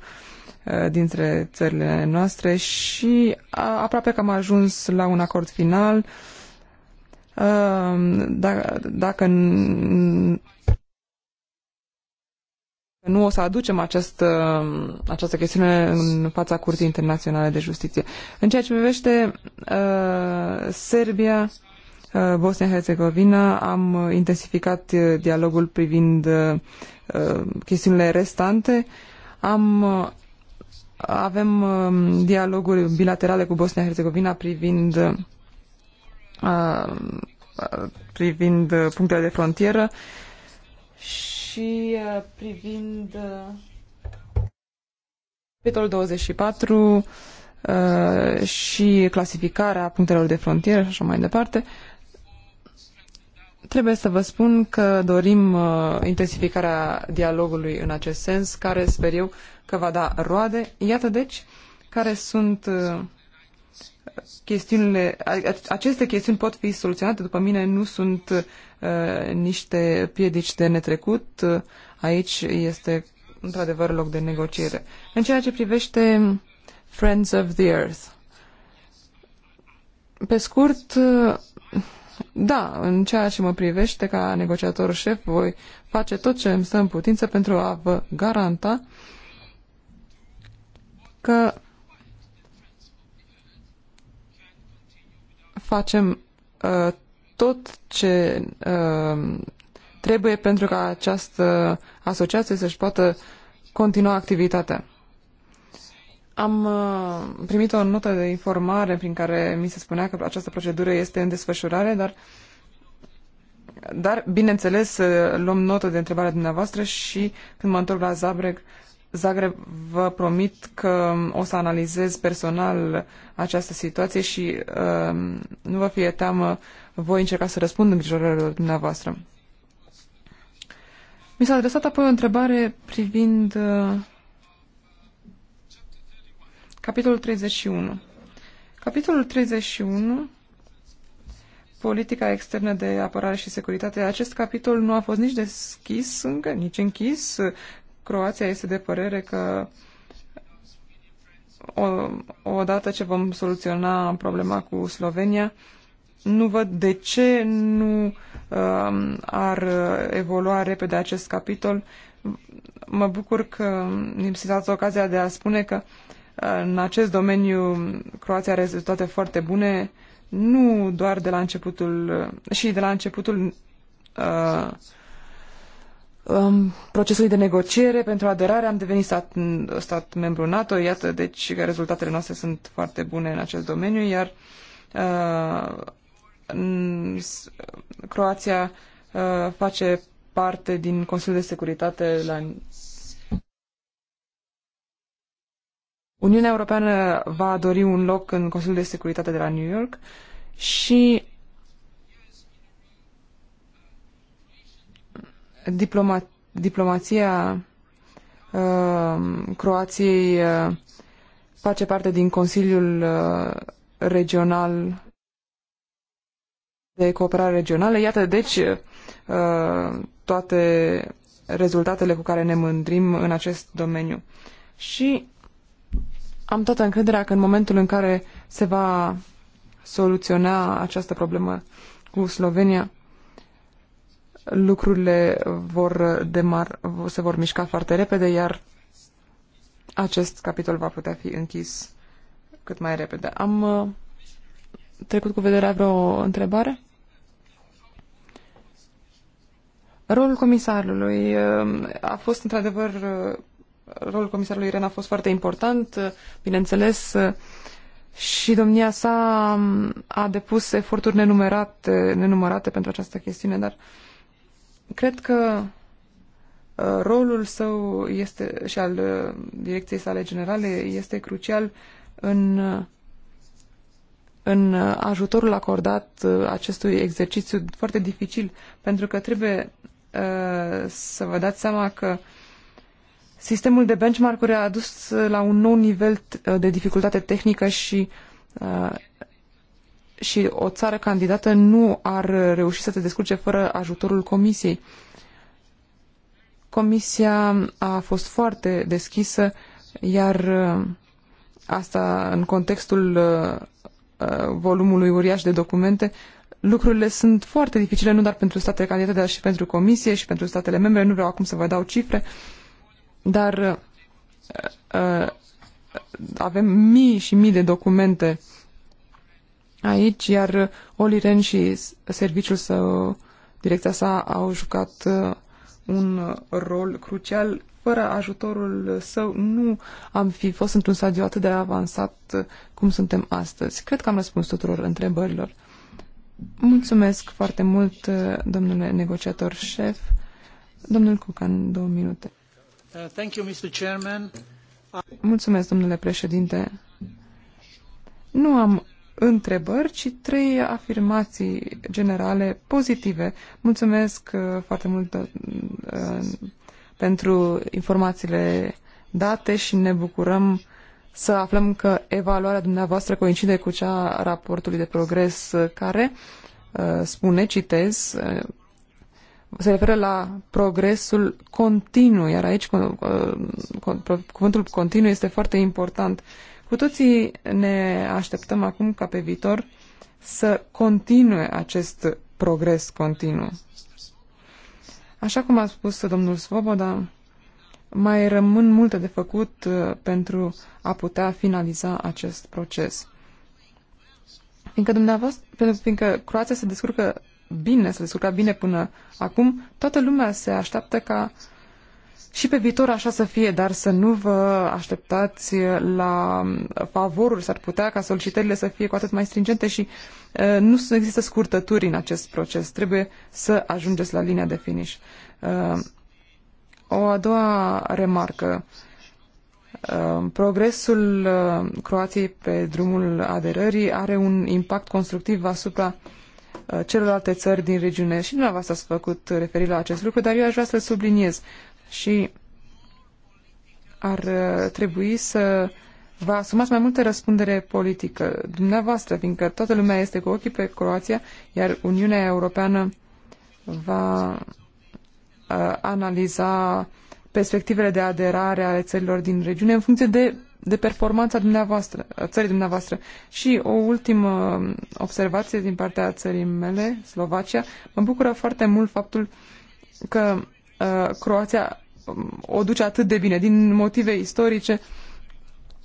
Speaker 4: Uh, dintre țările noastre și uh, aproape că am ajuns la un acord final. Uh, da, dacă, dacă nu o să aducem această, această chestiune în fața Curții Internaționale de Justiție. În ceea ce privește uh, Serbia, uh, Bosnia-Herzegovina, am intensificat dialogul privind uh, chestiunile restante. Am avem um, dialoguri bilaterale cu Bosnia-Herzegovina privind uh, privind punctele de frontieră și uh, privind uh, capitolul 24 și clasificarea punctelor de frontieră și așa mai departe. Trebuie să vă spun că dorim uh, intensificarea dialogului în acest sens, care sper eu că va da roade. Iată deci care sunt uh, chestiunile, aceste chestiuni pot fi soluționate, după mine nu sunt uh, niște piedici de netrecut, uh, aici este într-adevăr loc de negociere. În ceea ce privește Friends of the Earth, pe scurt, da, în ceea ce mă privește ca negociator șef, voi face tot ce îmi stă în putință pentru a vă garanta că facem uh, tot ce uh, trebuie pentru ca această asociație să-și poată continua activitatea. Am uh, primit o notă de informare prin care mi se spunea că această procedură este în desfășurare, dar, dar bineînțeles, uh, luăm notă de întrebarea dumneavoastră și când mă întorc la Zagreb, Zagreb vă promit că o să analizez personal această situație și uh, nu vă fie teamă, voi încerca să răspund îngrijorărilor dumneavoastră. Mi s-a adresat apoi o întrebare privind uh, Capitolul 31. Capitolul 31 politica externă de apărare și securitate. Acest capitol nu a fost nici deschis încă, nici închis. Croația este de părere că o, odată ce vom soluționa problema cu Slovenia, nu văd de ce nu uh, ar evolua repede acest capitol. Mă bucur că mi-am ocazia de a spune că uh, în acest domeniu, Croația are rezultate foarte bune, nu doar de la începutul, și de la începutul uh, um, procesului de negociere pentru aderare am devenit stat, stat membru NATO, iată, deci rezultatele noastre sunt foarte bune în acest domeniu, iar uh, Croația uh, face parte din Consiliul de Securitate la Uniunea Europeană va dori un loc în Consiliul de Securitate de la New York și diploma, diplomația uh, Croației uh, face parte din Consiliul uh, Regional de Cooperare Regională. Iată, deci, uh, toate rezultatele cu care ne mândrim în acest domeniu. Și am toată încrederea că în momentul în care se va soluționa această problemă cu Slovenia, lucrurile vor demar, se vor mișca foarte repede, iar acest capitol va putea fi închis cât mai repede. Am uh, trecut cu vederea vreo întrebare? Rolul comisarului uh, a fost într-adevăr uh, rolul comisarului Ren a fost foarte important, bineînțeles, și domnia sa a depus eforturi nenumărate, nenumărate pentru această chestiune, dar cred că uh, rolul său este și al uh, direcției sale generale este crucial în, uh, în ajutorul acordat acestui exercițiu foarte dificil, pentru că trebuie să vă dați seama că Sistemul de benchmark-uri a adus uh, la un nou nivel uh, de dificultate tehnică și, uh, și o țară candidată nu ar reuși să se descurce fără ajutorul Comisiei. Comisia a fost foarte deschisă, iar asta în contextul volumului uriaș de documente, lucrurile sunt foarte dificile, nu doar pentru statele candidate, dar și pentru Comisie și pentru statele membre. Nu vreau acum să vă dau cifre. Uh, dar uh, uh, avem mii și mii de documente aici, iar Ren și serviciul său, direcția sa, au jucat uh, un rol crucial. Fără ajutorul său nu am fi fost într-un stadiu atât de avansat uh, cum suntem astăzi. Cred că am răspuns tuturor întrebărilor. Mulțumesc foarte mult, domnule negociator șef. Domnul Cucan, două minute.
Speaker 2: Uh,
Speaker 4: Mulțumesc, domnule președinte. Nu am întrebări, ci trei afirmații generale pozitive. Mulțumesc uh, foarte mult uh, pentru informațiile date și ne bucurăm să aflăm că evaluarea dumneavoastră coincide cu cea a raportului de progres care spune, citez, se referă la progresul continuu, iar aici cuvântul continuu este foarte important. Cu toții ne așteptăm acum ca pe viitor să continue acest progres continuu. Așa cum a spus domnul Svoboda, mai rămân multe de făcut uh, pentru a putea finaliza acest proces. Fiindcă, dumneavoastră, fiindcă Croația se descurcă bine, s-a descurcat bine până acum, toată lumea se așteaptă ca și pe viitor așa să fie, dar să nu vă așteptați la favoruri, s-ar putea ca solicitările să fie cu atât mai stringente și nu există scurtături în acest proces. Trebuie să ajungeți la linia de finish. o a doua remarcă. progresul Croației pe drumul aderării are un impact constructiv asupra uh, Uh, celorlalte țări din regiune. Și dumneavoastră ați făcut referire la acest lucru, dar eu aș vrea să-l subliniez. Și ar uh, trebui să vă asumați mai multă răspundere politică dumneavoastră, fiindcă toată lumea este cu ochii pe Croația, iar Uniunea Europeană va uh, analiza perspectivele de aderare ale țărilor din regiune în funcție de de performanța dumneavoastră, țării dumneavoastră. Și o ultimă observație din partea țării mele, Slovacia. Mă bucură foarte mult faptul că uh, Croația um, o duce atât de bine, din motive istorice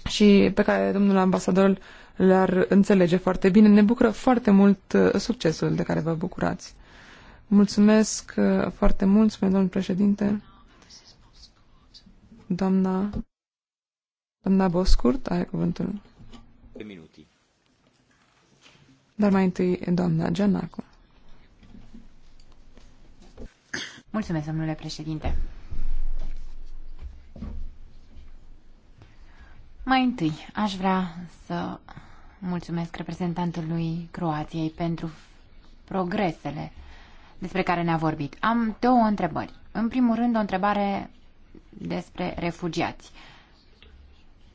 Speaker 4: și pe care domnul ambasador le-ar înțelege foarte bine. Ne bucură foarte mult uh, succesul de care vă bucurați. Mulțumesc uh, foarte mult, spune domnul președinte. Doamna Doamna Boscurt, are cuvântul. Minute. Dar mai întâi, doamna Gianacu.
Speaker 5: Mulțumesc, domnule președinte. Mai întâi, aș vrea să mulțumesc reprezentantului Croației pentru progresele despre care ne-a vorbit. Am două întrebări. În primul rând, o întrebare despre refugiați. Uh,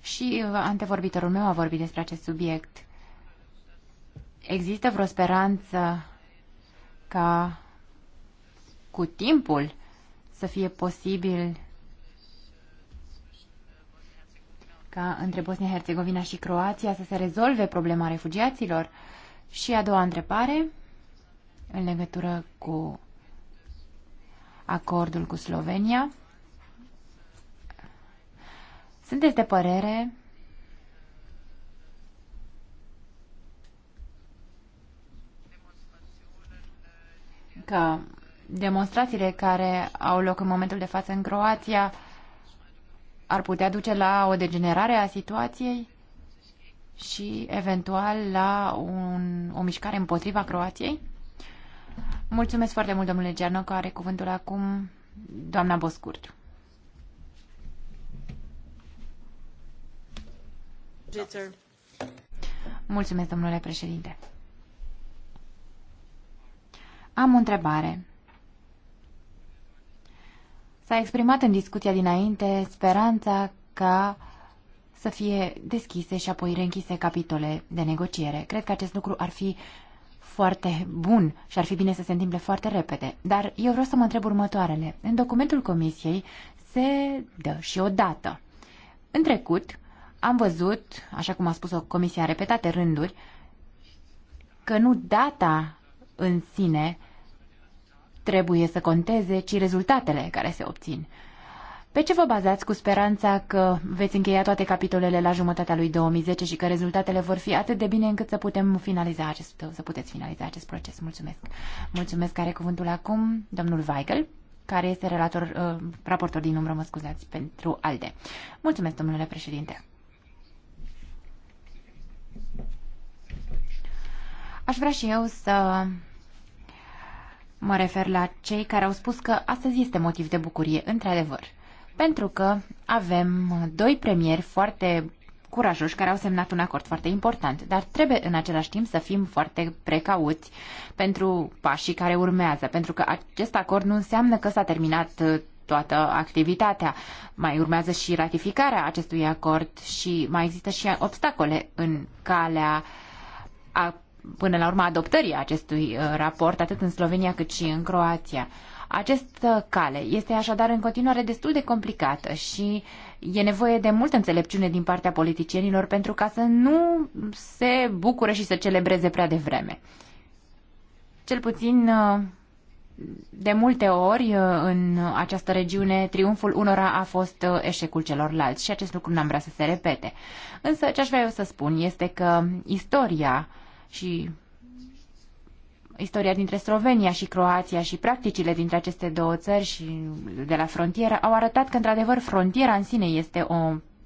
Speaker 5: și uh, antevorbitorul meu a vorbit despre acest subiect. Există vreo speranță ca cu timpul să fie posibil ca între Bosnia-Herzegovina și Croația să se rezolve problema refugiaților? Și a doua întrebare, în legătură cu acordul cu Slovenia, sunteți de părere că demonstrațiile care au loc în momentul de față în Croația ar putea duce la o degenerare a situației și eventual la un, o mișcare împotriva Croației? Mulțumesc foarte mult, domnule Gearnă, care are cuvântul acum doamna Boscurciu. Mulțumesc, domnule președinte. Am o întrebare. S-a exprimat în discuția dinainte speranța ca să fie deschise și apoi reînchise capitole de negociere. Cred că acest lucru ar fi foarte bun și ar fi bine să se întâmple foarte repede. Dar eu vreau să mă întreb următoarele. În documentul comisiei se dă și o dată. În trecut, am văzut, așa cum a spus-o comisia repetate rânduri, că nu data în sine trebuie să conteze, ci rezultatele care se obțin. Pe ce vă bazați cu speranța că veți încheia toate capitolele la jumătatea lui 2010 și că rezultatele vor fi atât de bine încât să putem finaliza acest, să puteți finaliza acest proces? Mulțumesc. Mulțumesc. Are cuvântul acum domnul Weigel, care este relator, uh, raportor din umbră, mă scuzați, pentru ALDE. Mulțumesc, domnule președinte. Aș vrea și eu să mă refer la cei care au spus că astăzi este motiv de bucurie, într-adevăr. Pentru că avem doi premieri foarte curajoși care au semnat un acord foarte important, dar trebuie în același timp să fim foarte precauți pentru pașii care urmează, pentru că acest acord nu înseamnă că s-a terminat uh, toată activitatea. Mai urmează și ratificarea acestui acord și mai există și obstacole în calea a până la urma adoptării acestui uh, raport, atât în Slovenia cât și în Croația. Această cale este așadar în continuare destul de complicată și e nevoie de multă înțelepciune din partea politicienilor pentru ca să nu se bucure și să celebreze prea devreme. Cel puțin uh, de multe ori uh, în această regiune triumful unora a fost eșecul celorlalți și acest lucru n-am vrea să se repete. Însă ce aș vrea eu să spun este că istoria uh, și istoria dintre Slovenia și Croația și practicile dintre aceste două țări și de la frontieră au arătat că, într-adevăr, frontiera în sine este o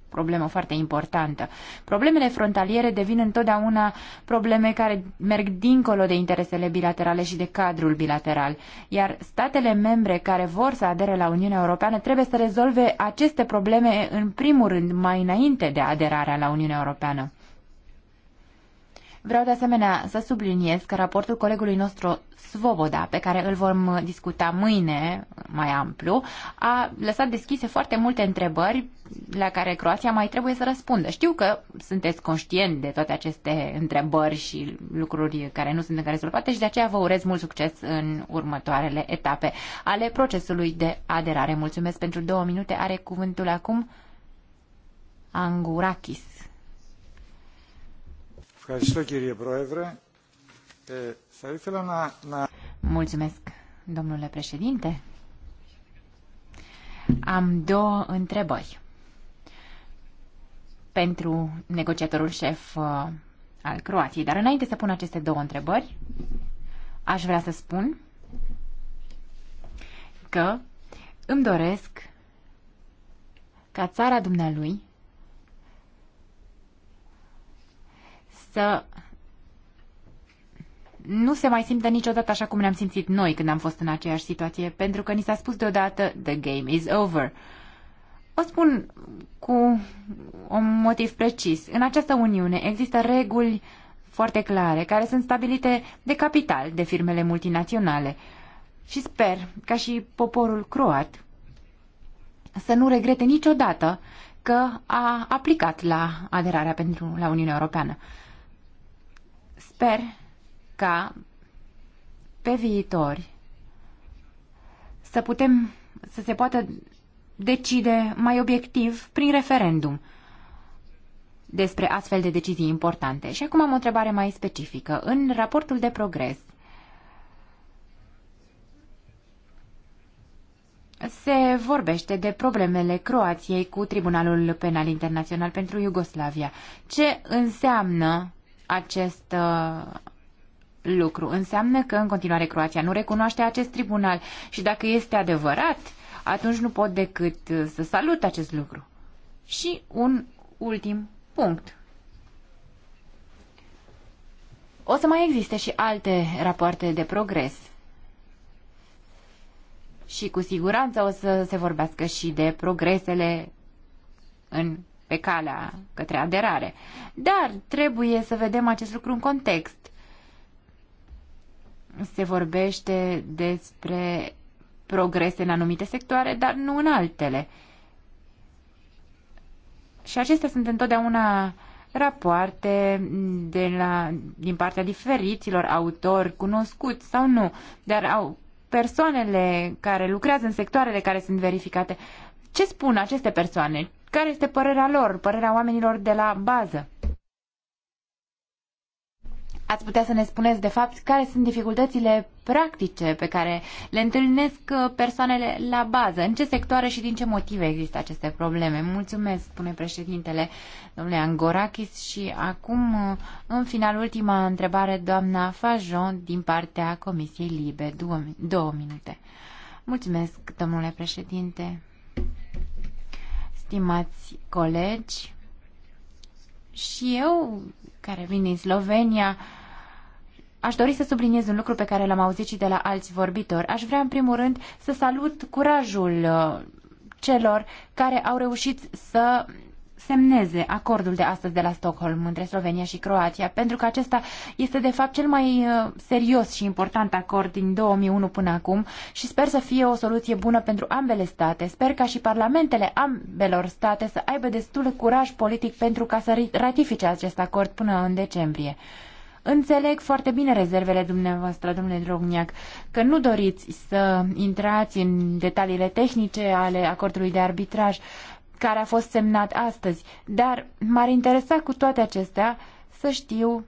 Speaker 5: problemă foarte importantă. Problemele frontaliere devin întotdeauna probleme care merg dincolo de interesele bilaterale și de cadrul bilateral, iar statele membre care vor să adere la Uniunea Europeană trebuie să rezolve aceste probleme în primul rând mai înainte de aderarea la Uniunea Europeană. Vreau de asemenea să subliniez că raportul colegului nostru Svoboda, pe care îl vom uh, discuta mâine mai amplu, a lăsat deschise foarte multe întrebări la care Croația mai trebuie să răspundă. Știu că sunteți conștient de toate aceste întrebări și lucruri care nu sunt încă rezolvate și de aceea vă urez mult succes în următoarele etape ale procesului de aderare. Mulțumesc pentru două minute. Are cuvântul acum Angurakis.
Speaker 2: Ευχαριστώ κύριε Πρόεδρε. Θα ήθελα να, να...
Speaker 5: Mulțumesc, domnule președinte. Am două întrebări pentru negociatorul șef uh, al Croației. Dar înainte să pun aceste două întrebări, aș vrea să spun că îmi doresc ca țara dumnealui să nu se mai simtă niciodată așa cum ne-am simțit noi când am fost în aceeași situație, pentru că ni s-a spus deodată the game is over. O spun cu un motiv precis. În această uniune există reguli foarte clare care sunt stabilite de capital de firmele multinaționale. Și sper ca și poporul croat să nu regrete niciodată că a aplicat la aderarea pentru la Uniunea Europeană. Sper ca pe viitor să putem să se poată decide mai obiectiv prin referendum despre astfel de decizii importante. Și acum am o întrebare mai specifică. În raportul de progres se vorbește de problemele Croației cu Tribunalul Penal Internațional pentru Iugoslavia. Ce înseamnă acest uh, lucru. Înseamnă că în continuare Croația nu recunoaște acest tribunal și dacă este adevărat, atunci nu pot decât uh, să salut acest lucru. Și un ultim punct. O să mai existe și alte rapoarte de progres. Și cu siguranță o să se vorbească și de progresele în pe calea către aderare. Dar trebuie să vedem acest lucru în context. Se vorbește despre progrese în anumite sectoare, dar nu în altele. Și acestea sunt întotdeauna rapoarte de la, din partea diferiților autori, cunoscuți sau nu, dar au persoanele care lucrează în sectoarele care sunt verificate. Ce spun aceste persoane? care este părerea lor, părerea oamenilor de la bază. Ați putea să ne spuneți, de fapt, care sunt dificultățile practice pe care le întâlnesc uh, persoanele la bază? În ce sectoare și din ce motive există aceste probleme? Mulțumesc, spune președintele, domnule Angorakis. Și acum, uh, în final, ultima întrebare, doamna Fajon, din partea Comisiei Libe. Două, două minute. Mulțumesc, domnule președinte stimați colegi, și eu, care vin din Slovenia, aș dori să subliniez un lucru pe care l-am auzit și de la alți vorbitori. Aș vrea, în primul rând, să salut curajul uh, celor care au reușit să semneze acordul de astăzi de la Stockholm între Slovenia și Croația, pentru că acesta este de fapt cel mai uh, serios și important acord din 2001 până acum și sper să fie o soluție bună pentru ambele state. Sper ca și parlamentele ambelor state să aibă destul curaj politic pentru ca să ratifice acest acord până în decembrie. Înțeleg foarte bine rezervele dumneavoastră, domnule Drogniac, că nu doriți să intrați în detaliile tehnice ale acordului de arbitraj, care a fost semnat astăzi. Dar m-ar interesa cu toate acestea să știu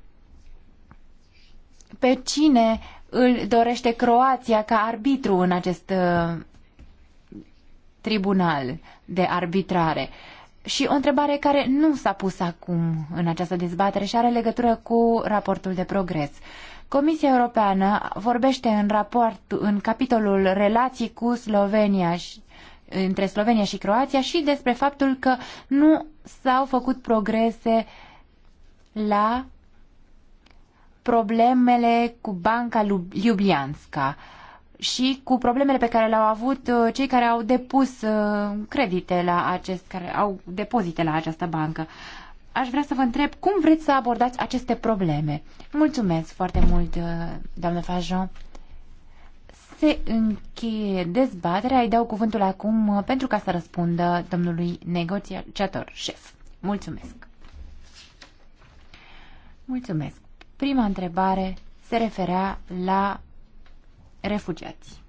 Speaker 5: pe cine îl dorește Croația ca arbitru în acest uh, tribunal de arbitrare. Și o întrebare care nu s-a pus acum în această dezbatere și are legătură cu raportul de progres. Comisia Europeană vorbește în raport, în capitolul relații cu Slovenia și între Slovenia și Croația și despre faptul că nu s-au făcut progrese la problemele cu Banca Ljubljanska și cu problemele pe care le-au avut uh, cei care au depus uh, credite la acest, care au depozite la această bancă. Aș vrea să vă întreb cum vreți să abordați aceste probleme. Mulțumesc foarte mult, uh, doamnă Fajon se încheie dezbaterea. Îi dau cuvântul acum uh, pentru ca să răspundă domnului negociator șef. Mulțumesc! Mulțumesc! Prima întrebare se referea la refugiați.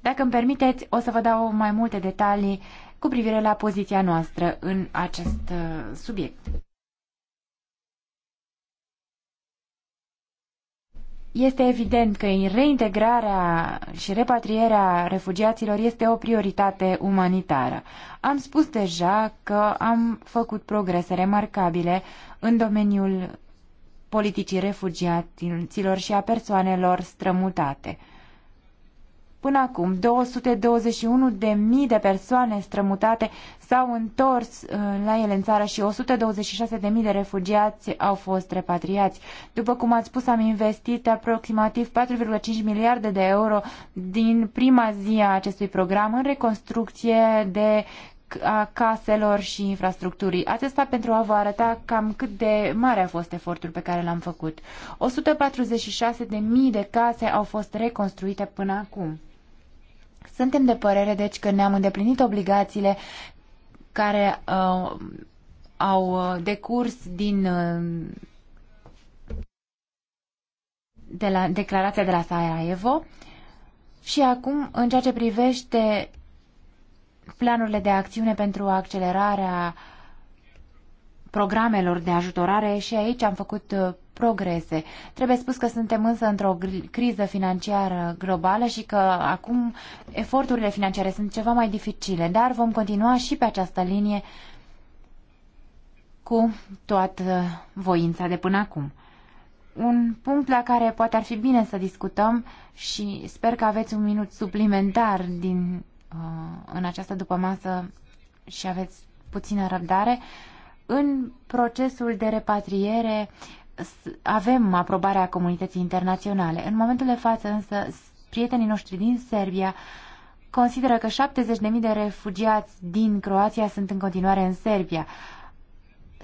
Speaker 5: Dacă îmi permiteți, o să vă dau mai multe detalii cu privire la poziția noastră în acest uh, subiect. Este evident că reintegrarea și repatrierea refugiaților este o prioritate umanitară. Am spus deja că am făcut progrese remarcabile în domeniul politicii refugiaților și a persoanelor strămutate. Până acum, 221 de mii de persoane strămutate s-au întors uh, la ele în țară și 126 de mii de refugiați au fost repatriați. După cum ați spus, am investit aproximativ 4,5 miliarde de euro din prima zi a acestui program în reconstrucție de a caselor și infrastructurii. Acesta pentru a vă arăta cam cât de mare a fost efortul pe care l-am făcut. 146.000 de case au fost reconstruite până acum. Suntem de părere, deci, că ne-am îndeplinit obligațiile care uh, au uh, decurs din uh, de la declarația de la Sarajevo și acum, în ceea ce privește planurile de acțiune pentru accelerarea programelor de ajutorare și aici am făcut uh, progrese. Trebuie spus că suntem însă într-o criză financiară globală și că acum eforturile financiare sunt ceva mai dificile, dar vom continua și pe această linie cu toată voința de până acum. Un punct la care poate ar fi bine să discutăm și sper că aveți un minut suplimentar din, uh, în această dupămasă și aveți puțină răbdare, în procesul de repatriere avem aprobarea comunității internaționale. În momentul de față, însă, prietenii noștri din Serbia consideră că 70.000 de refugiați din Croația sunt în continuare în Serbia.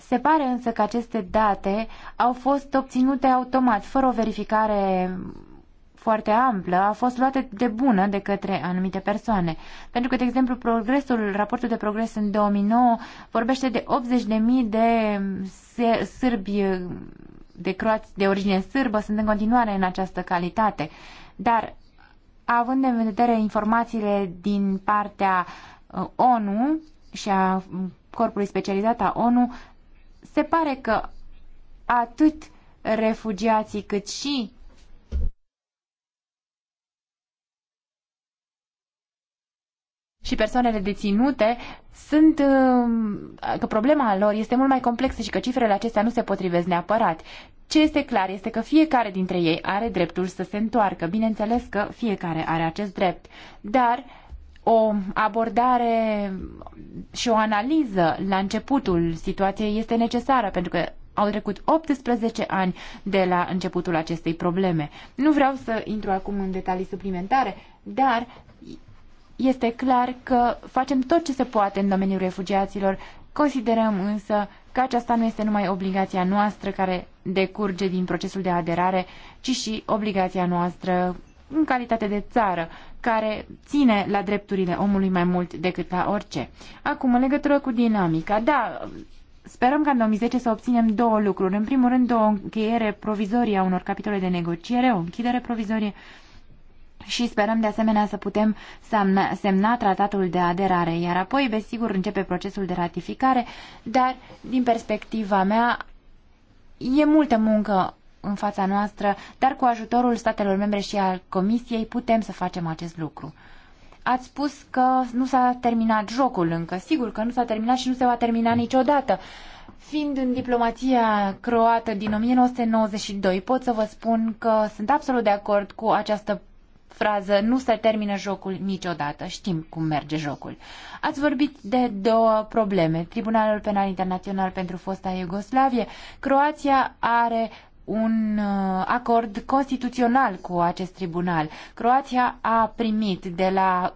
Speaker 5: Se pare însă că aceste date au fost obținute automat, fără o verificare foarte amplă, a fost luată de bună de către anumite persoane. Pentru că, de exemplu, progresul, raportul de progres în 2009 vorbește de 80.000 de sârbi de croați de origine sârbă sunt în continuare în această calitate. Dar, având în vedere informațiile din partea uh, ONU și a corpului specializat a ONU, se pare că atât refugiații cât și și persoanele deținute sunt uh, că problema lor este mult mai complexă și că cifrele acestea nu se potrivesc neapărat. Ce este clar este că fiecare dintre ei are dreptul să se întoarcă. Bineînțeles că fiecare are acest drept, dar o abordare și o analiză la începutul situației este necesară, pentru că au trecut 18 ani de la începutul acestei probleme. Nu vreau să intru acum în detalii suplimentare, dar este clar că facem tot ce se poate în domeniul refugiaților, considerăm însă că aceasta nu este numai obligația noastră care decurge din procesul de aderare, ci și obligația noastră în calitate de țară, care ține la drepturile omului mai mult decât la orice. Acum, în legătură cu dinamica, da, sperăm ca în 2010 să obținem două lucruri. În primul rând, o încheiere provizorie a unor capitole de negociere, o închidere provizorie și sperăm de asemenea să putem semna, semna tratatul de aderare, iar apoi, desigur, începe procesul de ratificare, dar, din perspectiva mea, e multă muncă în fața noastră, dar cu ajutorul statelor membre și al Comisiei putem să facem acest lucru. Ați spus că nu s-a terminat jocul încă. Sigur că nu s-a terminat și nu se va termina niciodată. Fiind în diplomația croată din 1992, pot să vă spun că sunt absolut de acord cu această frază nu se termină jocul niciodată. Știm cum merge jocul. Ați vorbit de două probleme. Tribunalul Penal Internațional pentru fosta Iugoslavie. Croația are un uh, acord constituțional cu acest tribunal. Croația a primit de la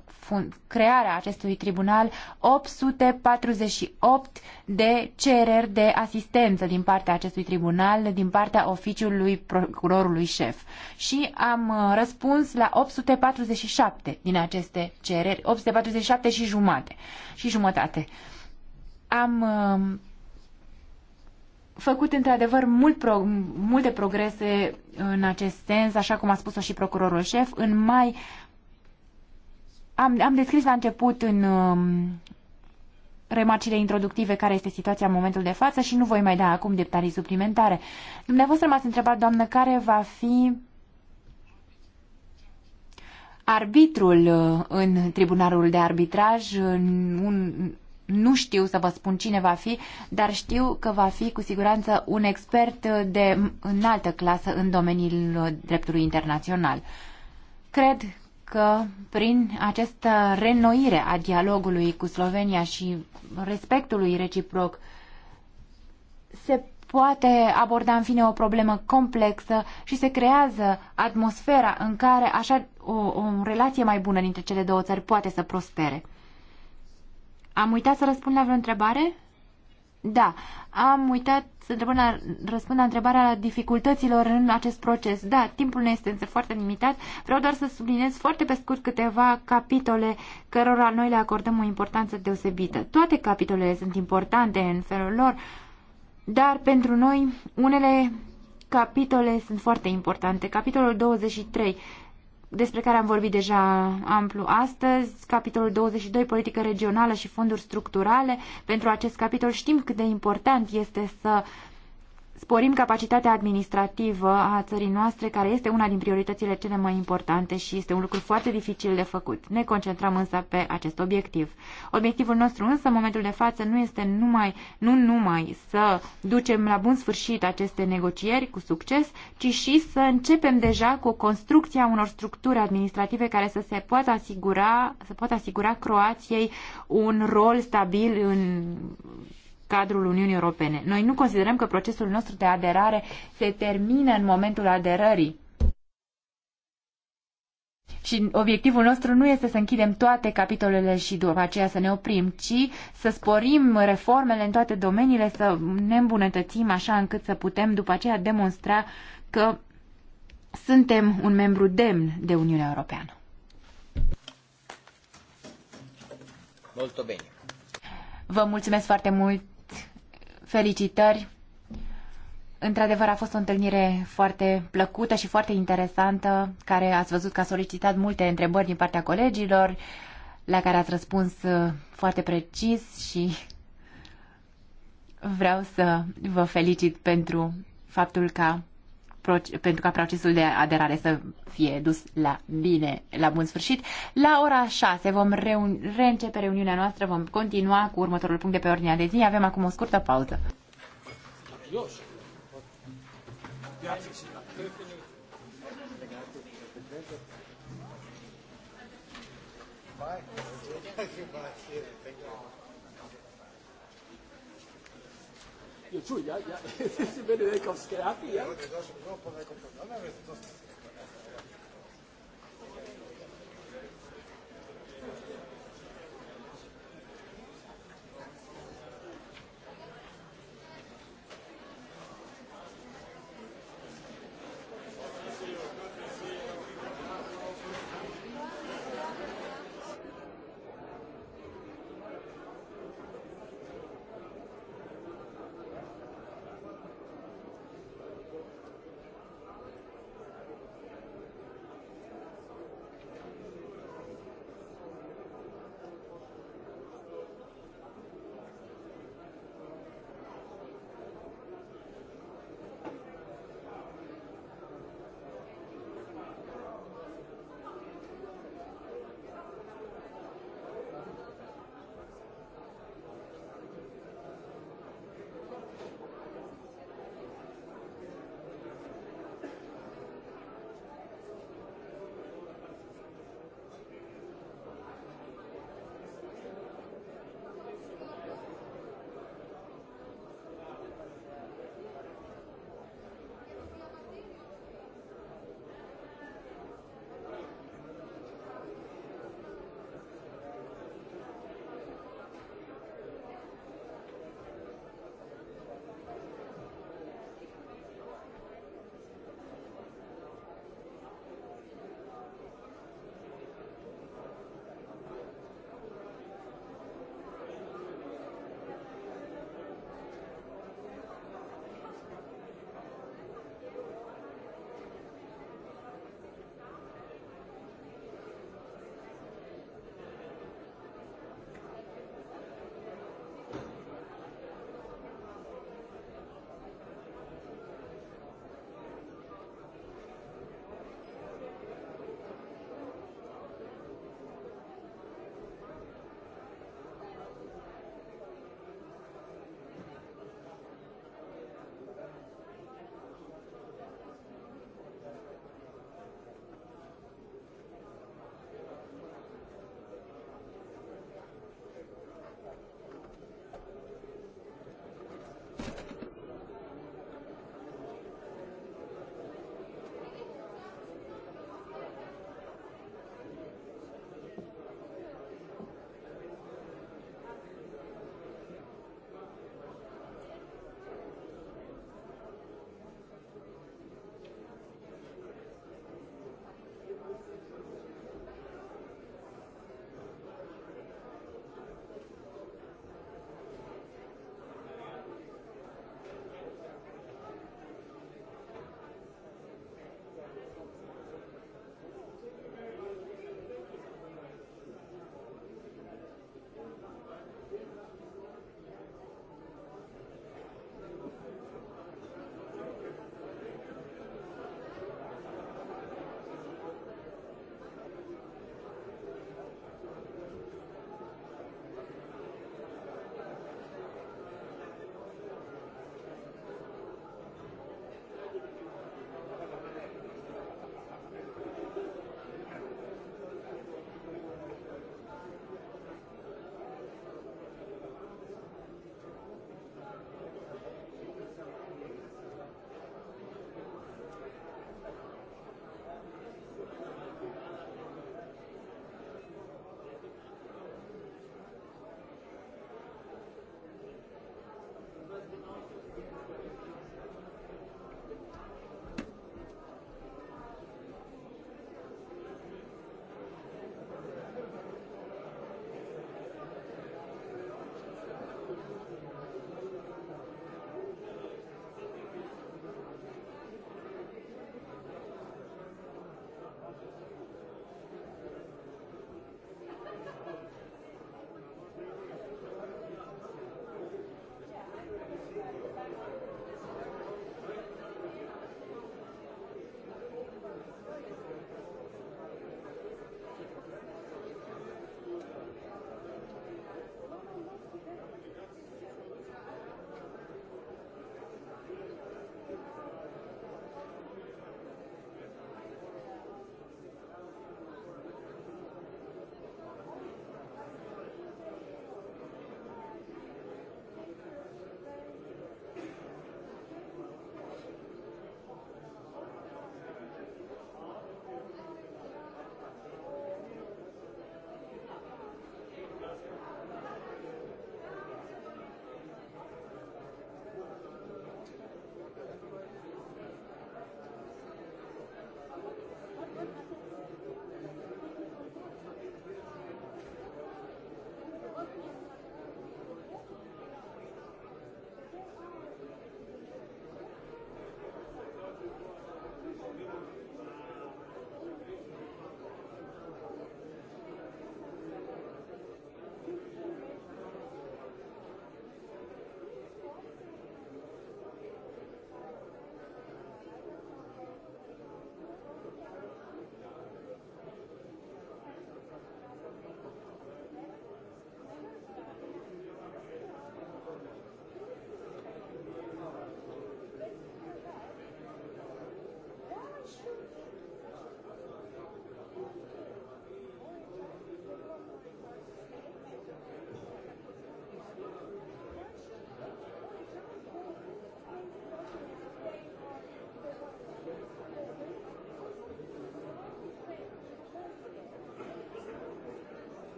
Speaker 5: crearea acestui tribunal 848 de cereri de asistență din partea acestui tribunal, din partea oficiului procurorului șef. Și am uh, răspuns la 847 din aceste cereri, 847 și jumate și jumătate. Am uh, făcut într-adevăr mult pro, multe progrese în acest sens, așa cum a spus-o și procurorul șef. În mai am, am descris la început în um, remarcile introductive care este situația în momentul de față și nu voi mai da acum detalii suplimentare. Dumneavoastră m-ați întrebat, doamnă, care va fi arbitrul uh, în tribunalul de arbitraj, în un, nu știu să vă spun cine va fi, dar știu că va fi cu siguranță un expert de înaltă clasă în domeniul dreptului internațional. Cred că prin această renoire a dialogului cu Slovenia și respectului reciproc se poate aborda în fine o problemă complexă și se creează atmosfera în care așa o, o relație mai bună dintre cele două țări poate să prospere. Am uitat să răspund la vreo întrebare? Da, am uitat să întrebăm la, răspund la întrebarea dificultăților în acest proces. Da, timpul ne este însă foarte limitat. Vreau doar să subliniez foarte pe scurt câteva capitole cărora noi le acordăm o importanță deosebită. Toate capitolele sunt importante în felul lor, dar pentru noi unele capitole sunt foarte importante. Capitolul 23 despre care am vorbit deja amplu astăzi, capitolul 22, politică regională și fonduri structurale. Pentru acest capitol știm cât de important este să sporim capacitatea administrativă a țării noastre, care este una din prioritățile cele mai importante și este un lucru foarte dificil de făcut. Ne concentrăm însă pe acest obiectiv. Obiectivul nostru însă, în momentul de față, nu este numai, nu numai să ducem la bun sfârșit aceste negocieri cu succes, ci și să începem deja cu construcția unor structuri administrative care să se poată asigura, să poată asigura Croației un rol stabil în cadrul Uniunii Europene. Noi nu considerăm că procesul nostru de aderare se termină în momentul aderării. Și obiectivul nostru nu este să închidem toate capitolele și după aceea să ne oprim, ci să sporim reformele în toate domeniile, să ne îmbunătățim așa încât să putem după aceea demonstra că suntem un membru demn de Uniunea Europeană. Molto bene. Vă mulțumesc foarte mult Felicitări! Într-adevăr, a fost o întâlnire foarte plăcută și foarte interesantă, care ați văzut că a solicitat multe întrebări din partea colegilor, la care ați răspuns uh, foarte precis și vreau să vă felicit pentru faptul că pentru ca procesul de aderare să fie dus la bine, la bun sfârșit. La ora 6 vom reîncepe reuniunea noastră, vom continua cu următorul punct de pe ordinea de zi. Avem acum o scurtă pauză.
Speaker 1: Yes. Io giù, ja, ja, si vede dei coschi, ja.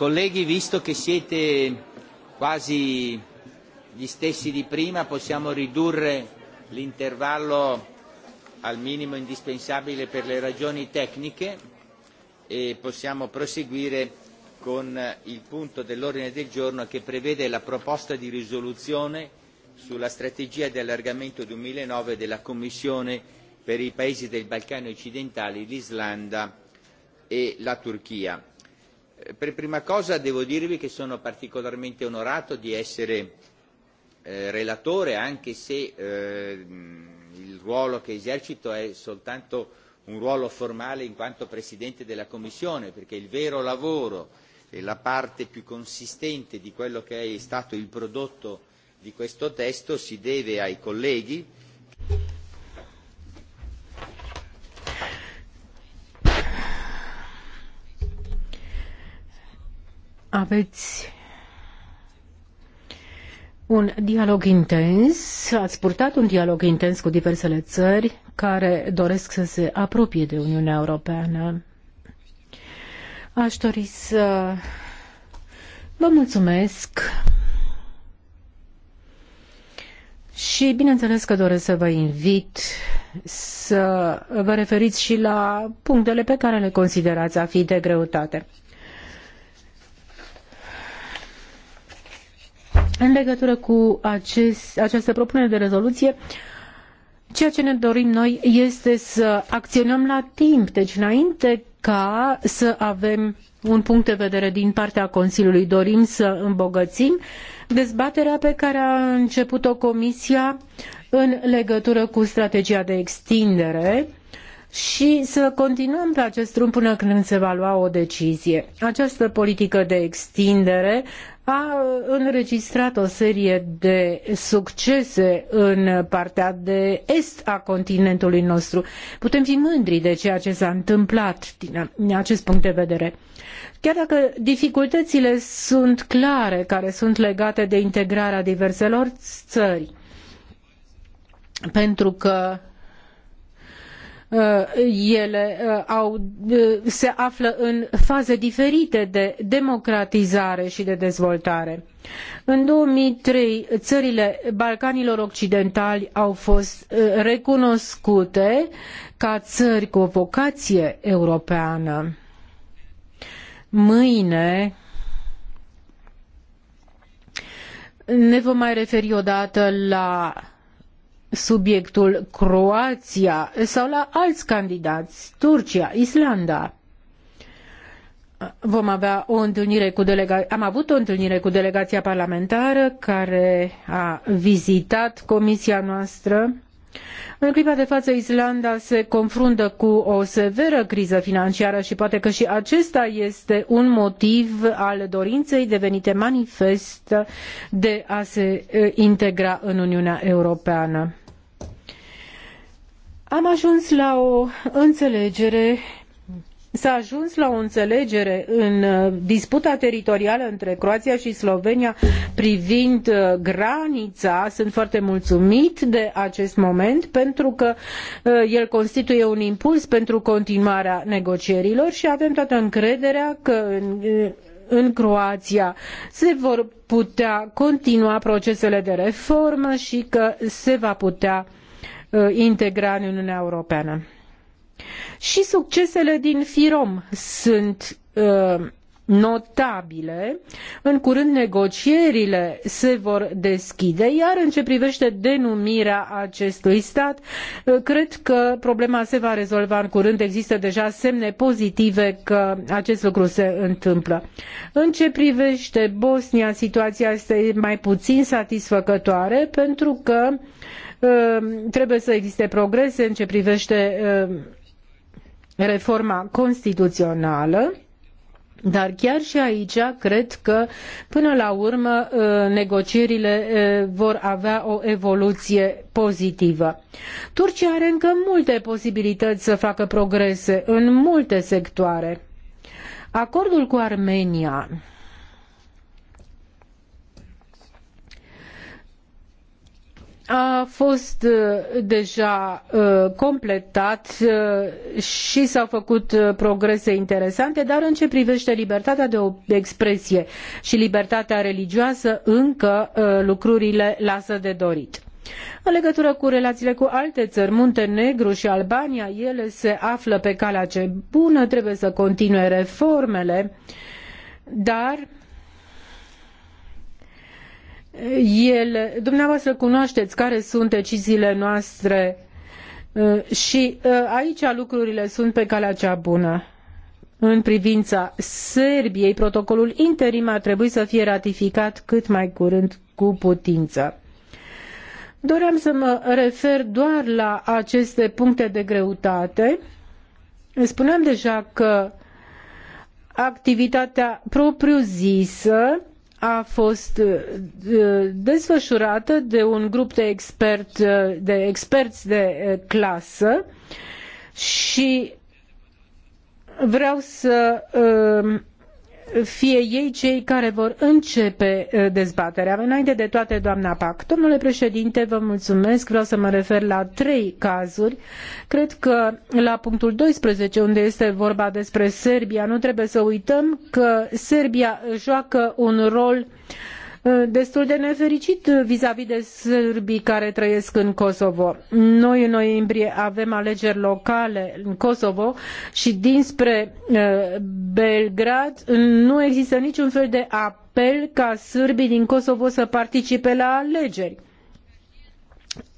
Speaker 2: Colleghi, visto che siete quasi gli stessi di prima, possiamo ridurre l'intervallo al minimo indispensabile per le ragioni tecniche e possiamo proseguire con il punto dell'ordine del giorno che prevede la proposta di risoluzione sulla strategia di allargamento 2009 della Commissione per i paesi del Balcano occidentali, l'Islanda e la Turchia. Per prima cosa devo dirvi che sono particolarmente onorato di essere eh, relatore, anche se eh, il ruolo che esercito è soltanto un ruolo formale in quanto Presidente della Commissione, perché il vero lavoro e la parte più consistente di quello che è stato il prodotto di questo testo si deve ai colleghi.
Speaker 3: aveți un dialog intens, ați purtat un dialog intens cu diversele țări care doresc să se apropie de Uniunea Europeană. Aș dori să vă mulțumesc și bineînțeles că doresc să vă invit să vă referiți și la punctele pe care le considerați a fi de greutate. În legătură cu acest, această propunere de rezoluție, ceea ce ne dorim noi este să acționăm la timp, deci înainte ca să avem un punct de vedere din partea Consiliului. Dorim să îmbogățim dezbaterea pe care a început-o Comisia în legătură cu strategia de extindere și să continuăm pe acest drum până când se va lua o decizie. Această politică de extindere a înregistrat o serie de succese în partea de est a continentului nostru. Putem fi mândri de ceea ce s-a întâmplat din acest punct de vedere. Chiar dacă dificultățile sunt clare, care sunt legate de integrarea diverselor țări, pentru că Uh, ele uh, au, uh, se află în faze diferite de democratizare și de dezvoltare. În 2003, țările Balcanilor Occidentali au fost recunoscute ca țări cu o vocație europeană. Mâine ne vom mai referi odată la subiectul Croația sau la alți candidați, Turcia, Islanda. Vom avea o întâlnire cu delega- am avut o întâlnire cu delegația parlamentară care a vizitat comisia noastră. În clipa de față, Islanda se confruntă cu o severă criză financiară și poate că și acesta este un motiv al dorinței devenite manifest de a se eh, integra în Uniunea Europeană. Am ajuns la o înțelegere S-a ajuns la o înțelegere în uh, disputa teritorială între Croația și Slovenia privind uh, granița. Sunt foarte mulțumit de acest moment pentru că uh, el constituie un impuls pentru continuarea negocierilor și avem toată încrederea că în Croația se vor putea continua procesele de reformă și că se va putea Uh, integra în Uniunea Europeană. Și succesele din FIROM sunt uh, notabile. În curând negocierile se vor deschide, iar în ce privește denumirea acestui stat, uh, cred că problema se va rezolva în curând. Există deja semne pozitive că acest lucru se întâmplă. În ce privește Bosnia, situația este mai puțin satisfăcătoare pentru că Ehm, trebuie să existe progrese în ce privește ehm, reforma constituională. Dar chiar și aici cred că până la urmă ehm, negocierile vor avea o evoluție pozitivă. Turcia are încă multe posibilități să facă progrese în multe sectoare. Acordul cu Armenia a fost uh, deja uh, completat uh, și s-au făcut progrese interesante, dar în ce privește libertatea de expresie și libertatea religioasă, încă lucrurile lasă de dorit. În legătură cu relațiile cu alte țări, Muntenegru și Albania, ele se află pe calea ce bună, trebuie să continue reformele, dar ele, dumneavoastră cunoașteți care sunt deciziile noastre uh, și uh, aici lucrurile sunt pe calea cea bună. În privința Serbiei, protocolul interim ar trebui să fie ratificat cât mai curând cu putință. Doream să mă refer doar la aceste puncte de greutate. Spuneam deja că activitatea propriu-zisă a fost uh, desfășurată de un grup de, expert, uh, de experți de uh, clasă și vreau să fie ei cei care vor începe uh, dezbaterea. Înainte de toate, doamna Pac. Domnule președinte, vă mulțumesc. Vreau să mă refer la trei cazuri. Cred că la punctul 12, unde este vorba despre Serbia, nu trebuie să uităm că Serbia joacă un rol uh, Eh, destul de nefericit vis-a-vis de sârbii care trăiesc în Kosovo. Noi în noiembrie avem alegeri locale în Kosovo și dinspre eh, Belgrad nu există niciun fel de apel ca sârbii din Kosovo să participe la alegeri.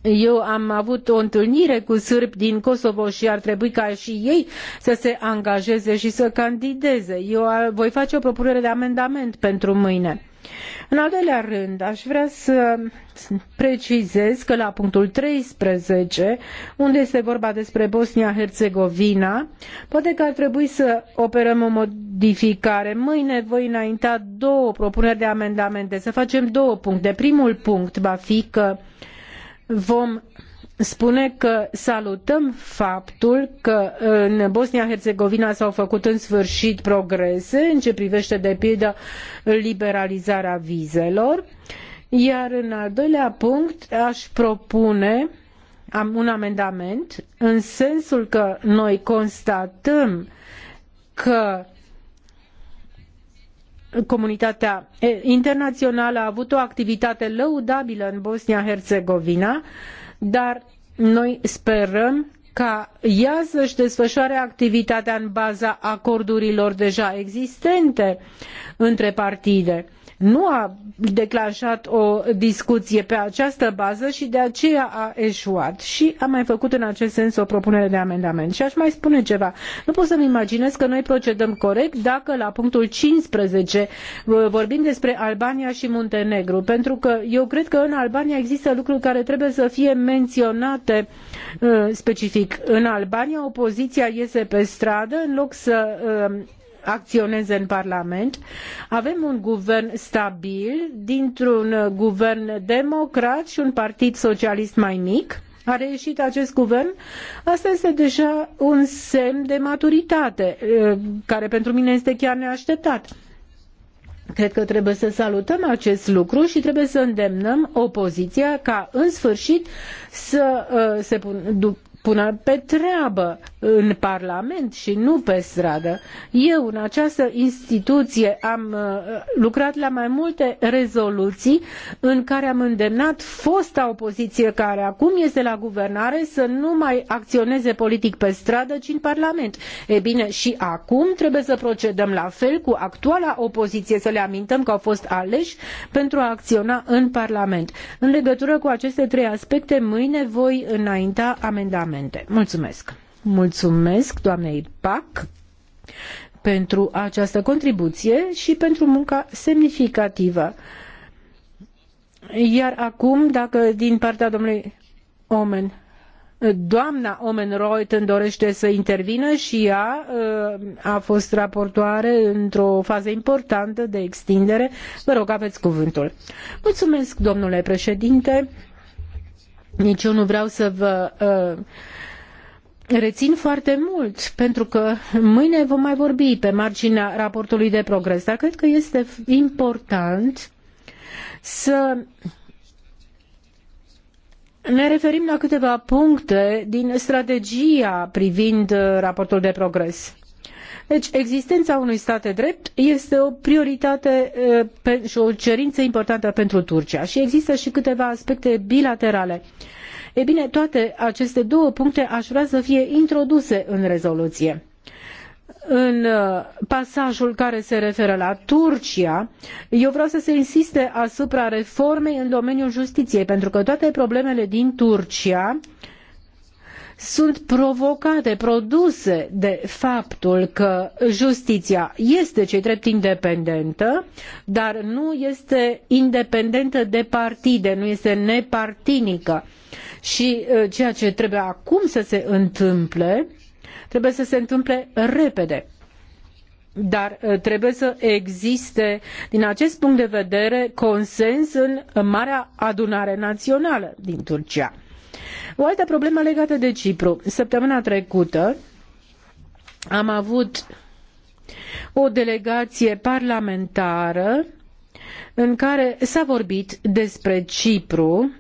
Speaker 3: Eu am avut o întâlnire cu sârbi din Kosovo și ar trebui ca și ei să se angajeze și să candideze. Eu voi face o propunere de amendament pentru mâine în al doilea rând, aș vrea să precizez că la punctul 13, unde este vorba despre Bosnia-Herzegovina, poate că ar trebui să operăm o modificare. Mâine voi înainta două propuneri de amendamente, să facem două puncte. Primul punct va fi că vom spune că salutăm faptul că în Bosnia-Herzegovina s-au făcut în sfârșit progrese în ce privește de pildă liberalizarea vizelor, iar în al doilea punct aș propune am un amendament în sensul că noi constatăm că comunitatea internațională a avut o activitate lăudabilă în Bosnia-Herzegovina, dar noi sperăm ca ea să-și desfășoare activitatea în baza acordurilor deja existente între partide nu a declanșat o discuție pe această bază și de aceea a eșuat. Și am mai făcut în acest sens o propunere de amendament. Și aș mai spune ceva. Nu pot să-mi imaginez că noi procedăm corect dacă la punctul 15 uh, vorbim despre Albania și Muntenegru, pentru că eu cred că în Albania există lucruri care trebuie să fie menționate uh, specific. În Albania opoziția iese pe stradă în loc să uh, acioneze în Parlament. Avem un guvern stabil, dintr-un guvern democrat și un partid socialist mai mic. A reieșit acest guvern? Asta este deja un semn de maturitate, eh, care pentru mine este chiar neașteptat. Cred că trebuie să salutăm acest lucru și trebuie să îndemnăm opoziția ca în sfârșit să eh, se pun, pună pe treabă în Parlament și nu pe stradă. Eu, în această instituție, am uh, lucrat la mai multe rezoluții în care am îndemnat fosta opoziție care acum este la guvernare să nu mai acționeze politic pe stradă, ci în Parlament. E bine, și acum trebuie să procedăm la fel cu actuala opoziție, să le amintăm că au fost aleși pentru a acționa în Parlament. În legătură cu aceste trei aspecte, mâine voi înainta amendamente amendamente. Mulțumesc! Mulțumesc doamnei PAC pentru această contribuție și pentru munca semnificativă. Iar acum, dacă din partea domnului Omen, doamna Omen Reuten dorește să intervină și ea ă, a fost raportoare într-o fază importantă de extindere, vă rog, aveți cuvântul. Mulțumesc, domnule președinte. Nici eu nu vreau să vă uh, rețin foarte mult, pentru că mâine vom mai vorbi pe marginea raportului de progres, dar cred că este important să ne referim la câteva puncte din strategia privind uh, raportul de progres. Deci, existența unui stat de drept este o prioritate și o cerință importantă pentru Turcia. Și există și câteva aspecte bilaterale. E bine, toate aceste două puncte aș vrea să fie introduse în rezoluție în pasajul care se referă la Turcia, eu vreau să se insiste asupra reformei în domeniul justiției, pentru că toate problemele din Turcia uh, sunt provocate, produse de faptul că justiția este ce drept independentă, dar nu este independentă de partide, nu este nepartinică. Și uh, ceea ce trebuie acum să se întâmple, trebuie să se întâmple repede dar uh, trebuie să existe, din acest punct de vedere, consens în Marea Adunare Națională din Turcia. O altă problemă legată de Cipru. Săptămâna trecută am avut o delegație parlamentară în care s-a vorbit despre Cipru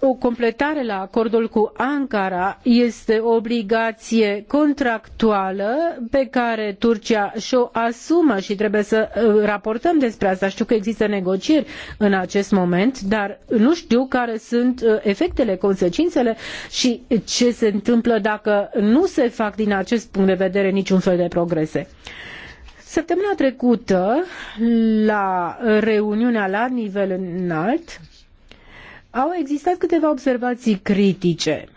Speaker 3: o completare la acordul cu Ankara este o obligație contractuală pe care Turcia și-o asumă și trebuie să uh, raportăm despre asta. Știu că există negocieri în acest moment, dar nu știu care sunt uh, efectele, consecințele și ce se întâmplă dacă nu se fac din acest punct de vedere niciun fel de progrese. Săptămâna trecută, la reuniunea la nivel înalt, au existat câteva observații critice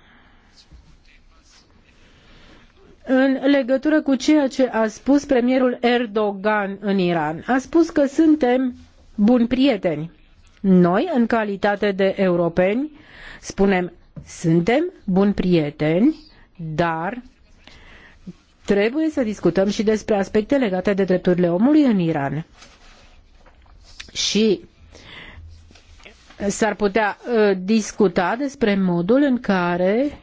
Speaker 3: în legătură cu ceea ce a spus premierul Erdogan în Iran. A spus că suntem buni prieteni. Noi, în calitate de europeni, spunem suntem buni prieteni, dar trebuie să discutăm și despre aspecte legate de drepturile omului în Iran. Și s-ar putea uh, discuta despre modul în care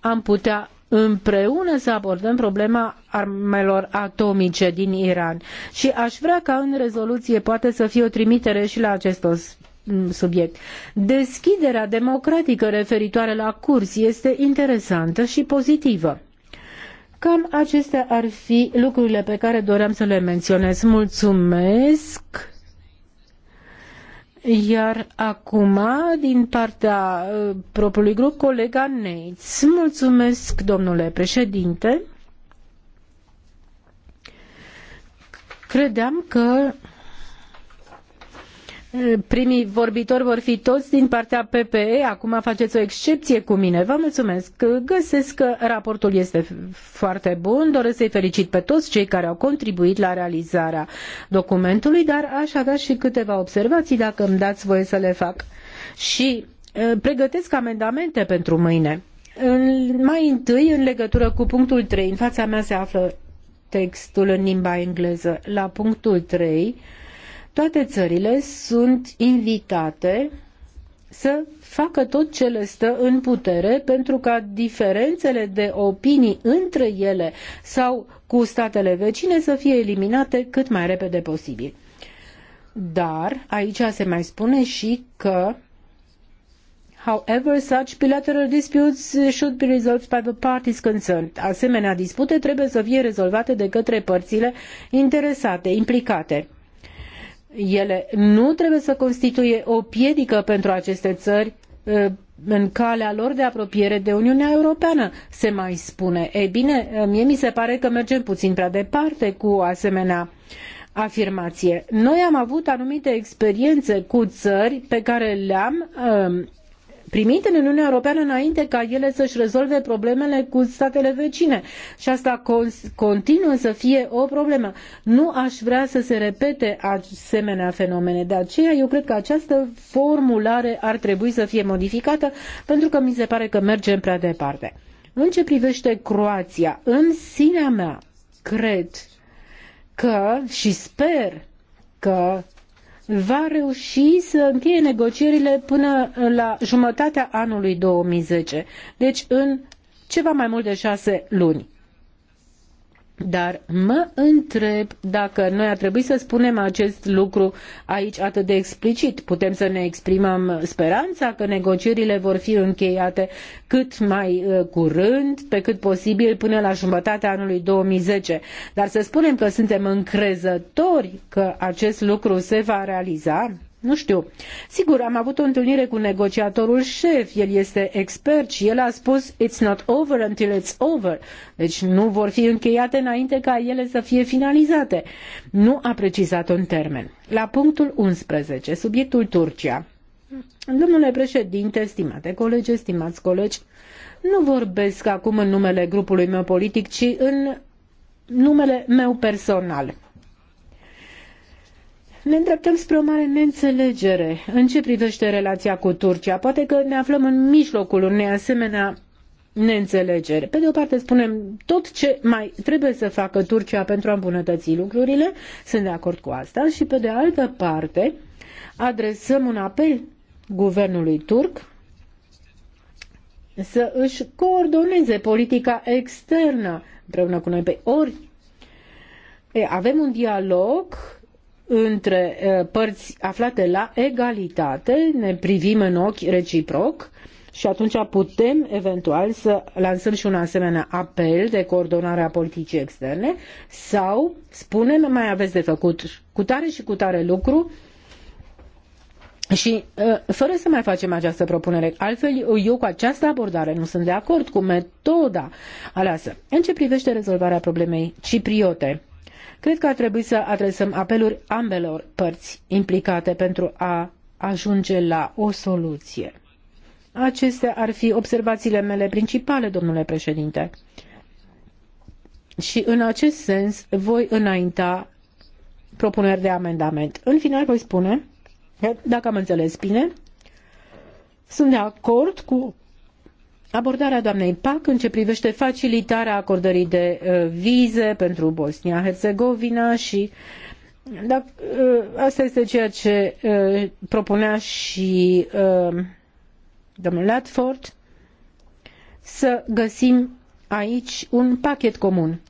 Speaker 3: am putea împreună să abordăm problema armelor atomice din Iran. Și aș vrea ca în rezoluție poate să fie o trimitere și la acest subiect. Deschiderea democratică referitoare la curs este interesantă și pozitivă. Cam acestea ar fi lucrurile pe care doream să le menționez. Mulțumesc! Iar acum, din partea uh, propriului grup, colega Neitz. Mulțumesc, domnule președinte. Credeam că primii vorbitori vor fi toți din partea PPE, acum faceți o excepție cu mine. Vă mulțumesc. Găsesc că raportul este foarte bun, doresc să-i felicit pe toți cei care au contribuit la realizarea documentului, dar aș avea și câteva observații dacă îmi dați voie să le fac. Și pregătesc amendamente pentru mâine. Mai întâi, în legătură cu punctul 3, în fața mea se află textul în limba engleză. La punctul 3, toate țările sunt invitate să facă tot ce le stă în putere pentru ca diferențele de opinii între ele sau cu statele vecine să fie eliminate cât mai repede posibil. Dar aici se mai spune și că However, such bilateral disputes should be resolved by the parties concerned. Asemenea dispute trebuie să fie rezolvate de către părțile interesate, implicate ele nu trebuie să constituie o piedică pentru aceste țări în calea lor de apropiere de Uniunea Europeană, se mai spune. Ei bine, mie mi se pare că mergem puțin prea departe cu o asemenea afirmație. Noi am avut anumite experiențe cu țări pe care le-am primit în Uniunea Europeană înainte ca ele să-și rezolve problemele cu statele vecine. Și asta continuă să fie o problemă. Nu aș vrea să se repete asemenea fenomene. De aceea eu cred că această formulare ar trebui să fie modificată pentru că mi se pare că mergem prea departe. În ce privește Croația, în sinea mea, cred că și sper că va reuși să încheie negocierile până la jumătatea anului 2010, deci în ceva mai mult de șase luni. Dar mă întreb dacă noi ar trebui să spunem acest lucru aici atât de explicit. Putem să ne exprimăm speranța că negocierile vor fi încheiate cât mai uh, curând, pe cât posibil, până la jumătatea anului 2010. Dar să spunem că suntem încrezători că acest lucru se va realiza, nu știu. Sigur, am avut o întâlnire cu negociatorul șef, el este expert și el a spus It's not over until it's over. Deci nu vor fi încheiate înainte ca ele să fie finalizate. Nu a precizat un termen. La punctul 11, subiectul Turcia. Domnule președinte, stimate colegi, stimați colegi, nu vorbesc acum în numele grupului meu politic, ci în numele meu personal ne îndreptăm spre o mare neînțelegere în ce privește relația cu Turcia. Poate că ne aflăm în mijlocul unei asemenea neînțelegeri. Pe de o parte spunem tot ce mai trebuie să facă Turcia pentru a îmbunătăți lucrurile, sunt de acord cu asta, și pe de altă parte adresăm un apel guvernului turc să își coordoneze politica externă împreună cu noi. Pe ori avem un dialog între eh, părți aflate la egalitate, ne privim în ochi reciproc și atunci putem eventual să lansăm și un asemenea apel de coordonare a politicii externe sau spunem mai aveți de făcut cu tare și cu tare lucru și eh, fără să mai facem această propunere, altfel eu cu această abordare nu sunt de acord cu metoda aleasă. În ce privește rezolvarea problemei cipriote, Cred că ar trebui să adresăm apeluri ambelor părți implicate pentru a ajunge la o soluție. Acestea ar fi observațiile mele principale, domnule președinte. Și în acest sens voi înainta propuneri de amendament. În final voi spune, dacă am înțeles bine, sunt de acord cu abordarea doamnei PAC în ce privește facilitarea acordării de uh, vize pentru Bosnia-Herzegovina și da, uh, asta este ceea ce uh, propunea și domnul Latford, să găsim aici un pachet comun.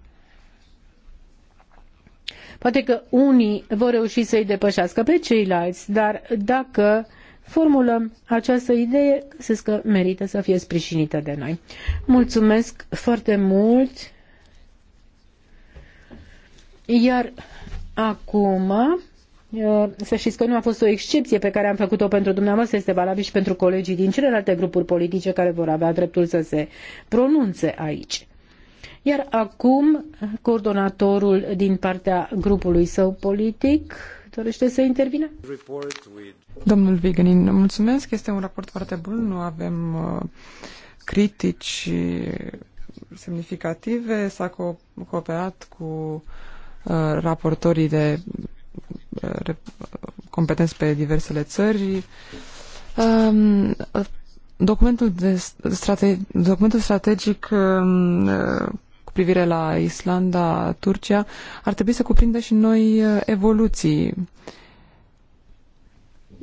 Speaker 3: Poate că unii vor reuși să-i depășească pe ceilalți, dar dacă uh, formulăm această idee, cred că merită să fie sprijinită de noi. Mulțumesc foarte mult! Iar acum, uh, să știți că nu a fost o excepție pe care am făcut-o pentru dumneavoastră, este valabil și pentru colegii din celelalte grupuri politice care vor avea dreptul să se pronunțe aici. Iar acum, coordonatorul din partea grupului său politic
Speaker 4: dorește să intervină? Report with Domnul Viganin, mulțumesc, este un raport foarte bun, nu avem uh, critici semnificative, s-a co- cooperat cu uh, raportorii de uh, competenți pe diversele țări. Um, documentul, de strate- documentul strategic um, uh, cu privire la Islanda, Turcia, ar trebui să cuprindă și noi uh, evoluții uh,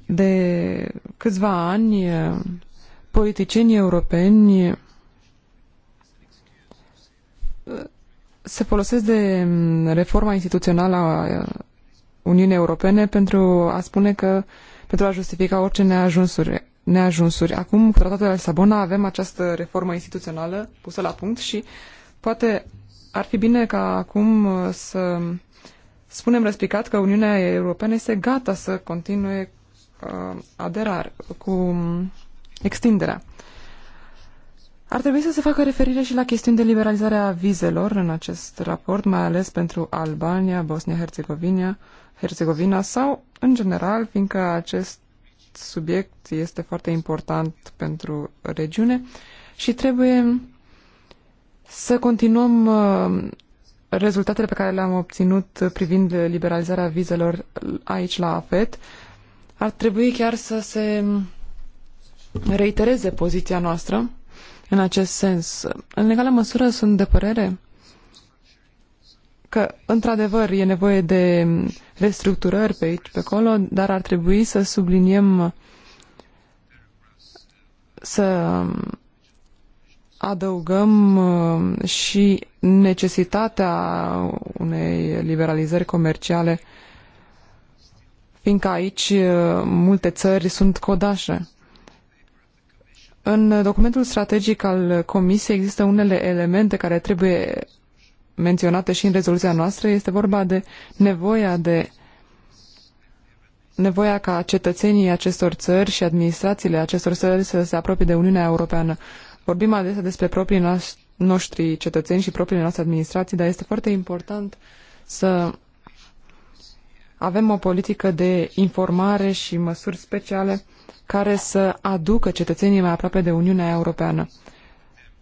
Speaker 4: de câțiva ani, eh, politicienii europeni eh, se folosesc de mm, reforma instituțională a eh, Uniunii Europene pentru a spune că pentru a justifica orice neajunsuri. neajunsuri. Acum, cu tratatul de la avem această reformă instituțională pusă la punct și poate ar fi bine ca acum să spunem răspicat că Uniunea Europeană este gata să continue uh, aderare, cu extinderea. Ar trebui să se facă referire și la chestiuni de liberalizare a vizelor în acest raport, mai ales pentru Albania, Bosnia-Herzegovina Herzegovina sau, în general, fiindcă acest subiect este foarte important pentru regiune și trebuie să continuăm uh, rezultatele pe care le-am obținut privind liberalizarea vizelor aici la AFET ar trebui chiar să se reitereze poziția noastră în acest sens. În egală măsură sunt de părere că, într-adevăr, e nevoie de restructurări pe aici, pe acolo, dar ar trebui să subliniem, să adăugăm uh, și necesitatea unei liberalizări comerciale uh, fiindcă aici uh, multe țări sunt codașe. În documentul strategic al Comisiei există unele elemente care trebuie menționate și în rezoluția noastră. Este vorba de nevoia de nevoia ca cetățenii acestor țări și administrațiile acestor țări să se apropie de Uniunea Europeană. Vorbim adesea despre proprii noștri cetățeni și propriile noastre administrații, dar este foarte important să avem o politică de informare și măsuri speciale care să aducă cetățenii mai aproape de Uniunea Europeană.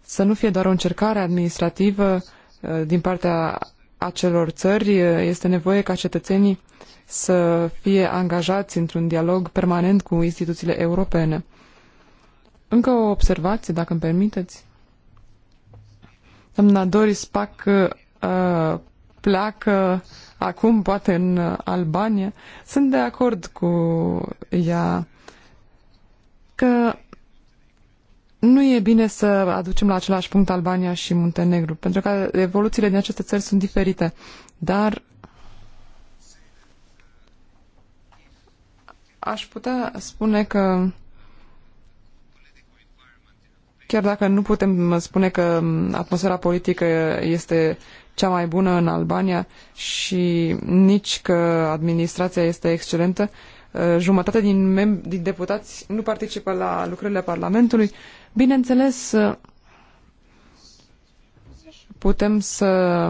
Speaker 4: Să nu fie doar o încercare administrativă uh, din partea acelor țări, uh, este nevoie ca cetățenii să fie angajați într-un dialog permanent cu instituțiile europene. Încă o observație, dacă îmi permiteți. Doamna Doris Pac uh, pleacă uh, acum, poate în Albania. Sunt de acord cu ea că nu e bine să aducem la același punct Albania și Muntenegru, pentru că evoluțiile din aceste țări sunt diferite. Dar aș putea spune că Chiar dacă nu putem spune că atmosfera politică este cea mai bună în Albania și nici că administrația este excelentă, ă, jumătate din, mem- din deputați nu participă la lucrările Parlamentului. Bineînțeles, ă, putem să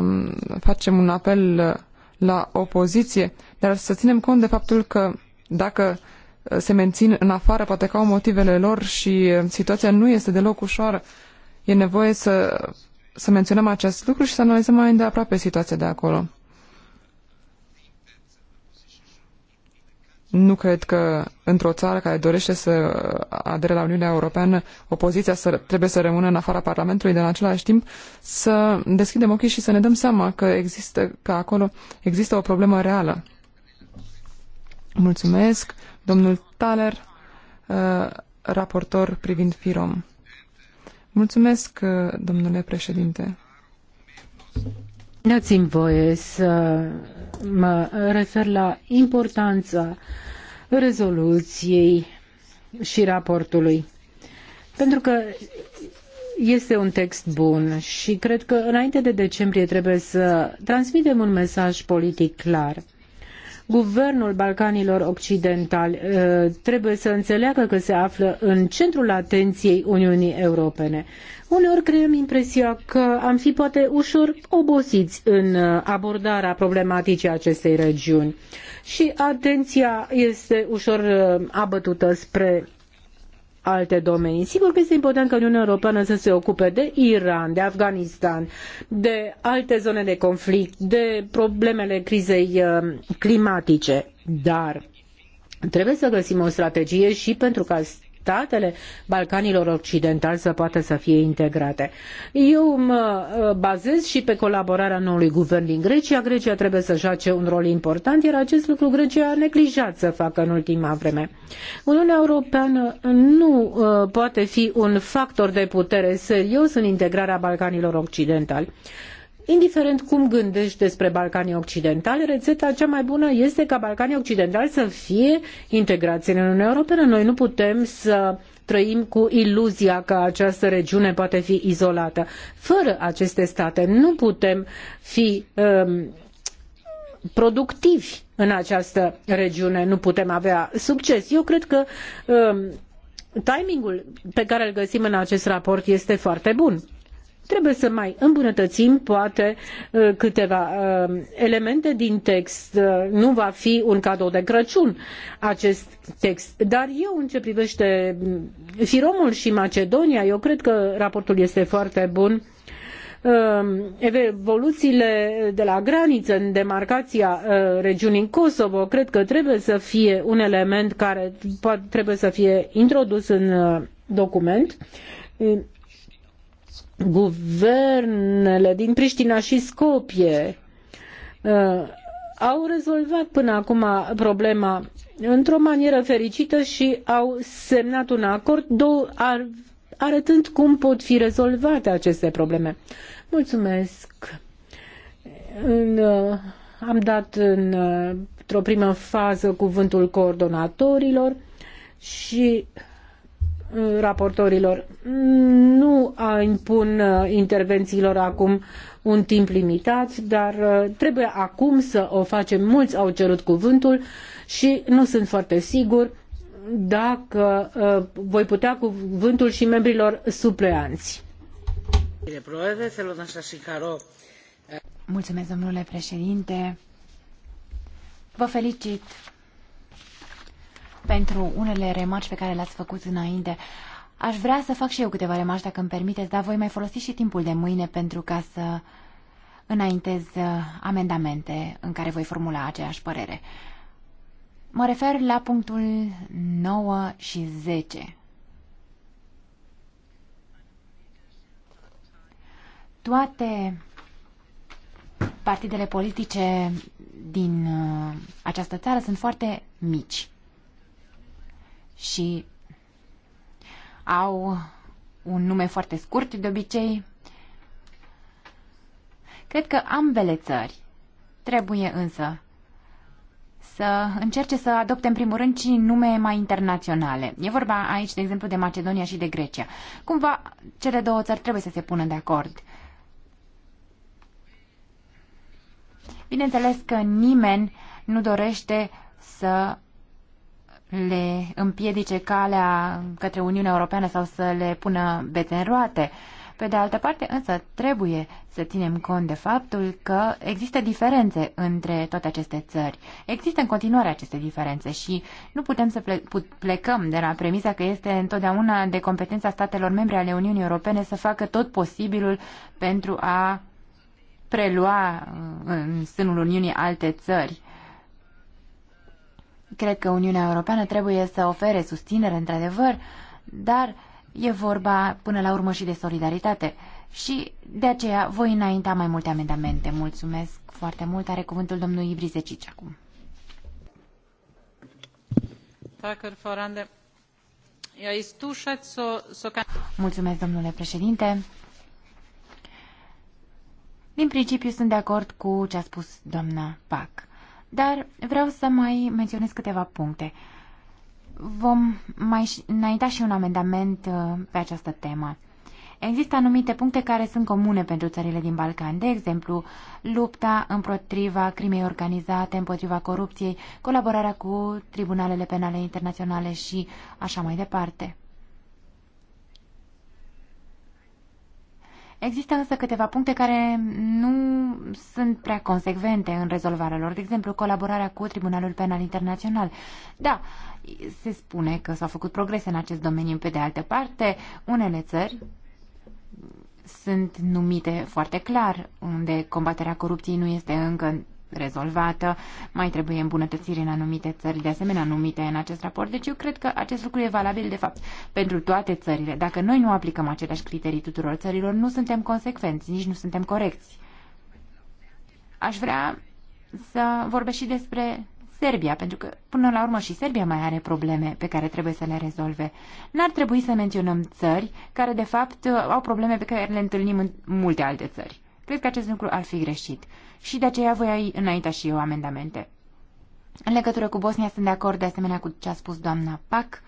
Speaker 4: facem un apel ă, la opoziție, dar să ținem cont de faptul că dacă Uh, se mențin în afară, poate că au motivele lor și uh, situația nu este deloc ușoară. E nevoie să, să menționăm acest lucru și să analizăm mai îndeaproape situația de acolo. Nu cred că într-o țară care dorește să adere la Uniunea Europeană, opoziția să, trebuie să rămână în afara Parlamentului, de în același timp să deschidem ochii și să ne dăm seama că există, că acolo există o problemă reală. Mulțumesc domnul Thaler, uh, raportor privind FIROM. Mulțumesc, uh, domnule președinte. Dați-mi voie să mă refer la
Speaker 3: importanța rezoluției și raportului. Pentru că este un text bun și cred că înainte de decembrie trebuie să transmitem un mesaj politic clar. Guvernul Balcanilor Occidentali uh, trebuie să înțeleagă că se află în centrul atenției Uniunii Europene. Uneori creăm impresia că am fi poate ușor obosiți în uh, abordarea problematicii acestei regiuni și atenția este ușor uh, abătută spre alte domenii. Sigur că este important că Uniunea Europeană să se ocupe de Iran, de Afganistan, de alte zone de conflict, de problemele crizei uh, climatice, dar Trebuie să găsim o strategie și pentru ca statele Balcanilor Occidentali să poată să fie integrate. Eu mă uh, bazez și pe colaborarea noului guvern din Grecia. Grecia trebuie să joace un rol important, iar acest lucru Grecia a neglijat să facă în ultima vreme. Uniunea Europeană nu uh, poate fi un factor de putere serios în integrarea Balcanilor Occidentali. Indiferent cum gândești despre Balcanii Occidentali, rețeta cea mai bună este ca Balcanii Occidentali să fie integrați în Uniunea Europeană. Noi nu putem să trăim cu iluzia că această regiune poate fi izolată. Fără aceste state nu putem fi um, productivi în această regiune, nu putem avea succes. Eu cred că um, timingul pe care îl găsim în acest raport este foarte bun. Trebuie să mai îmbunătățim poate uh, câteva uh, elemente din text. Uh, nu va fi un cadou de Crăciun acest text. Dar eu în ce privește mm, Firomul și Macedonia, eu cred că raportul este foarte bun evoluțiile de la graniță în demarcația regiunii Kosovo cred că trebuie să fie un element care trebuie să fie introdus în document guvernele din Priștina și Scopie uh, au rezolvat până acum problema într-o manieră fericită și au semnat un acord două, ar, arătând cum pot fi rezolvate aceste probleme. Mulțumesc! În, uh, am dat în, uh, într-o primă fază cuvântul coordonatorilor și raportorilor. Nu impun uh, intervențiilor acum un timp limitat, dar uh, trebuie acum să o facem. Mulți au cerut cuvântul și nu sunt foarte sigur dacă uh, voi putea cuvântul și membrilor supleanți.
Speaker 5: Mulțumesc, domnule președinte. Vă felicit pentru unele remarci pe care le-ați făcut înainte. Aș vrea să fac și eu câteva remarci, dacă îmi permiteți, dar voi mai folosi și timpul de mâine pentru ca să înaintez uh, amendamente în care voi formula aceeași părere. Mă refer la punctul 9 și 10. Toate partidele politice din uh, această țară sunt foarte mici și au un nume foarte scurt de obicei. Cred că ambele țări trebuie însă să încerce să adopte în primul rând și nume mai internaționale. E vorba aici, de exemplu, de Macedonia și de Grecia. Cumva cele două țări trebuie să se pună de acord. Bineînțeles că nimeni nu dorește să le împiedice calea către Uniunea Europeană sau să le pună bețe în roate. Pe de altă parte, însă, trebuie să ținem cont de faptul că există diferențe între toate aceste țări. Există în continuare aceste diferențe și nu putem să plecăm de la premisa că este întotdeauna de competența statelor membre ale Uniunii Europene să facă tot posibilul pentru a prelua uh, în sânul Uniunii alte țări. Cred că Uniunea Europeană trebuie să ofere susținere, într-adevăr, dar e vorba până la urmă și de solidaritate. Și de aceea voi înainta mai multe amendamente. Mulțumesc foarte mult. Are cuvântul domnul Ibri acum. Mulțumesc, domnule președinte. Din principiu sunt de acord cu ce a spus doamna Pac dar vreau să mai menționez câteva puncte. Vom mai înainta și un amendament uh, pe această temă. Există anumite puncte care sunt comune pentru țările din Balcan, de exemplu, lupta împotriva crimei organizate, împotriva corupției, colaborarea cu tribunalele penale internaționale și așa mai departe. Există însă câteva puncte care nu sunt prea consecvente în rezolvarea lor, de exemplu colaborarea cu Tribunalul Penal Internațional. Da, se spune că s-au făcut progrese în acest domeniu, pe de altă parte, unele țări sunt numite foarte clar, unde combaterea corupției nu este încă rezolvată, mai trebuie îmbunătățiri în anumite țări, de asemenea anumite în acest raport. Deci eu cred că acest lucru e valabil, de fapt, pentru toate țările. Dacă noi nu aplicăm aceleași criterii tuturor țărilor, nu suntem consecvenți, nici nu suntem corecți. Aș vrea să vorbesc și despre Serbia, pentru că până la urmă și Serbia mai are probleme pe care trebuie să le rezolve. N-ar trebui să menționăm țări care, de fapt, au probleme pe care le întâlnim în multe alte țări. Cred că acest lucru ar fi greșit și de aceea voi înainta și eu amendamente. În legătură cu Bosnia sunt de acord de asemenea cu ce a spus doamna Pac.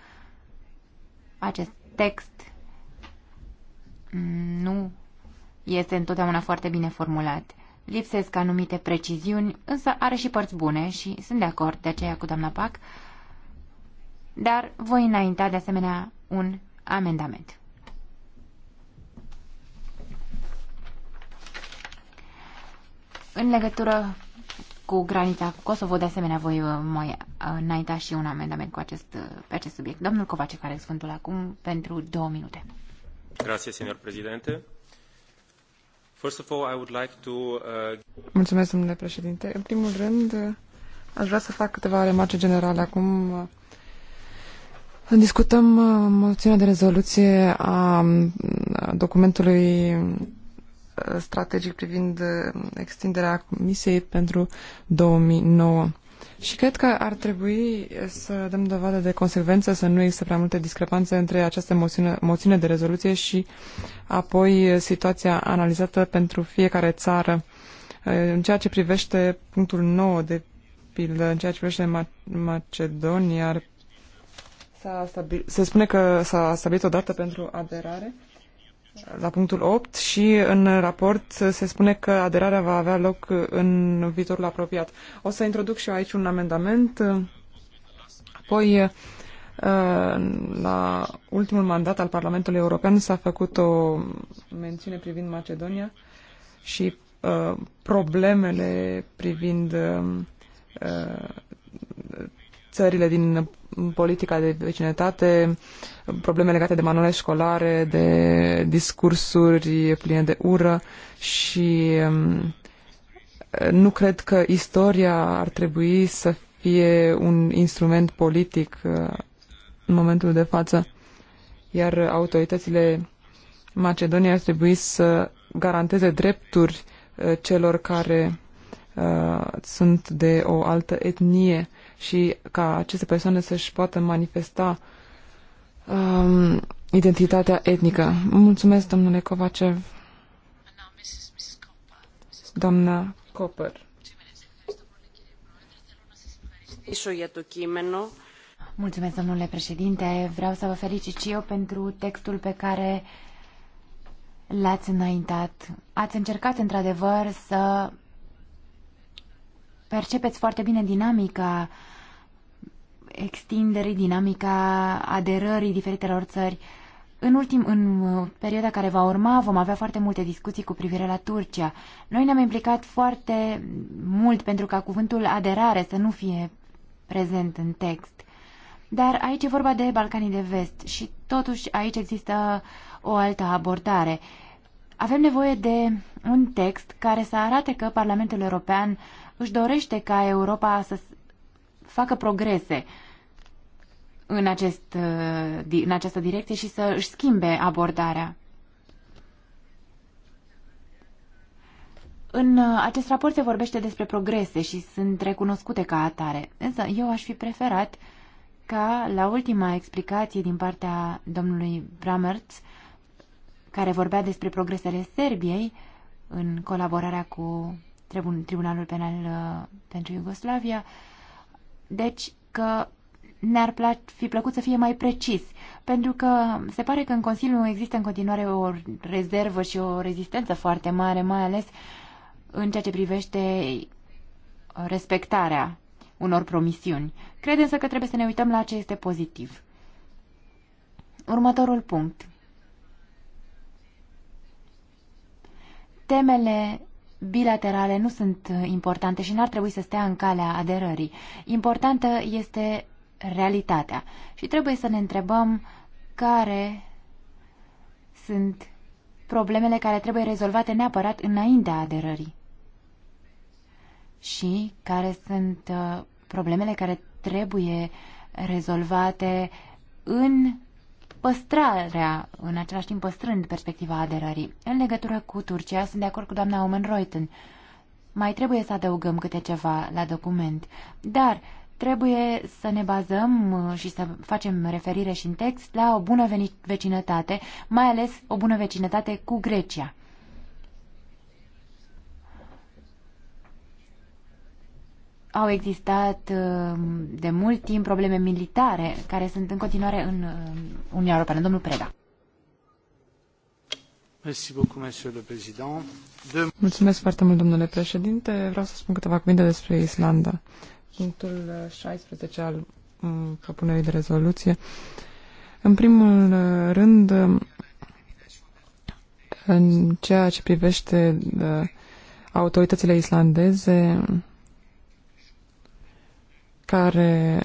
Speaker 5: Acest text nu este întotdeauna foarte bine formulat. Lipsesc anumite preciziuni, însă are și părți bune și sunt de acord de aceea cu doamna Pac, dar voi înainta de asemenea un amendament. În legătură cu granița cu Kosovo, de asemenea, voi uh, mai uh, înainta și un amendament cu acest, uh, pe acest subiect. Domnul Covace, care sfântul acum pentru
Speaker 4: două minute.
Speaker 6: Grazie, senior președinte. First of all, I would like to, uh...
Speaker 4: Mulțumesc, domnule președinte. În primul rând, aș vrea să fac câteva remarce generale. Acum discutăm moțiunea de rezoluție a documentului strategic privind uh, extinderea misiei pentru 2009. Și cred că ar trebui uh, să dăm dovadă de consecvență, să nu există prea multe discrepanțe între această moțiune, moțiune de rezoluție și apoi uh, situația analizată pentru fiecare țară. În ceea ce privește punctul 9 de pildă, în ceea ce privește Macedonia, se spune că s-a stabilit o dată pentru aderare la punctul 8 și în raport se spune că aderarea va avea loc în viitorul apropiat. O să introduc și eu aici un amendament. Apoi, uh, la ultimul mandat al Parlamentului European s-a făcut o mențiune privind Macedonia și uh, problemele privind uh, țările din politica de vecinătate, probleme legate de manuale școlare, de discursuri pline de ură și um, nu cred că istoria ar trebui să fie un instrument politic uh, în momentul de față, iar autoritățile Macedoniei ar trebui să garanteze drepturi uh, celor care uh, sunt de o altă etnie și ca aceste persoane să-și poată manifesta um, identitatea etnică. Mulțumesc, domnule Kovacev. Doamna Copăr. Mulțumesc,
Speaker 5: domnule președinte. Vreau să vă felicit și eu pentru textul pe care l-ați înaintat. Ați încercat, într-adevăr, să percepeți foarte bine dinamica extinderii, dinamica aderării diferitelor țări. În ultim, în perioada care va urma, vom avea foarte multe discuții cu privire la Turcia. Noi ne-am implicat foarte mult pentru ca cuvântul aderare să nu fie prezent în text. Dar aici e vorba de Balcanii de Vest și totuși aici există o altă abordare. Avem nevoie de un text care să arate că Parlamentul European își dorește ca Europa să facă progrese în, acest, uh, în această direcție și să își schimbe abordarea. În uh, acest raport se vorbește despre progrese și sunt recunoscute ca atare, însă eu aș fi preferat ca la ultima explicație din partea domnului Bramertz, care vorbea despre progresele Serbiei în colaborarea cu Tribunalul Penal uh, pentru Iugoslavia, deci că ne-ar fi plăcut să fie mai precis, pentru că se pare că în Consiliu există în continuare o rezervă și o rezistență foarte mare, mai ales în ceea ce privește uh, respectarea unor promisiuni. Cred însă că trebuie să ne uităm la ce este pozitiv. Următorul punct. Temele bilaterale nu sunt uh, importante și n-ar trebui să stea în calea aderării. Importantă este realitatea și trebuie să ne întrebăm care sunt problemele care trebuie rezolvate neapărat înaintea aderării și care sunt uh, problemele care trebuie rezolvate în păstrarea, în același timp păstrând perspectiva aderării. În legătură cu Turcia, sunt de acord cu doamna Omen Reuten. Mai trebuie să adăugăm câte ceva la document, dar trebuie să ne bazăm uh, și să facem referire și în text la o bună vecinătate, mai ales o bună vecinătate cu Grecia. au existat um, de mult timp probleme militare care sunt în continuare în um, Uniunea Europeană. Domnul Preda.
Speaker 4: Mulțumesc foarte mult, domnule președinte. Vreau să spun câteva cuvinte despre Islanda. Punctul 16 al um, propunerii de rezoluție. În primul rând, în ceea ce privește uh, autoritățile islandeze, care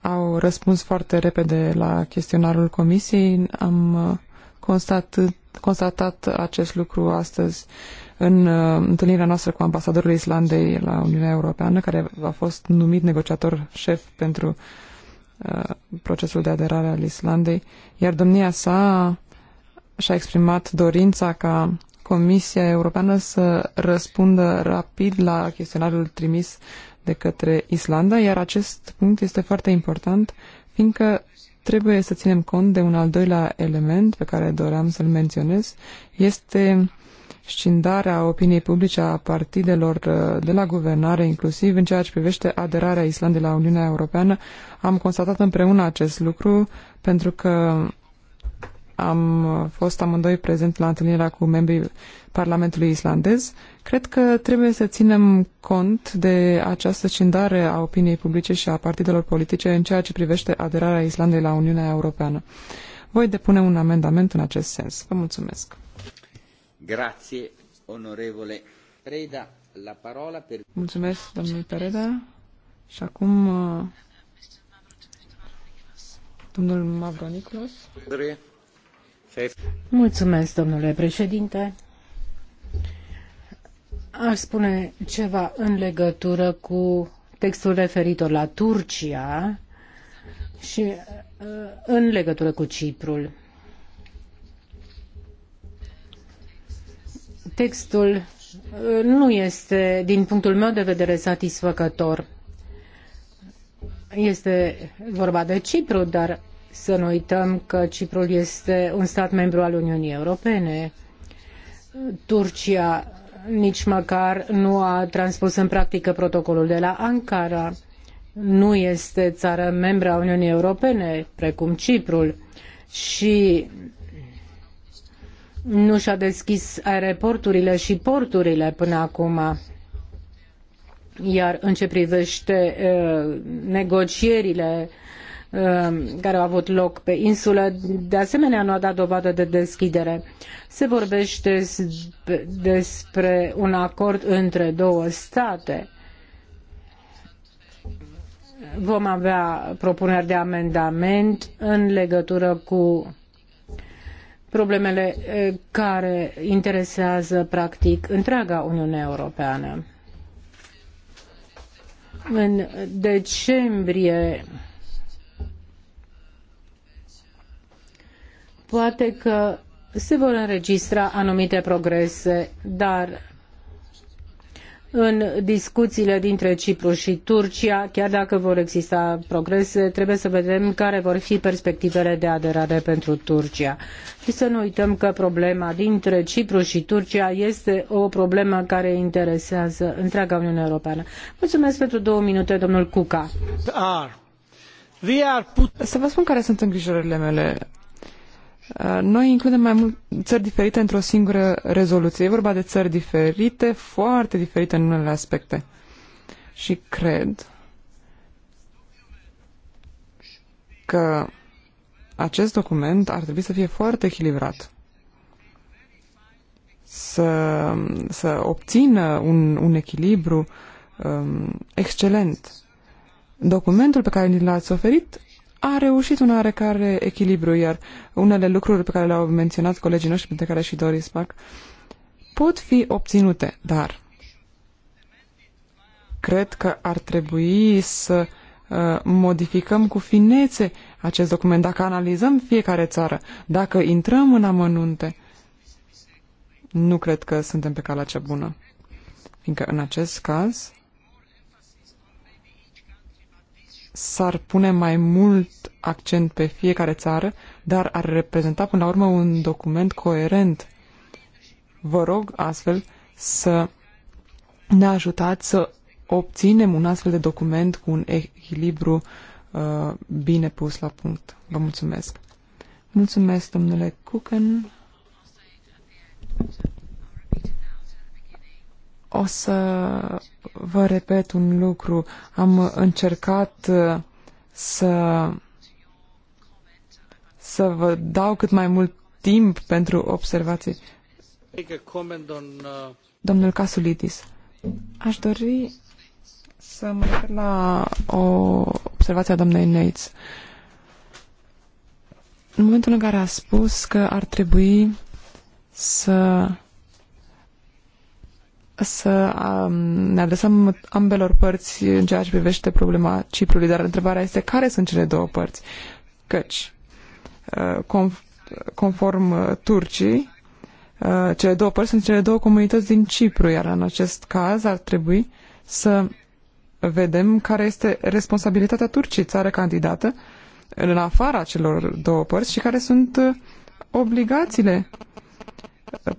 Speaker 4: au răspuns foarte repede la chestionarul comisiei. Am uh, constatat, constatat acest lucru astăzi în uh, întâlnirea noastră cu ambasadorul Islandei la Uniunea Europeană, care a fost numit negociator șef pentru uh, procesul de aderare al Islandei, iar domnia sa și-a exprimat dorința ca Comisia Europeană să răspundă rapid la chestionarul trimis de către Islanda, iar acest punct este foarte important, fiindcă trebuie să ținem cont de un al doilea element pe care doream să-l menționez, este scindarea opiniei publice a partidelor uh, de la guvernare, inclusiv în ceea ce privește aderarea Islandei la Uniunea Europeană. Am constatat împreună acest lucru pentru că am fost amândoi prezent la întâlnirea cu membrii Parlamentului islandez, cred că trebuie să ținem cont de această scindare a opiniei publice și a partidelor politice în ceea ce privește aderarea Islandei la Uniunea Europeană. Voi depune un amendament în acest sens. Vă mulțumesc.
Speaker 2: Grazie, onorevole Preda. La parola per...
Speaker 4: Mulțumesc, domnul Pereda. Și acum, uh, domnul Mavroniclos.
Speaker 3: Mulțumesc, domnule președinte. Aș spune ceva în legătură cu textul referitor la Turcia și uh, în legătură cu Ciprul. Textul uh, nu este, din punctul meu de vedere, satisfăcător. Este vorba de Cipru, dar să nu uităm că Ciprul este un stat membru al Uniunii Europene. Turcia nici măcar nu a transpus în practică protocolul de la Ankara. Nu este țară membră a Uniunii Europene, precum Ciprul, și nu și-a deschis aeroporturile și porturile până acum. Iar în ce privește uh, negocierile Um, care au avut loc pe insulă, de asemenea nu a dat dovadă de deschidere. Se vorbește despre un acord între două state. Vom avea propuneri de amendament în legătură cu problemele care interesează practic întreaga Uniune Europeană. În decembrie Poate că se vor înregistra anumite progrese, dar în discuțiile dintre Cipru și Turcia, chiar dacă vor exista progrese, trebuie să vedem care vor fi perspectivele de aderare pentru Turcia. Și să nu uităm că problema dintre Cipru și Turcia este o problemă care interesează întreaga Uniune Europeană. Mulțumesc pentru două minute, domnul Cuca.
Speaker 4: Să vă spun care sunt îngrijorările mele. Uh, noi includem mai mult țări diferite într-o singură rezoluție. E vorba de țări diferite, foarte diferite în unele aspecte. Și cred că acest document ar trebui să fie foarte echilibrat. Să, să obțină un, un echilibru um, excelent. Documentul pe care ni l-ați oferit a reușit un oarecare echilibru, iar unele lucruri pe care le-au menționat colegii noștri, pentru care și Doris fac, pot fi obținute, dar cred că ar trebui să uh, modificăm cu finețe acest document, dacă analizăm fiecare țară, dacă intrăm în amănunte, nu cred că suntem pe calea cea bună. Fiindcă în acest caz s-ar pune mai mult accent pe fiecare țară, dar ar reprezenta până la urmă un document coerent. Vă rog astfel să ne ajutați să obținem un astfel de document cu un echilibru uh, bine pus la punct. Vă mulțumesc. Mulțumesc, domnule Cucan. O să vă repet un lucru. Am încercat uh, să, să vă dau cât mai mult timp pentru observații. Domnul Casulidis, aș dori să mă refer la o observație a doamnei Neitz. În momentul în care a spus că ar trebui să să ne adresăm ambelor părți în ceea ce privește problema Ciprului, dar întrebarea este care sunt cele două părți? Căci, uh, conform uh, turcii, uh, cele două părți sunt cele două comunități din Cipru, iar în acest caz ar trebui să vedem care este responsabilitatea Turciei, țară candidată, în afara celor două părți și care sunt obligațiile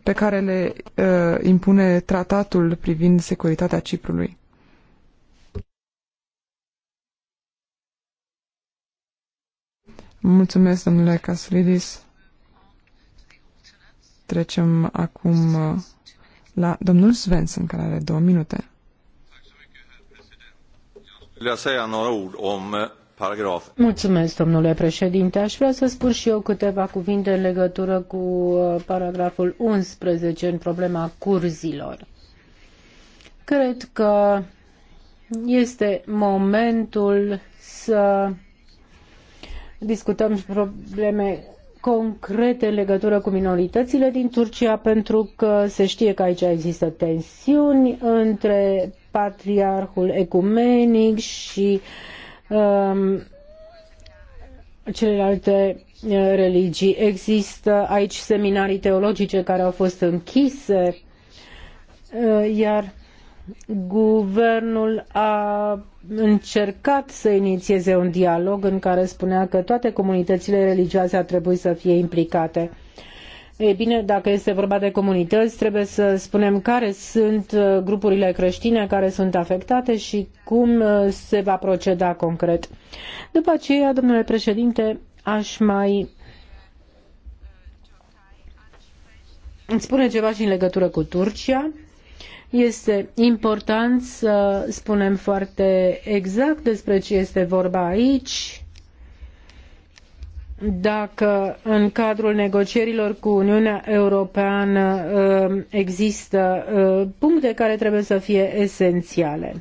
Speaker 4: pe care le uh, impune tratatul privind securitatea Ciprului. Mulțumesc, domnule Casulidis. Trecem acum uh, la domnul Svensson, care are două minute.
Speaker 2: Vreau să a
Speaker 3: domnule președinte. vrea să spun și eu câteva cuvinte în legătură cu uh, paragraful 11 în problema curzilor. Cred că este momentul să discutăm probleme concrete în legătură cu minoritățile din Turcia, pentru că se știe că aici există tensiuni între patriarhul ecumenic și uh, Um, celelalte uh, religii. Există aici seminarii teologice care au fost închise, uh, iar guvernul a încercat să inițieze un dialog în care spunea că toate comunitățile religioase ar trebui să fie implicate. Ei bine, dacă este vorba de comunități, trebuie să spunem care sunt uh, grupurile creștine care sunt afectate și cum uh, se va proceda concret. După aceea, domnule președinte, aș mai spune ceva și în legătură cu Turcia. Este important să spunem foarte exact despre ce este vorba aici dacă în cadrul negocierilor cu Uniunea Europeană um, există uh, puncte care trebuie să fie esențiale.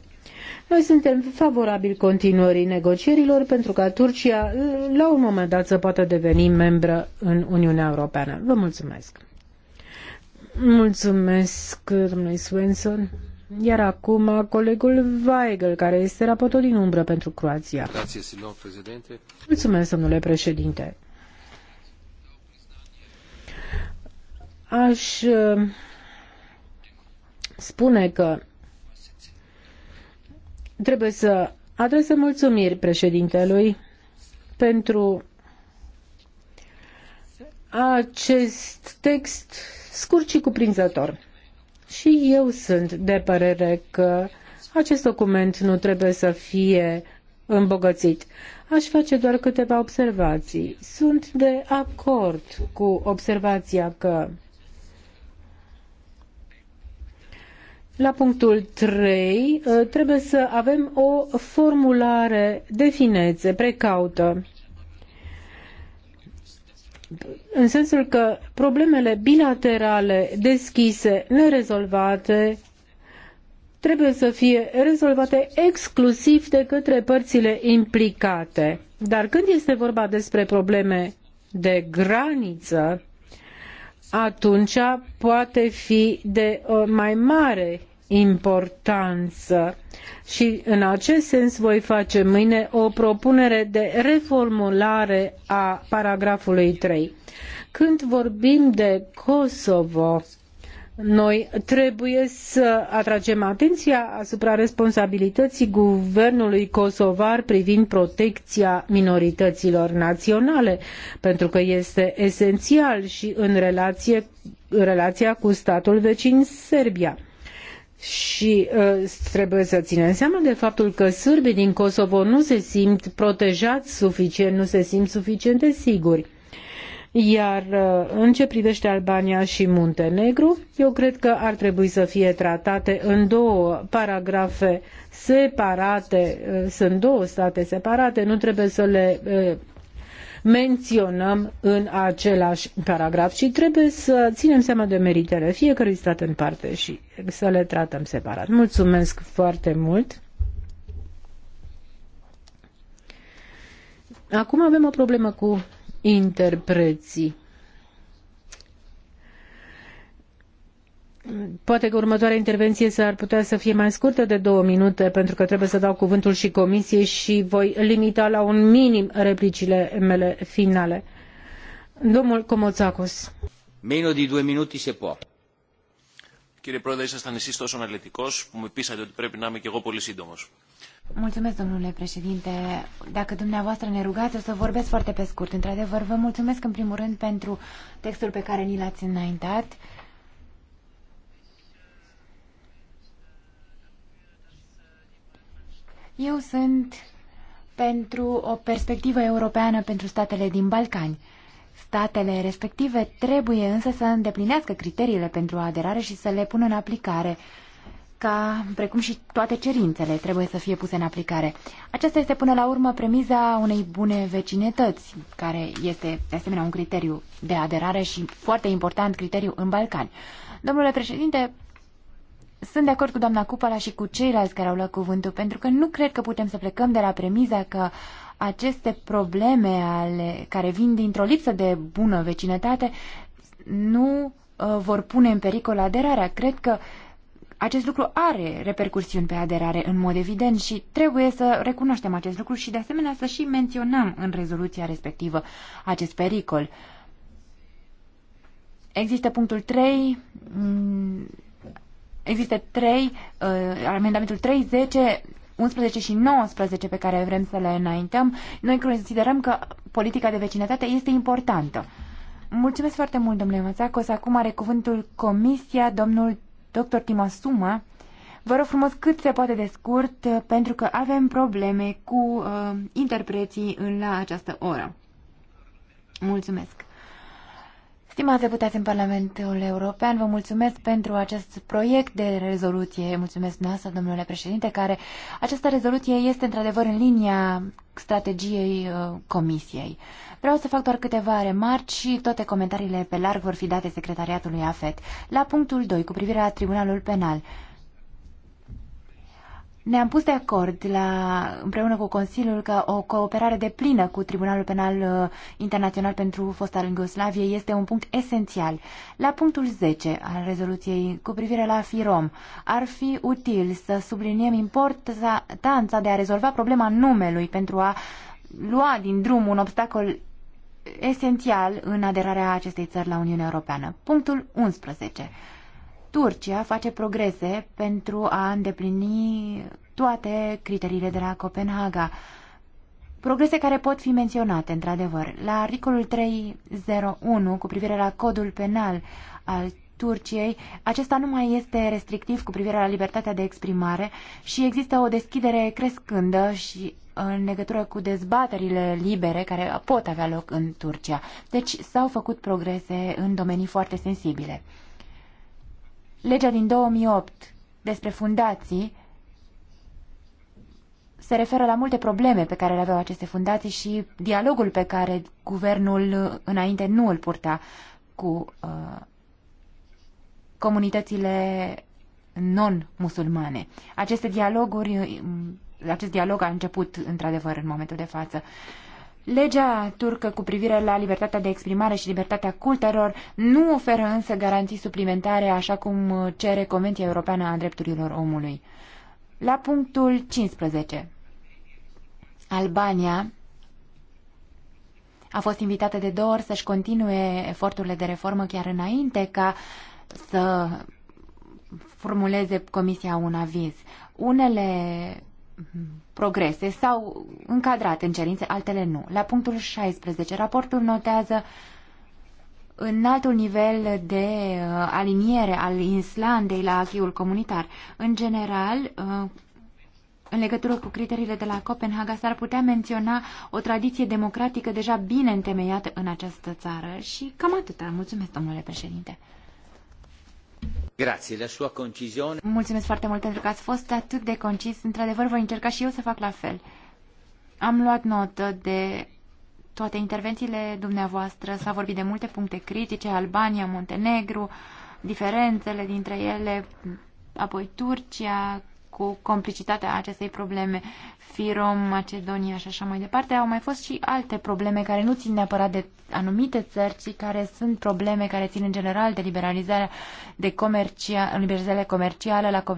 Speaker 3: Noi suntem favorabili continuării negocierilor pentru ca Turcia uh, la un moment dat să poată deveni membră în Uniunea Europeană. Vă mulțumesc! Mulțumesc, domnule Svensson! Iar acum colegul Weigel, care este raportor din umbră pentru Croația. Mulțumesc, domnule președinte. Aș uh, spune că trebuie să adresăm mulțumiri președintelui pentru acest text scurt și cuprinzător. Și eu sunt de părere că acest document nu trebuie să fie îmbogățit. Aș face doar câteva observații. Sunt de acord cu observația că la punctul 3 ă, trebuie să avem o formulare de finețe precaută în sensul că problemele bilaterale deschise, nerezolvate, trebuie să fie rezolvate exclusiv de către părțile implicate. Dar când este vorba despre probleme de graniță, atunci poate fi de o uh, mai mare importanță și în acest sens voi face mâine o propunere de reformulare a paragrafului 3. Când vorbim de Kosovo, noi trebuie să atragem atenția asupra responsabilității guvernului kosovar privind protecția minorităților naționale, pentru că este esențial și în relație, relația cu statul vecin Serbia și uh, trebuie să ținem seama de faptul că sârbii din Kosovo nu se simt protejați suficient, nu se simt suficient de siguri. Iar uh, în ce privește Albania și Muntenegru, eu cred că ar trebui să fie tratate în două paragrafe separate, uh, sunt două state separate, nu trebuie să le uh, menționăm în același paragraf și trebuie să ținem seama de meritele fiecărui stat în parte și să le tratăm separat. Mulțumesc foarte mult! Acum avem o problemă cu interpreții. Poate că următoarea intervenție s-ar putea să fie mai scurtă de două minute, pentru că trebuie să dau cuvântul și comisiei și voi limita la un minim replicile mele finale. Domnul Comoțacos.
Speaker 2: Meno de două minute se poate. Κύριε Πρόεδρε, ήσασταν εσεί τόσο αναλυτικό που με πείσατε ότι πρέπει να είμαι και εγώ πολύ σύντομο.
Speaker 5: Mulțumesc, domnule președinte. Dacă dumneavoastră ne rugați, o să vorbesc foarte pe scurt. Într-adevăr, vă mulțumesc în primul rând pentru textul pe care ni l-ați înaintat. Uh, Eu sunt pentru o perspectivă europeană pentru statele din Balcani. Statele respective trebuie însă să îndeplinească criteriile pentru aderare și să le pună în aplicare, ca precum și toate cerințele trebuie să fie puse în aplicare. Aceasta este până la urmă premiza unei bune vecinătăți, care este de asemenea un criteriu de aderare și foarte important criteriu în Balcani. Domnule președinte, sunt de acord cu doamna Cupala și cu ceilalți care au luat cuvântul, pentru că nu cred că putem să plecăm de la premiza că aceste probleme ale, care vin dintr-o lipsă de bună vecinătate nu uh, vor pune în pericol aderarea. Cred că acest lucru are repercursiuni pe aderare în mod evident și trebuie să recunoaștem acest lucru și de asemenea să și menționăm în rezoluția respectivă acest pericol. Există punctul 3 Există 3, uh, amendamentul 10, 11 și 19 pe care vrem să le înaintăm, noi considerăm că politica de vecinătate este importantă. Mulțumesc foarte mult, domnule Mățacos. Acum are cuvântul Comisia, domnul dr. Timasuma. Vă rog frumos cât se poate de scurt, uh, pentru că avem probleme cu uh, interpreții la această oră. Mulțumesc. Stimați deputați în Parlamentul European, vă mulțumesc pentru acest proiect de rezoluție. Mulțumesc noastră, domnule președinte, care această rezoluție este într-adevăr în linia strategiei uh, comisiei. Vreau să fac doar câteva remarci și toate comentariile pe larg vor fi date secretariatului AFET. La punctul 2, cu privire la Tribunalul Penal. Ne-am pus de acord la, împreună cu Consiliul că o cooperare de plină cu Tribunalul Penal uh, Internațional pentru fosta Iugoslavie este un punct esențial. La punctul 10 al rezoluției cu privire la FIROM ar fi util să subliniem importanța de a rezolva problema numelui pentru a lua din drum un obstacol esențial în aderarea acestei țări la Uniunea Europeană. Punctul 11. Turcia face progrese pentru a îndeplini toate criteriile de la Copenhaga. Progrese care pot fi menționate, într-adevăr. La articolul 301, cu privire la codul penal al Turciei, acesta nu mai este restrictiv cu privire la libertatea de exprimare și există o deschidere crescândă și în legătură cu dezbaterile libere care pot avea loc în Turcia. Deci s-au făcut progrese în domenii foarte sensibile. Legea din 2008 despre fundații se referă la multe probleme pe care le aveau aceste fundații și dialogul pe care guvernul înainte nu îl purta cu uh, comunitățile non-musulmane. Aceste dialoguri, uh, acest dialog a început într-adevăr în momentul de față. Uh, Legea turcă cu privire la libertatea de exprimare și libertatea cultelor nu oferă însă garanții suplimentare așa cum cere Convenția Europeană a Drepturilor Omului. La punctul 15. Albania a fost invitată de două ori să-și continue eforturile de reformă chiar înainte ca să formuleze Comisia un aviz. Unele progrese sau încadrate în cerințe, altele nu. La punctul 16, raportul notează în altul nivel de uh, aliniere al Islandei la achiul comunitar. În general, uh, în legătură cu criteriile de la Copenhaga, s-ar putea menționa o tradiție democratică deja bine întemeiată în această țară și cam atâta. Mulțumesc, domnule președinte.
Speaker 2: Grazie, la sua concizione.
Speaker 5: Mulțumesc foarte mult pentru că ați fost atât de concis. Într-adevăr, voi încerca și eu să fac la fel. Am luat notă de toate intervențiile dumneavoastră. S-a vorbit de multe puncte critice, Albania, Montenegru, diferențele dintre ele, apoi Turcia, cu complicitatea acestei probleme, Firom, Macedonia și așa mai departe, au mai fost și alte probleme care nu țin neapărat de anumite țări, ci care sunt probleme care țin în general de liberalizarea de comercia, liberalizarea comercială la co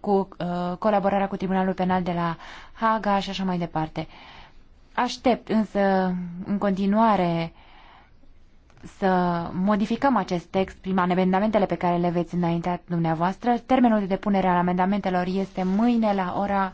Speaker 5: cu uh, colaborarea cu Tribunalul Penal de la Haga și așa mai departe. Aștept însă în continuare să modificăm acest text prin amendamentele pe care le veți înainta dumneavoastră. Termenul de depunere al amendamentelor este mâine la ora